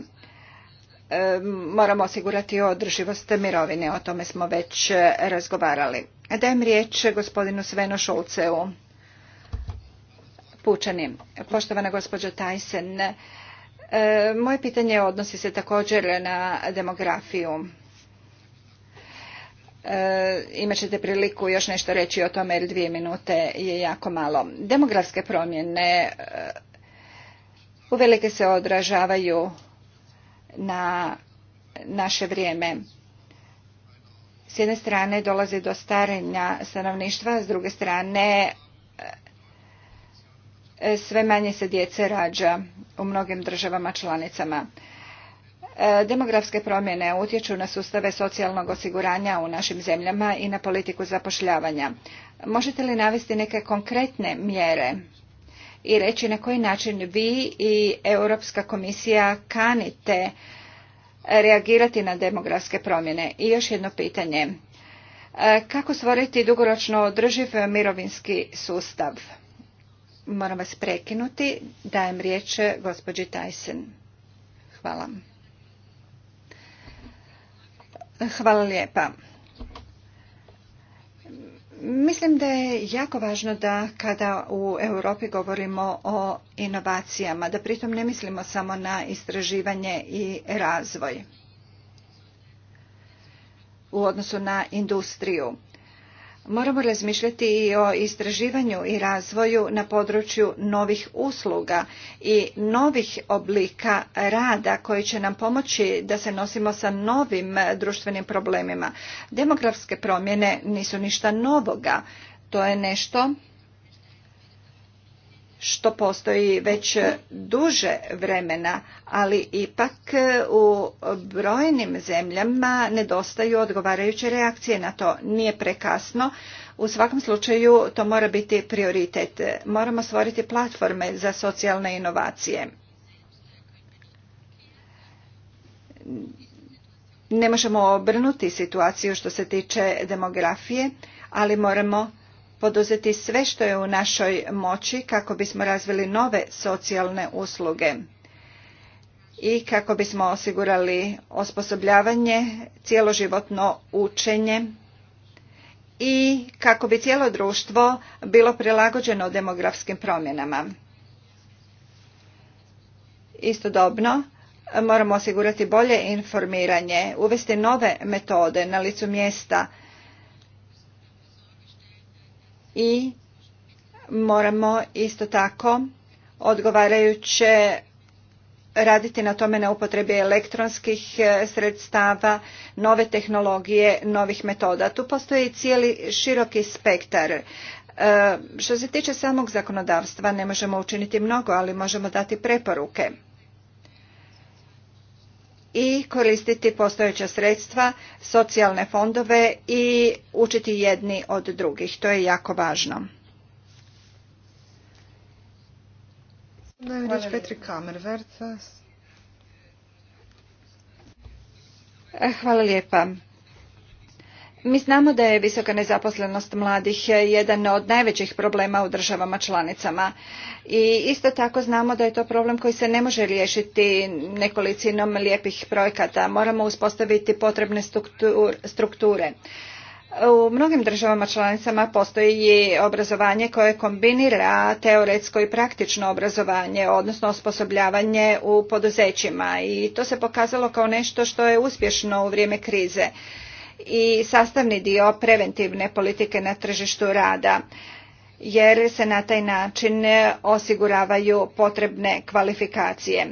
e, moramo osigurati održivost mirovine o tome smo već e, razgovarali dajem riječ gospodinu Svenu Šulceu pučanim poštovana gospođa Tajsen E, moje pitanje odnosi se također na demografiju. E, imat ćete priliku još nešto reći o tome jer dvije minute je jako malo. Demografske promjene e, uvelike se odražavaju na naše vrijeme. S jedne strane dolazi do starenja stanovništva, s druge strane E, sve manje se djece rađa u mnogim državama članicama. E, demografske promjene utječu na sustave socijalnog osiguranja u našim zemljama i na politiku zapošljavanja. Možete li navesti neke konkretne mjere i reći na koji način vi i Europska komisija kanite reagirati na demografske promjene? I još jedno pitanje. E, kako stvoriti dugoročno održiv mirovinski sustav? Moram vas prekinuti. Dajem riječ gospođi Tyson. Hvala. Hvala lijepa. Mislim da je jako važno da kada u Europi govorimo o inovacijama, da pritom ne mislimo samo na istraživanje i razvoj u odnosu na industriju. Moramo razmišljati i o istraživanju i razvoju na području novih usluga i novih oblika rada koji će nam pomoći da se nosimo sa novim društvenim problemima. Demografske promjene nisu ništa novoga. To je nešto što postoji već duže vremena, ali ipak e, u brojnim zemljama nedostaju odgovarajuće reakcije na to. Nije prekasno, u svakom slučaju to mora biti prioritet. Moramo stvoriti platforme za socijalne inovacije. Ne možemo obrnuti situaciju što se tiče demografije, ali moramo poduzeti sve što je u našoj moći kako bismo razvili nove socijalne usluge i kako bismo osigurali osposobljavanje, cjeloživotno učenje i kako bi cijelo društvo bilo prilagođeno demografskim promjenama. Istodobno, moramo osigurati bolje informiranje, uvesti nove metode na licu mjesta – i moramo isto tako odgovarajuće raditi na tome na upotrebi elektronskih e, sredstava, nove tehnologije, novih metoda. Tu postoji cijeli široki spektar. E, što se tiče samog zakonodavstva ne možemo učiniti mnogo, ali možemo dati preporuke i koristiti postojeća sredstva, socijalne fondove i učiti jedni od drugih. To je jako važno. Hvala lijepa. Mi znamo da je visoka nezaposlenost mladih jedan od najvećih problema u državama članicama i isto tako znamo da je to problem koji se ne može riješiti nekolicinom lijepih projekata. Moramo uspostaviti potrebne strukture. U mnogim državama članicama postoji obrazovanje koje kombinira teoretsko i praktično obrazovanje, odnosno osposobljavanje u poduzećima i to se pokazalo kao nešto što je uspješno u vrijeme krize i sastavni dio preventivne politike na tržištu rada jer se na taj način osiguravaju potrebne kvalifikacije.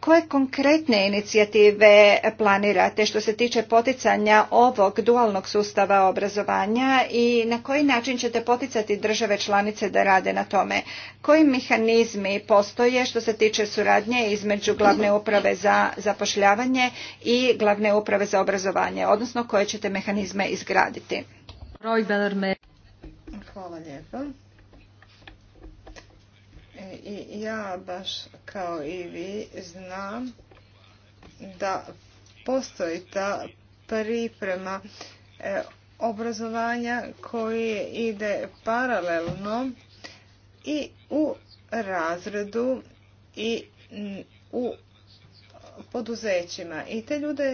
Koje konkretne inicijative planirate što se tiče poticanja ovog dualnog sustava obrazovanja i na koji način ćete poticati države članice da rade na tome? Koji mehanizmi postoje što se tiče suradnje između glavne uprave za zapošljavanje i glavne uprave za obrazovanje, odnosno koje ćete mehanizme izgraditi? Hvala lijepo. I ja baš kao i vi znam da postoji ta priprema e, obrazovanja koji ide paralelno i u razredu i u poduzećima. I te ljude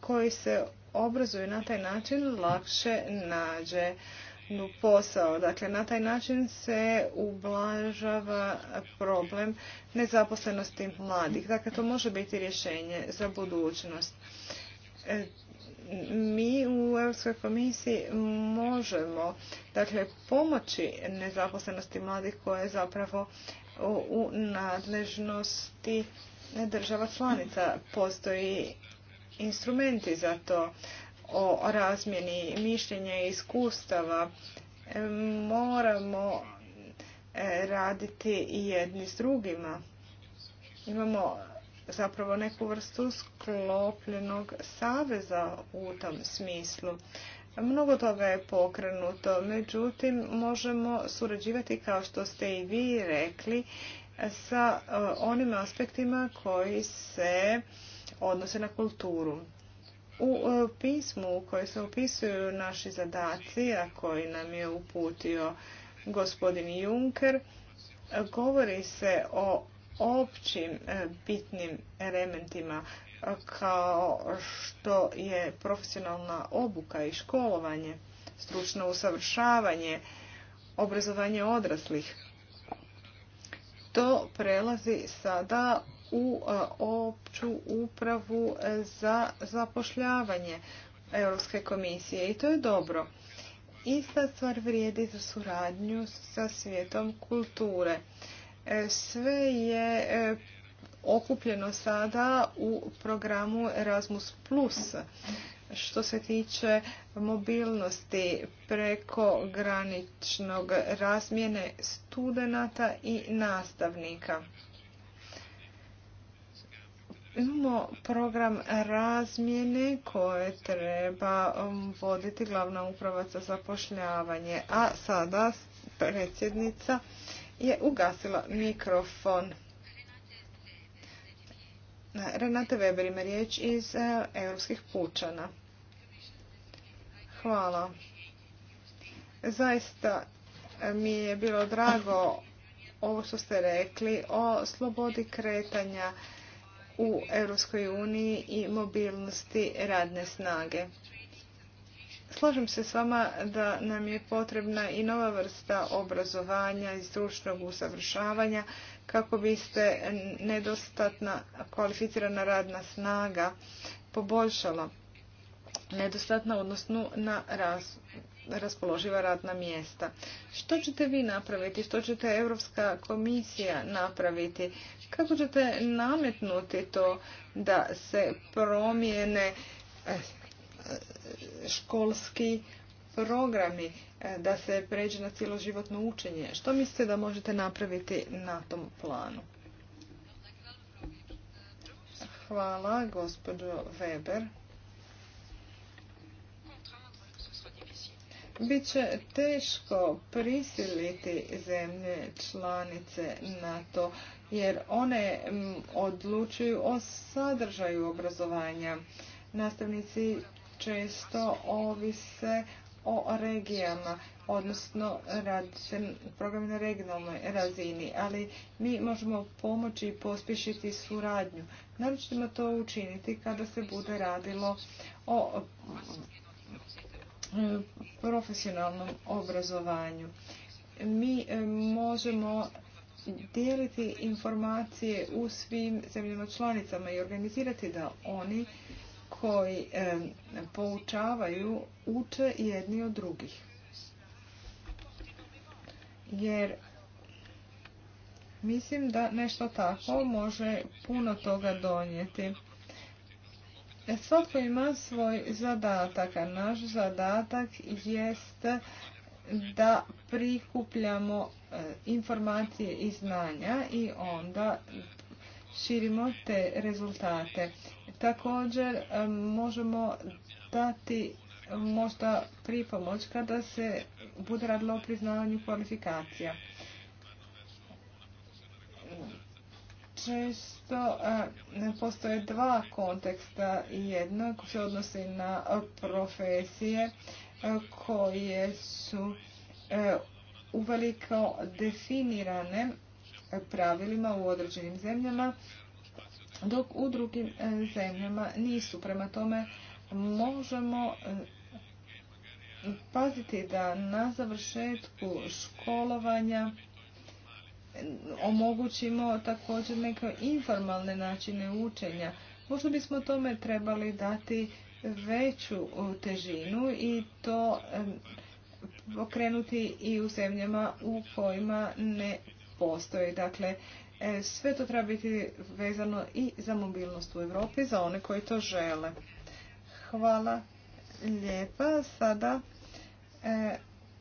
koji se obrazuju na taj način lakše nađe posao. Dakle, na taj način se ublažava problem nezaposlenosti mladih. Dakle, to može biti rješenje za budućnost. E, mi u Europskoj komisiji možemo dakle, pomoći nezaposlenosti mladih koja je zapravo u nadležnosti država članica. Postoji instrumenti za to o razmjeni mišljenja i iskustava. E, moramo e, raditi i jedni s drugima. Imamo zapravo neku vrstu sklopljenog saveza u tom smislu. Mnogo toga je pokrenuto, međutim možemo surađivati kao što ste i vi rekli sa e, onim aspektima koji se odnose na kulturu. U e, pismu u kojoj se opisuju naši zadaci, a koji nam je uputio gospodin Juncker, govori se o općim e, bitnim elementima e, kao što je profesionalna obuka i školovanje, stručno usavršavanje, obrazovanje odraslih. To prelazi sada u opću upravu e, za zapošljavanje Europske komisije i to je dobro. Ista stvar vrijedi za suradnju sa svijetom kulture. E, sve je e, okupljeno sada u programu Erasmus+, što se tiče mobilnosti preko graničnog razmjene studenata i nastavnika. Imamo program razmjene koje treba um, voditi glavna uprava za zapošljavanje, a sada predsjednica je ugasila mikrofon. Renate Weber ima riječ iz e, Europskih pučana. Hvala. Zaista mi je bilo drago ovo što ste rekli o slobodi kretanja u Europskoj uniji i mobilnosti radne snage. Slažem se s vama da nam je potrebna i nova vrsta obrazovanja i stručnog usavršavanja kako biste nedostatna kvalificirana radna snaga poboljšala nedostatna odnosno na raz, raspoloživa radna mjesta. Što ćete vi napraviti? Što ćete Europska komisija napraviti? Kako ćete nametnuti to da se promijene e, e, školski programi, e, da se pređe na životno učenje? Što mislite da možete napraviti na tom planu? Hvala, gospođo Weber. bit će teško prisiliti zemlje članice na to, jer one mm, odlučuju o sadržaju obrazovanja. Nastavnici često ovise o regijama, odnosno program na regionalnoj razini, ali mi možemo pomoći i pospješiti suradnju. Naravno ćemo to učiniti kada se bude radilo o profesionalnom obrazovanju. Mi e, možemo dijeliti informacije u svim zemljama članicama i organizirati da oni koji e, poučavaju uče jedni od drugih. Jer mislim da nešto tako može puno toga donijeti. E, Svako ima svoj zadatak, a naš zadatak jest da prikupljamo e, informacije i znanja i onda širimo te rezultate. Također e, možemo dati možda pripomoć kada se bude radilo o priznavanju kvalifikacija. često postoje dva konteksta. Jedno se odnosi na profesije koje su uveliko definirane pravilima u određenim zemljama, dok u drugim zemljama nisu. Prema tome možemo paziti da na završetku školovanja omogućimo također neke informalne načine učenja. Možda bismo tome trebali dati veću težinu i to okrenuti i u zemljama u kojima ne postoji. Dakle, e, sve to treba biti vezano i za mobilnost u Europi za one koji to žele. Hvala lijepa. Sada e,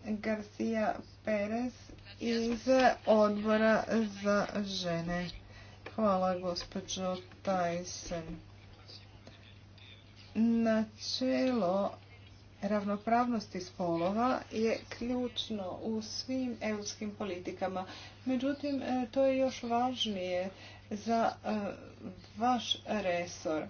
Garcia Perez iz odbora za žene. Hvala gospođo Tyson. Načelo ravnopravnosti spolova je ključno u svim europskim politikama. Međutim, e, to je još važnije za e, vaš resor.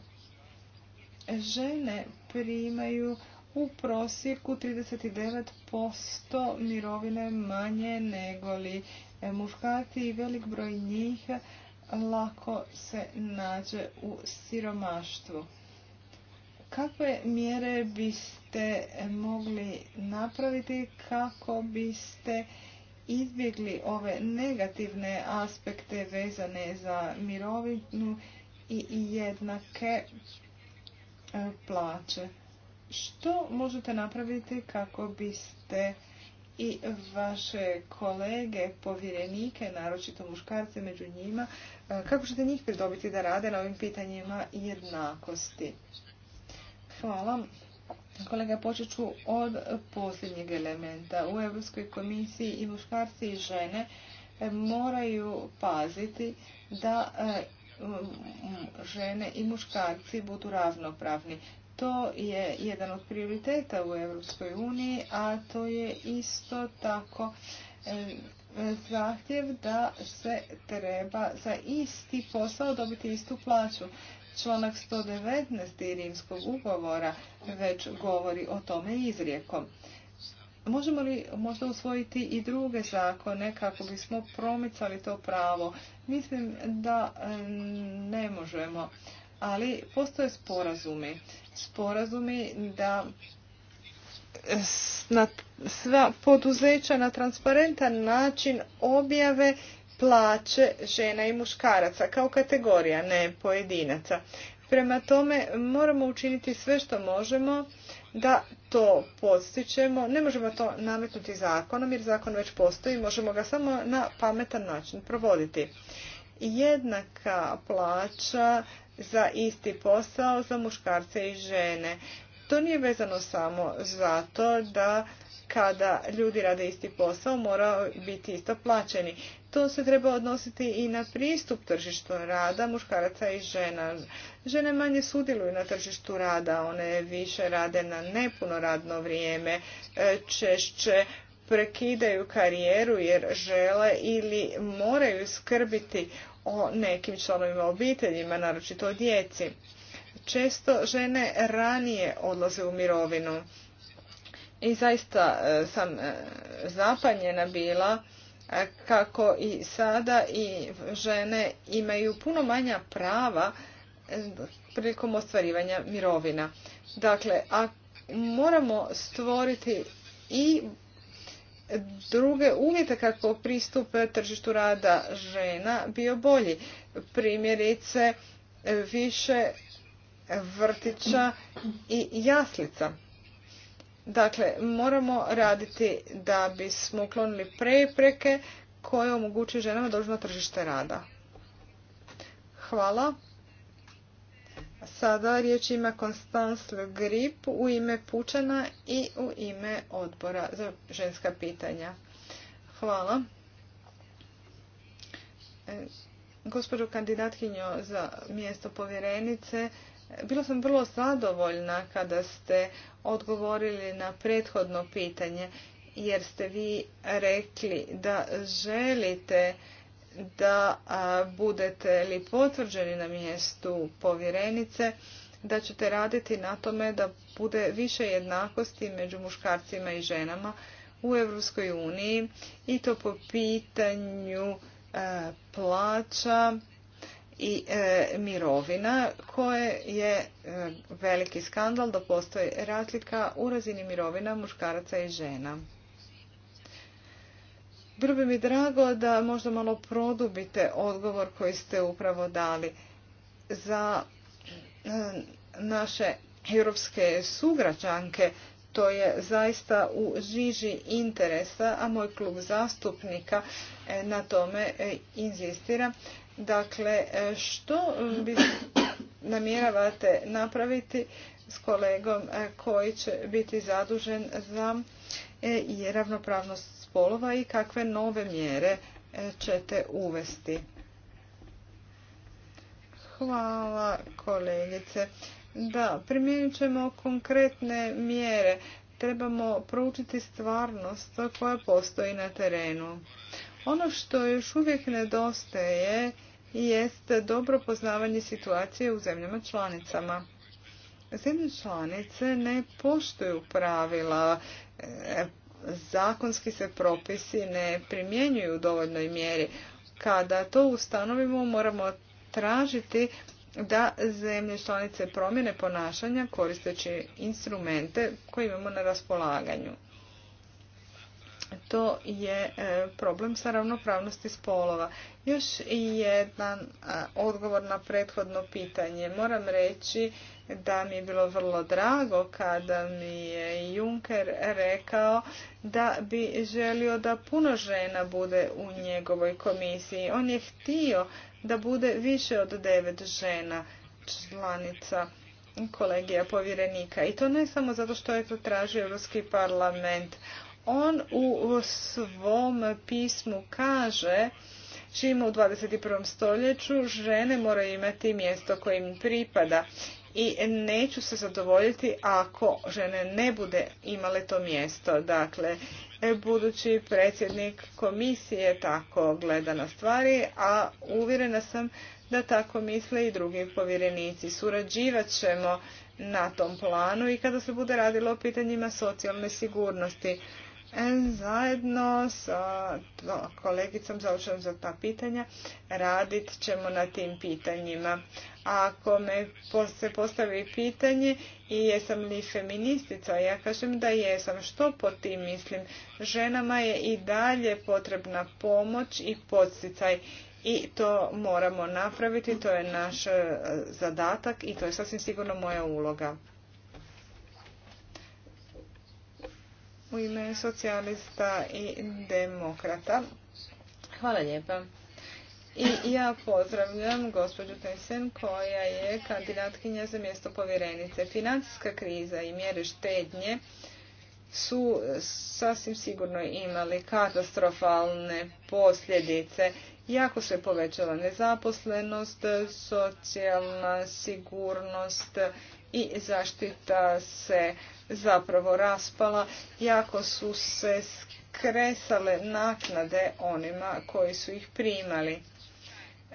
Žene primaju u prosjeku 39% mirovine manje nego li e, muškarci i velik broj njih lako se nađe u siromaštvu. Kakve mjere biste mogli napraviti kako biste izbjegli ove negativne aspekte vezane za mirovinu i jednake e, plaće? Što možete napraviti kako biste i vaše kolege, povjerenike, naročito muškarce među njima, e, kako ćete njih pridobiti da rade na ovim pitanjima jednakosti? Hvala. Kolega, počet ću od posljednjeg elementa. U Europskoj komisiji i muškarci i žene e, moraju paziti da e, žene i muškarci budu ravnopravni. To je jedan od prioriteta u Europskoj uniji, a to je isto tako e, zahtjev da se treba za isti posao dobiti istu plaću. Članak 119. rimskog ugovora već govori o tome izrijekom. Možemo li možda usvojiti i druge zakone kako bismo promicali to pravo? Mislim da e, ne možemo ali postoje sporazumi. Sporazumi da sva poduzeća na transparentan način objave plaće žena i muškaraca kao kategorija, ne pojedinaca. Prema tome moramo učiniti sve što možemo da to postičemo. Ne možemo to nametnuti zakonom jer zakon već postoji, možemo ga samo na pametan način provoditi. Jednaka plaća za isti posao za muškarce i žene. To nije vezano samo zato da kada ljudi rade isti posao mora biti isto plaćeni. To se treba odnositi i na pristup tržištu rada muškaraca i žena. Žene manje sudjeluju na tržištu rada, one više rade na nepuno radno vrijeme, e, češće prekidaju karijeru jer žele ili moraju skrbiti o nekim članovima obiteljima, naročito o djeci. Često žene ranije odlaze u mirovinu. I zaista e, sam e, zapanjena bila e, kako i sada i žene imaju puno manja prava prilikom ostvarivanja mirovina. Dakle, a moramo stvoriti i druge uvjete kako pristup tržištu rada žena bio bolji. Primjerice više vrtića i jaslica. Dakle, moramo raditi da bismo uklonili prepreke koje omogućuju ženama dođu na tržište rada. Hvala. Sada riječ ima Konstans Le Grip u ime Pučana i u ime odbora za ženska pitanja. Hvala. E, gospođo kandidatkinjo za mjesto povjerenice, bila sam vrlo zadovoljna kada ste odgovorili na prethodno pitanje, jer ste vi rekli da želite da budete li potvrđeni na mjestu povjerenice, da ćete raditi na tome da bude više jednakosti među muškarcima i ženama u Europskoj uniji i to po pitanju plaća i e, mirovina koje je e, veliki skandal da postoji razlika u razini mirovina muškaraca i žena. Bilo bi mi drago da možda malo produbite odgovor koji ste upravo dali za e, naše europske sugrađanke. To je zaista u žiži interesa, a moj klub zastupnika e, na tome e, inzistira. Dakle, što namjeravate napraviti s kolegom koji će biti zadužen za ravnopravnost spolova i kakve nove mjere e, ćete uvesti. Hvala kolegice. Da, primijenit ćemo konkretne mjere. Trebamo proučiti stvarnost koja postoji na terenu. Ono što još uvijek nedostaje jest dobro poznavanje situacije u zemljama članicama. Zemlje članice ne poštuju pravila e, zakonski se propisi ne primjenjuju u dovoljnoj mjeri. Kada to ustanovimo moramo tražiti da zemlje članice promjene ponašanja koristeći instrumente koje imamo na raspolaganju to je e, problem sa ravnopravnosti spolova. Još jedan e, odgovor na prethodno pitanje. Moram reći da mi je bilo vrlo drago kada mi je Juncker rekao da bi želio da puno žena bude u njegovoj komisiji. On je htio da bude više od devet žena članica kolegija povjerenika. I to ne samo zato što je to tražio Europski parlament. On u svom pismu kaže čim u 21. stoljeću žene moraju imati mjesto koje im pripada i neću se zadovoljiti ako žene ne bude imale to mjesto. Dakle, budući predsjednik komisije tako gleda na stvari, a uvjerena sam da tako misle i drugi povjerenici. Surađivat ćemo na tom planu i kada se bude radilo o pitanjima socijalne sigurnosti. E, zajedno sa kolegicom zaučenom za ta pitanja radit ćemo na tim pitanjima. Ako me se postavi pitanje i jesam li feministica, ja kažem da jesam. Što po tim mislim? Ženama je i dalje potrebna pomoć i podsticaj i to moramo napraviti, to je naš e, zadatak i to je sasvim sigurno moja uloga. u ime socijalista i demokrata. Hvala lijepa. I ja pozdravljam gospođu Tesen koja je kandidatkinja za mjesto povjerenice. Financijska kriza i mjere štednje su sasvim sigurno imali katastrofalne posljedice. Jako se povećala nezaposlenost, socijalna sigurnost i zaštita se zapravo raspala, jako su se skresale naknade onima koji su ih primali.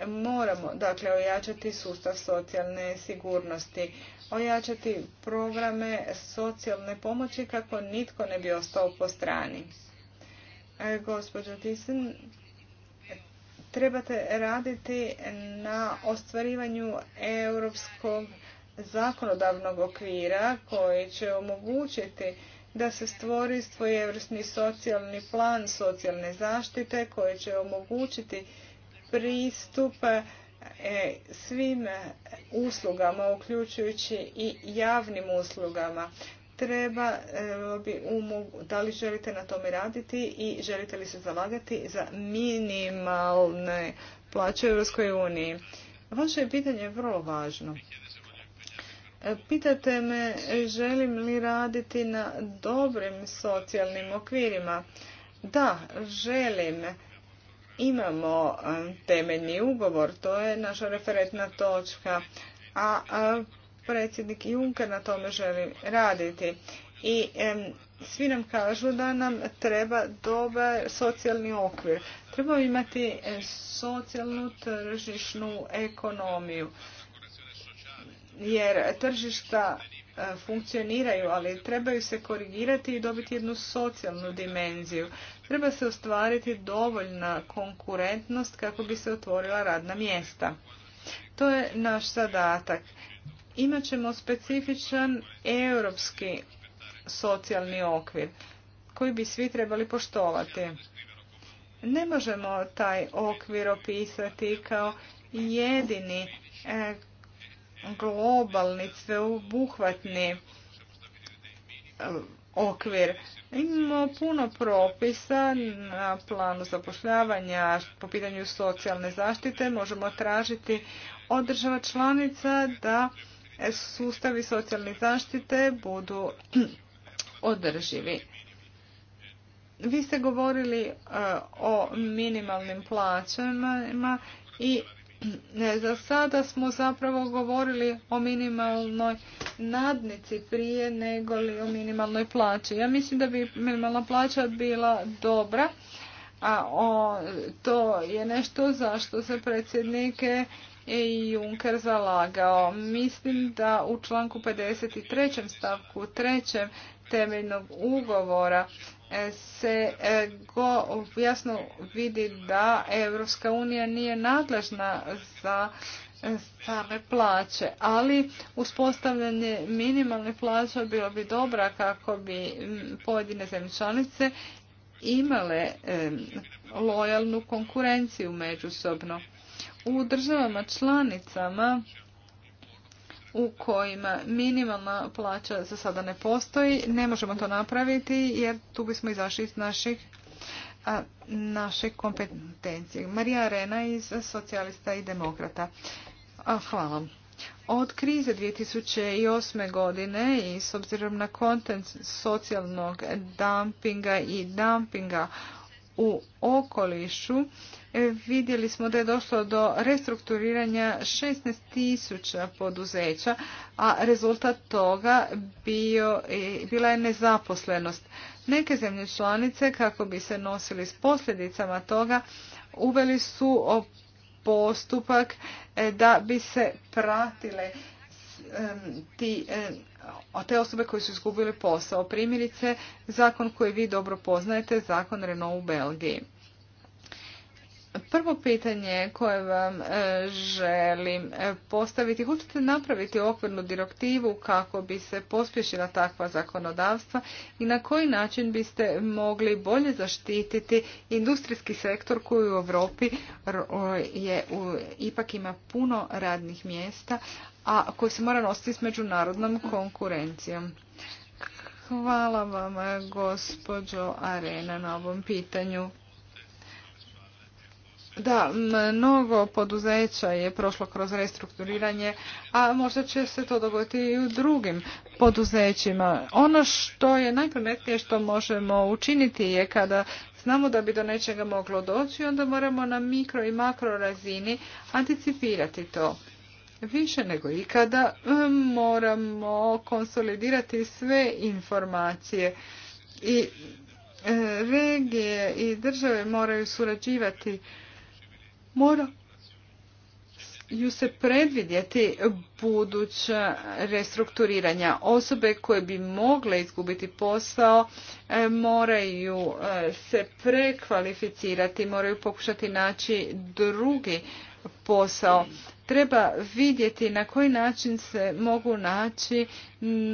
Moramo, dakle, ojačati sustav socijalne sigurnosti, ojačati programe socijalne pomoći kako nitko ne bi ostao po strani. E, gospođo trebate raditi na ostvarivanju europskog zakonodavnog okvira koji će omogućiti da se stvori svojevrsni socijalni plan socijalne zaštite koji će omogućiti pristup e, svim uslugama, uključujući i javnim uslugama. Treba, e, da li želite na tome raditi i želite li se zalagati za minimalne plaće u EU? Vaše pitanje je vrlo važno. Pitate me želim li raditi na dobrim socijalnim okvirima. Da, želim. Imamo um, temeljni ugovor, to je naša referentna točka, a predsjednik Juncker na tome želi raditi. I svi nam kažu da nam treba dobar socijalni okvir. Treba imati socijalnu tržišnu ekonomiju jer tržišta e, funkcioniraju, ali trebaju se korigirati i dobiti jednu socijalnu dimenziju. Treba se ostvariti dovoljna konkurentnost kako bi se otvorila radna mjesta. To je naš zadatak. Imaćemo specifičan europski socijalni okvir koji bi svi trebali poštovati. Ne možemo taj okvir opisati kao jedini e, globalni, sveobuhvatni e, okvir. Imamo puno propisa na planu zapošljavanja po pitanju socijalne zaštite. Možemo tražiti od država članica da sustavi socijalne zaštite budu (clears throat) održivi. Vi ste govorili e, o minimalnim plaćama i za sada smo zapravo govorili o minimalnoj nadnici prije nego li o minimalnoj plaći. Ja mislim da bi minimalna plaća bila dobra, a o, to je nešto zašto se predsjednike i Juncker zalagao. Mislim da u članku 53. stavku 3. temeljnog ugovora se e, jasno vidi da Europska unija nije nadležna za e, same plaće, ali uspostavljanje minimalne plaće bilo bi dobra kako bi pojedine zemlje imale e, lojalnu konkurenciju međusobno. U državama članicama u kojima minimalna plaća za sada ne postoji. Ne možemo to napraviti jer tu bismo izašli iz naših naše kompetencije. Marija Arena iz socijalista i demokrata. A, hvala. Od krize 2008. godine i s obzirom na kontent socijalnog dumpinga i dumpinga u okolišu, E, vidjeli smo da je došlo do restrukturiranja 16.000 poduzeća, a rezultat toga bio, bila je nezaposlenost. Neke zemlje članice, kako bi se nosili s posljedicama toga, uveli su postupak e, da bi se pratile ti, te osobe koje su izgubile posao. Primjerice, zakon koji vi dobro poznajete, zakon Renault u Belgiji. Prvo pitanje koje vam e, želim e, postaviti, hoćete napraviti okvirnu direktivu kako bi se pospješila takva zakonodavstva i na koji način biste mogli bolje zaštititi industrijski sektor koji u Europi je ipak ima puno radnih mjesta, a koji se mora nositi s međunarodnom konkurencijom. Hvala vam e, gospođo Arena na ovom pitanju. Da, mnogo poduzeća je prošlo kroz restrukturiranje, a možda će se to dogoditi i u drugim poduzećima. Ono što je najpametnije što možemo učiniti je kada znamo da bi do nečega moglo doći, onda moramo na mikro i makro razini anticipirati to. Više nego ikada mm, moramo konsolidirati sve informacije i e, regije i države moraju surađivati mora se predvidjeti buduća restrukturiranja. Osobe koje bi mogle izgubiti posao e, moraju e, se prekvalificirati, moraju pokušati naći drugi posao. Treba vidjeti na koji način se mogu naći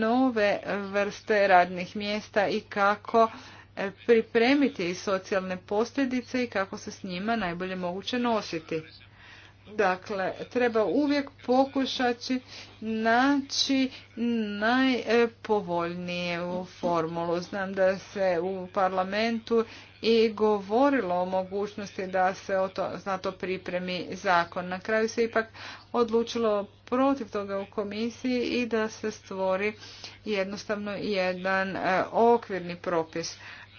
nove vrste radnih mjesta i kako pripremiti socijalne posljedice i kako se s njima najbolje moguće nositi. Dakle, treba uvijek pokušati naći najpovoljniju formulu. Znam da se u parlamentu i govorilo o mogućnosti da se o to, na to pripremi zakon. Na kraju se ipak odlučilo protiv toga u komisiji i da se stvori jednostavno jedan e, okvirni propis.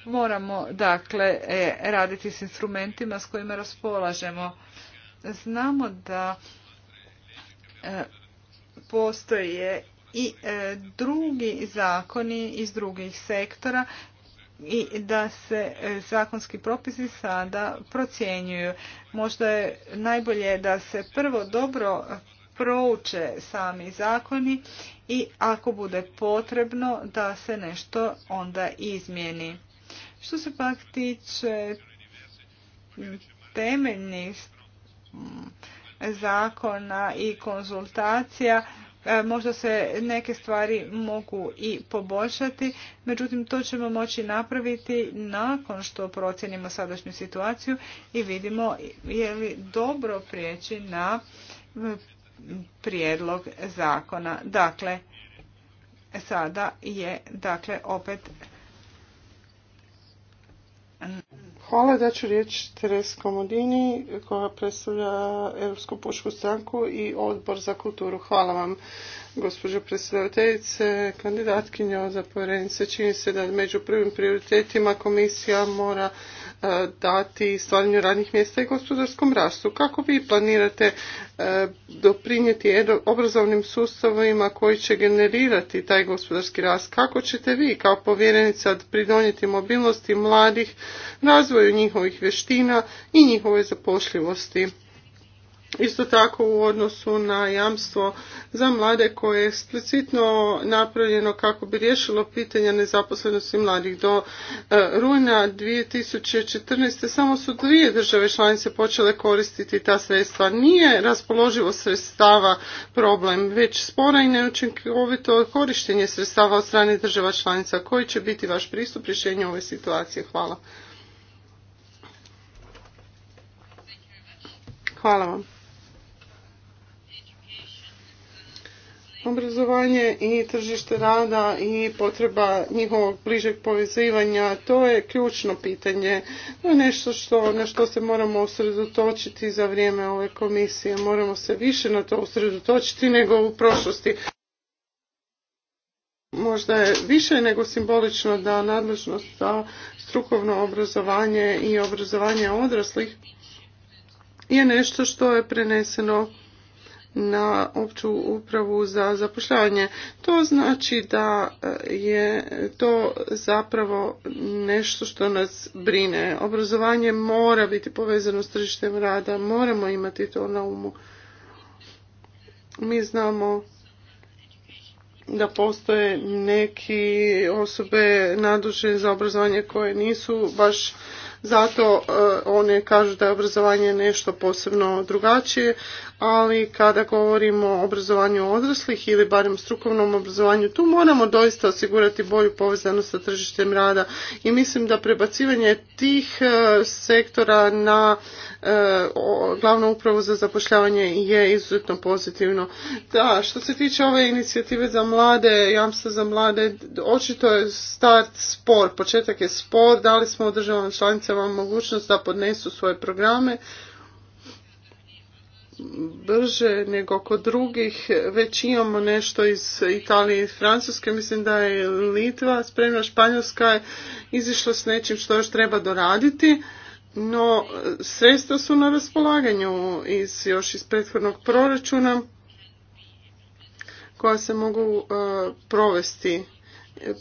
Moramo dakle e, raditi s instrumentima s kojima raspolažemo. Znamo da e, postoje i e, drugi zakoni iz drugih sektora i da se zakonski propisi sada procjenjuju. Možda je najbolje da se prvo dobro prouče sami zakoni i ako bude potrebno da se nešto onda izmijeni. Što se pak tiče temeljnih mm, zakona i konzultacija, e, možda se neke stvari mogu i poboljšati, međutim to ćemo moći napraviti nakon što procjenimo sadašnju situaciju i vidimo je li dobro prijeći na prijedlog zakona. Dakle, sada je dakle opet Hvala, da ću riječ Teres Komodini koja predstavlja Europsku pušku stranku i odbor za kulturu. Hvala vam, gospođo predsjedavateljice, kandidatkinjo za povjerenice. Čini se da među prvim prioritetima komisija mora E, dati stvaranju radnih mjesta i gospodarskom rastu. Kako vi planirate e, doprinijeti obrazovnim sustavima koji će generirati taj gospodarski rast? Kako ćete vi kao povjerenica pridonijeti mobilnosti mladih, razvoju njihovih vještina i njihove zapošljivosti? Isto tako u odnosu na jamstvo za mlade koje je eksplicitno napravljeno kako bi riješilo pitanja nezaposlenosti mladih. Do e, rujna 2014. samo su dvije države članice počele koristiti ta sredstva. Nije raspoloživo sredstava problem, već spora i neučinkovito korištenje sredstava od strane država članica. Koji će biti vaš pristup rješenju ove situacije? Hvala. Hvala vam. obrazovanje i tržište rada i potreba njihovog bližeg povezivanja, to je ključno pitanje. To je nešto što, na što se moramo usredotočiti za vrijeme ove komisije. Moramo se više na to usredotočiti nego u prošlosti. Možda je više nego simbolično da nadležnost za strukovno obrazovanje i obrazovanje odraslih je nešto što je preneseno na opću upravu za zapošljavanje. To znači da e, je to zapravo nešto što nas brine. Obrazovanje mora biti povezano s tržištem rada, moramo imati to na umu. Mi znamo da postoje neki osobe nadužene za obrazovanje koje nisu baš zato e, one kažu da je obrazovanje nešto posebno drugačije, ali kada govorimo o obrazovanju odraslih ili barem strukovnom obrazovanju, tu moramo doista osigurati bolju povezanost sa tržištem rada i mislim da prebacivanje tih e, sektora na e, glavnu upravu za zapošljavanje je izuzetno pozitivno. Da, što se tiče ove inicijative za mlade, jamstva za mlade, očito je start spor, početak je spor, dali smo državama članicama mogućnost da podnesu svoje programe, brže nego kod drugih. Već imamo nešto iz Italije i Francuske, mislim da je Litva spremna, Španjolska je izišla s nečim što još treba doraditi. No, e, sredstva su na raspolaganju iz, još iz prethodnog proračuna koja se mogu e, provesti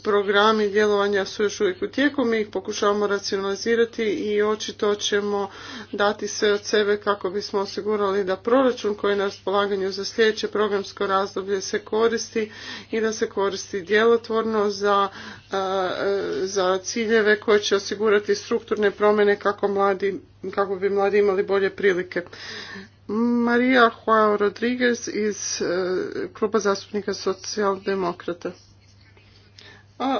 programi djelovanja su još uvijek u tijeku, mi ih pokušavamo racionalizirati i očito ćemo dati sve od sebe kako bismo osigurali da proračun koji je na raspolaganju za sljedeće programsko razdoblje se koristi i da se koristi djelotvorno za, eh, za ciljeve koje će osigurati strukturne promjene kako, mladi, kako bi mladi imali bolje prilike. Maria Juan Rodriguez iz eh, Kluba zastupnika socijaldemokrata.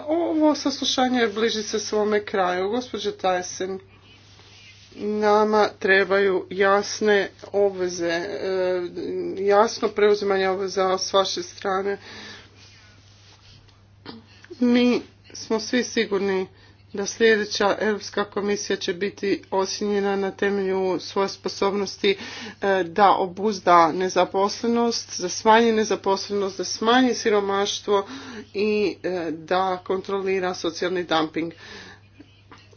Ovo saslušanje bliži se svome kraju. Gospođa Tajsen, nama trebaju jasne obveze, e, jasno preuzimanje obveza s vaše strane. Mi smo svi sigurni da sljedeća Europska komisija će biti osinjena na temelju svoje sposobnosti e, da obuzda nezaposlenost, da smanji nezaposlenost, da smanji siromaštvo i e, da kontrolira socijalni dumping.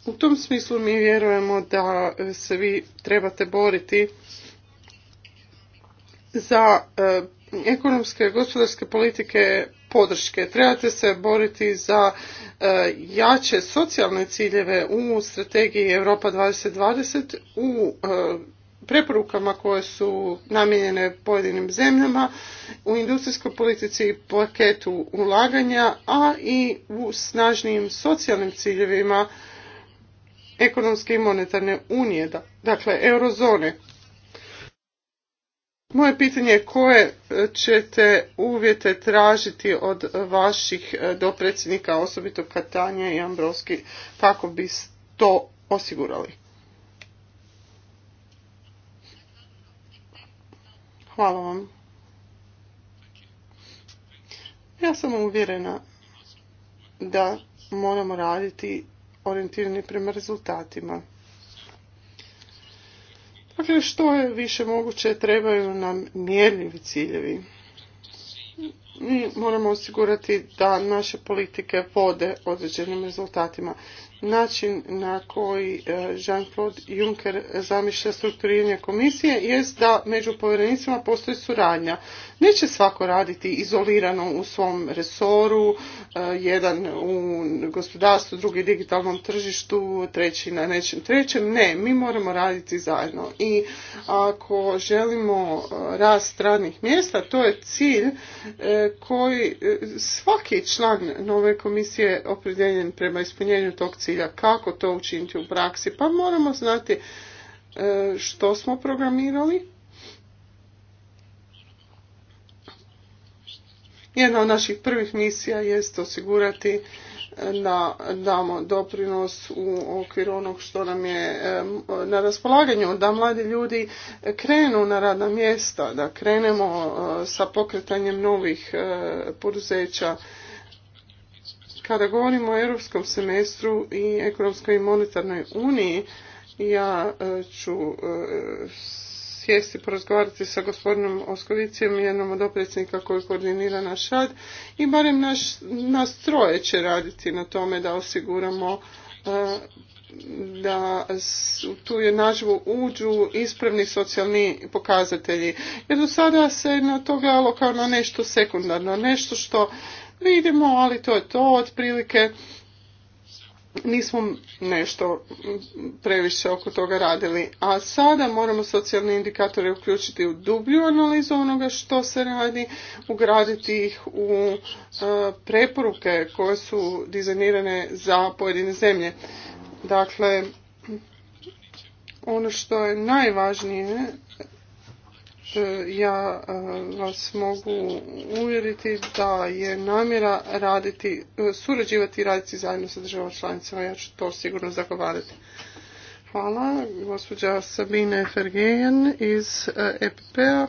U tom smislu mi vjerujemo da se vi trebate boriti za e, ekonomske i gospodarske politike podrške. Trebate se boriti za e, jače socijalne ciljeve u strategiji Europa 2020 u e, preporukama koje su namijenjene pojedinim zemljama, u industrijskoj politici i paketu ulaganja, a i u snažnijim socijalnim ciljevima ekonomske i monetarne unije, dakle eurozone. Moje pitanje je koje e, ćete uvjete tražiti od vaših e, dopredsjednika, osobito Katanje i Ambrovski, kako bi to osigurali? Hvala vam. Ja sam uvjerena da moramo raditi orijentirani prema rezultatima. Dakle, što je više moguće, trebaju nam mjerljivi ciljevi. Mi moramo osigurati da naše politike vode određenim rezultatima način na koji e, Jean-Claude Juncker zamišlja strukturiranje komisije jest da među povjerenicima postoji suradnja. Neće svako raditi izolirano u svom resoru, e, jedan u gospodarstvu, drugi digitalnom tržištu, treći na nečem trećem. Ne, mi moramo raditi zajedno. I ako želimo rast stranih mjesta, to je cilj e, koji svaki član nove komisije je prema ispunjenju tog cilja cilja. Kako to učiniti u praksi? Pa moramo znati e, što smo programirali. Jedna od naših prvih misija jest osigurati e, da damo doprinos u okviru onog što nam je e, na raspolaganju, da mladi ljudi krenu na radna mjesta, da krenemo sa pokretanjem novih poduzeća, kada govorimo o europskom semestru i ekonomskoj i monetarnoj uniji, ja e, ću e, sjesti porazgovarati sa gospodinom Oskovicijem, jednom od opredsnika koji koordinira naš rad i barem naš, nas troje će raditi na tome da osiguramo e, da tu naživu uđu ispravni socijalni pokazatelji. Jer do sada se na to gledalo kao na nešto sekundarno, nešto što Vidimo, ali to je to otprilike. Nismo nešto previše oko toga radili. A sada moramo socijalne indikatore uključiti u dublju analizu onoga što se radi, ugraditi ih u e, preporuke koje su dizajnirane za pojedine zemlje. Dakle, ono što je najvažnije E, ja e, vas mogu uvjeriti da je namjera raditi, e, surađivati i raditi zajedno sa državom članicama. Ja ću to sigurno zagovarati. Hvala, gospođa Sabine Fergejen iz EPP-a.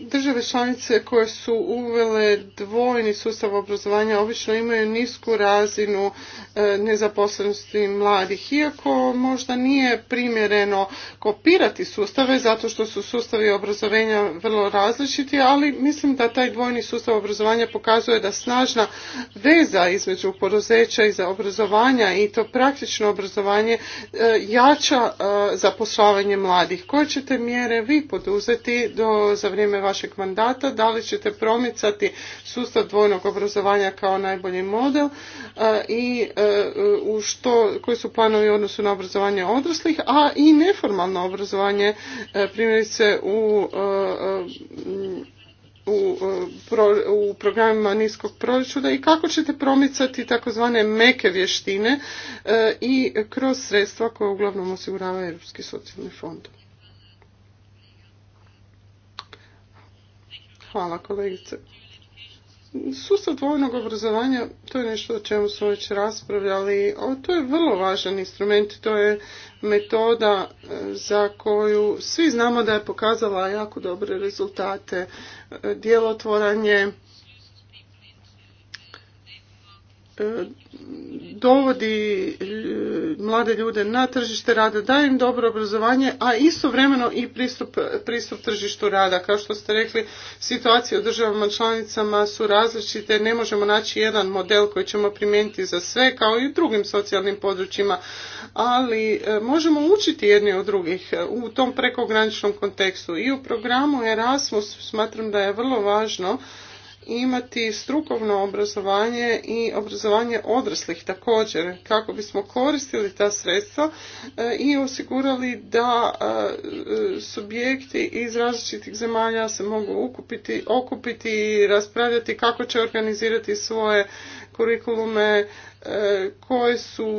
Države članice koje su uvele dvojni sustav obrazovanja obično imaju nisku razinu e, nezaposlenosti mladih, iako možda nije primjereno kopirati sustave zato što su sustavi obrazovanja vrlo različiti, ali mislim da taj dvojni sustav obrazovanja pokazuje da snažna veza između poduzeća i za obrazovanja i to praktično obrazovanje e, jača e, zapošljavanje mladih. Koje ćete mjere vi poduzeti do za vrijeme vašeg mandata, da li ćete promicati sustav dvojnog obrazovanja kao najbolji model e, i e, u što, koji su planovi u odnosu na obrazovanje odraslih, a i neformalno obrazovanje e, primjerice u u, u programima niskog proračuna i kako ćete promicati takozvane meke vještine i kroz sredstva koje uglavnom osigurava Europski socijalni fond. Hvala kolegice. Sustav dvojnog obrazovanja, to je nešto o čemu smo već raspravljali, to je vrlo važan instrument, to je metoda e, za koju svi znamo da je pokazala jako dobre rezultate, e, djelotvoranje, E, dovodi e, mlade ljude na tržište rada, daje im dobro obrazovanje, a istovremeno i pristup, pristup tržištu rada. Kao što ste rekli, situacije u državama članicama su različite, ne možemo naći jedan model koji ćemo primijeniti za sve, kao i u drugim socijalnim područjima, ali e, možemo učiti jedni od drugih u tom prekograničnom kontekstu. I u programu Erasmus smatram da je vrlo važno imati strukovno obrazovanje i obrazovanje odraslih također kako bismo koristili ta sredstva e, i osigurali da e, subjekti iz različitih zemalja se mogu okupiti i raspravljati kako će organizirati svoje kurikulume, koje su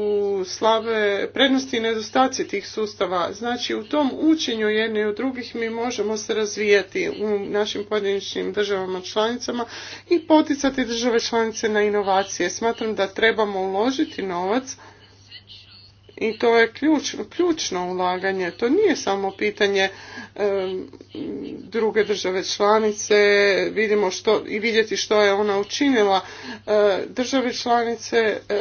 slabe prednosti i nedostaci tih sustava. Znači u tom učenju jedne od drugih mi možemo se razvijati u našim pojedinačnim državama članicama i poticati države članice na inovacije. Smatram da trebamo uložiti novac i to je ključno ulaganje. To nije samo pitanje e, druge države članice, vidimo što i vidjeti što je ona učinila. E, države članice e,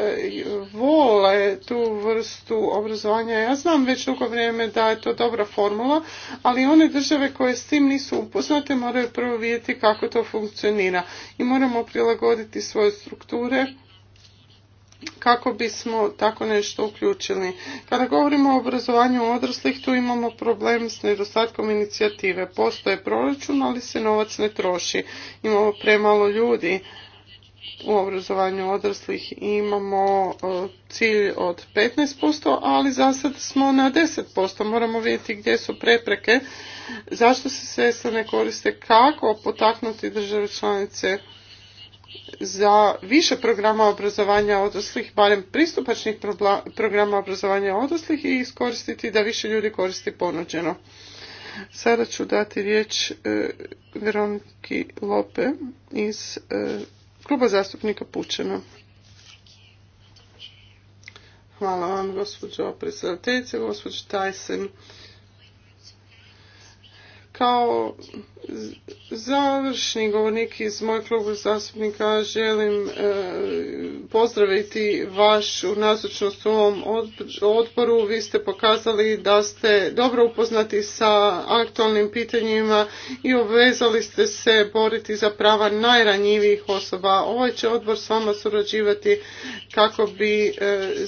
vole tu vrstu obrazovanja. Ja znam već dugo vrijeme da je to dobra formula, ali one države koje s tim nisu upoznate moraju prvo vidjeti kako to funkcionira i moramo prilagoditi svoje strukture kako bismo tako nešto uključili. Kada govorimo o obrazovanju odraslih, tu imamo problem s nedostatkom inicijative. Postoje proračun, ali se novac ne troši. Imamo premalo ljudi u obrazovanju odraslih i imamo e, cilj od 15%, ali za sad smo na 10%. Moramo vidjeti gdje su prepreke, zašto se sredstva ne koriste, kako potaknuti države članice za više programa obrazovanja odraslih, barem pristupačnih programa obrazovanja odraslih i iskoristiti da više ljudi koristi ponuđeno. Sada ću dati riječ e, Veroniki Lope iz e, kluba zastupnika Pučena. Hvala vam, gospođo predsjedateljice, gospođo Tajsen. Kao završni govornik iz moj klubu zastupnika želim e, pozdraviti vašu nazočnost u ovom odboru. Vi ste pokazali da ste dobro upoznati sa aktualnim pitanjima i obvezali ste se boriti za prava najranjivijih osoba. Ovaj će odbor s vama surađivati kako bi e,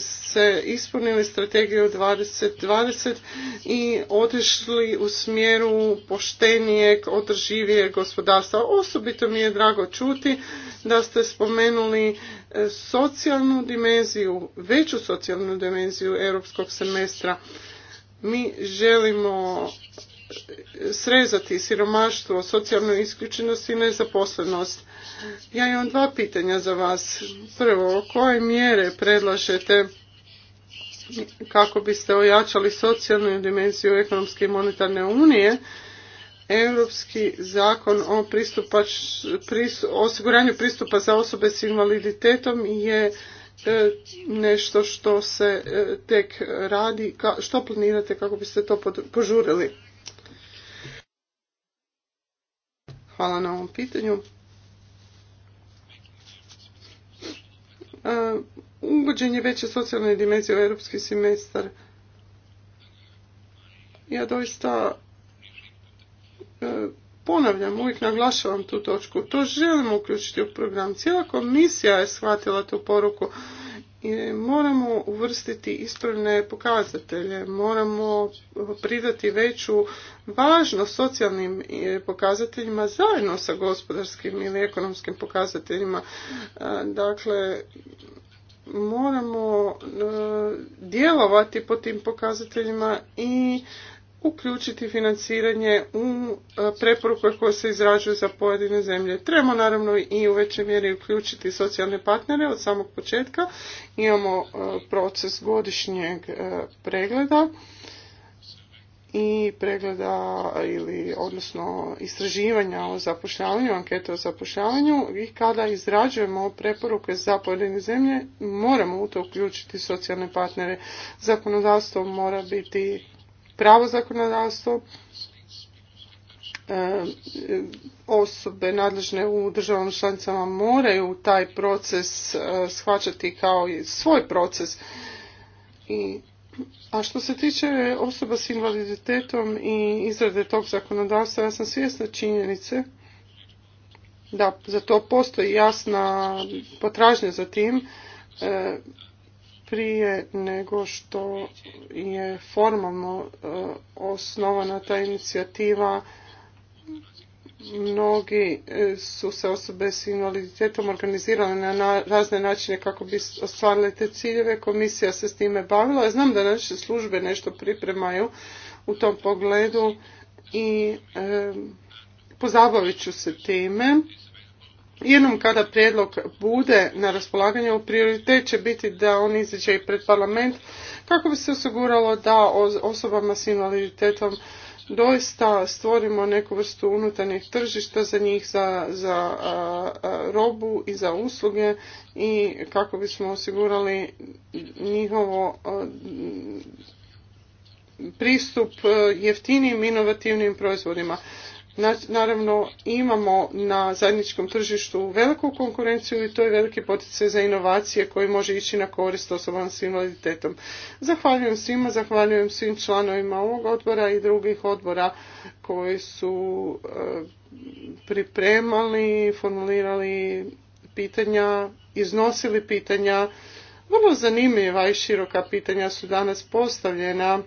se ispunili strategiju 2020 i otišli u smjeru poštenijeg, održivijeg gospodarstva. Osobito mi je drago čuti da ste spomenuli e, socijalnu dimenziju, veću socijalnu dimenziju europskog semestra. Mi želimo e, srezati siromaštvo, socijalnu isključenost i nezaposlenost. Ja imam dva pitanja za vas. Prvo, koje mjere predlažete kako biste ojačali socijalnu dimenziju ekonomske i monetarne unije Europski zakon o osiguranju pristupa za osobe s invaliditetom je e, nešto što se e, tek radi. što planirate kako biste to požurili? Hvala na ovom pitanju. E, uvođenje veće socijalne dimenzije u europski semestar. Ja doista E, ponavljam, uvijek naglašavam tu točku, to želimo uključiti u program. Cijela komisija je shvatila tu poruku i moramo uvrstiti ispravne pokazatelje, moramo pridati veću važnost socijalnim e, pokazateljima zajedno sa gospodarskim ili ekonomskim pokazateljima. E, dakle, moramo djelovati po tim pokazateljima i uključiti financiranje u e, preporuke koje se izrađuju za pojedine zemlje. Trebamo naravno i u većoj mjeri uključiti socijalne partnere od samog početka. Imamo e, proces godišnjeg e, pregleda i pregleda ili odnosno istraživanja o zapošljavanju, ankete o zapošljavanju i kada izrađujemo preporuke za pojedine zemlje moramo u to uključiti socijalne partnere. Zakonodavstvo mora biti pravo zakonodavstvo, e, osobe nadležne u državama članicama moraju taj proces e, shvaćati kao i svoj proces. I, a što se tiče osoba s invaliditetom i izrade tog zakonodavstva, ja sam svjesna činjenice da za to postoji jasna potražnja za tim. E, prije nego što je formalno e, osnovana ta inicijativa mnogi e, su se osobe s invaliditetom organizirale na razne načine kako bi ostvarile te ciljeve. Komisija se s time bavila. Ja znam da naše službe nešto pripremaju u tom pogledu i e, pozabavit ću se time. Jednom kada prijedlog bude na raspolaganju, prioritet će biti da on izađe i pred parlament kako bi se osiguralo da osobama s invaliditetom doista stvorimo neku vrstu unutarnjih tržišta za njih, za, za robu i za usluge i kako bismo osigurali njihovo pristup jeftinijim inovativnim proizvodima. Naravno, imamo na zajedničkom tržištu veliku konkurenciju i to je veliki poticaj za inovacije koji može ići na korist osobama s invaliditetom. Zahvaljujem svima, zahvaljujem svim članovima ovog odbora i drugih odbora koji su e, pripremali, formulirali pitanja, iznosili pitanja. Vrlo zanimljiva i široka pitanja su danas postavljena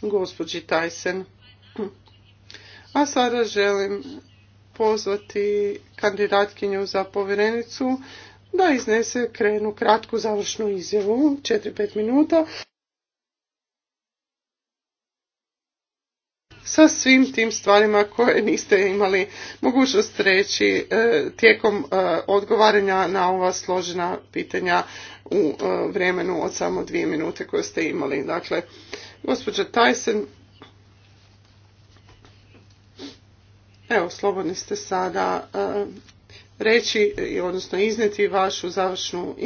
gospođi Tajsen. A sada želim pozvati kandidatkinju za povjerenicu da iznese krenu kratku završnu izjavu, 4-5 minuta. sa svim tim stvarima koje niste imali mogućnost reći e, tijekom e, odgovaranja na ova složena pitanja u e, vremenu od samo dvije minute koje ste imali. Dakle, gospođa Tyson, Evo, slobodni ste sada e, reći, odnosno izneti vašu završnu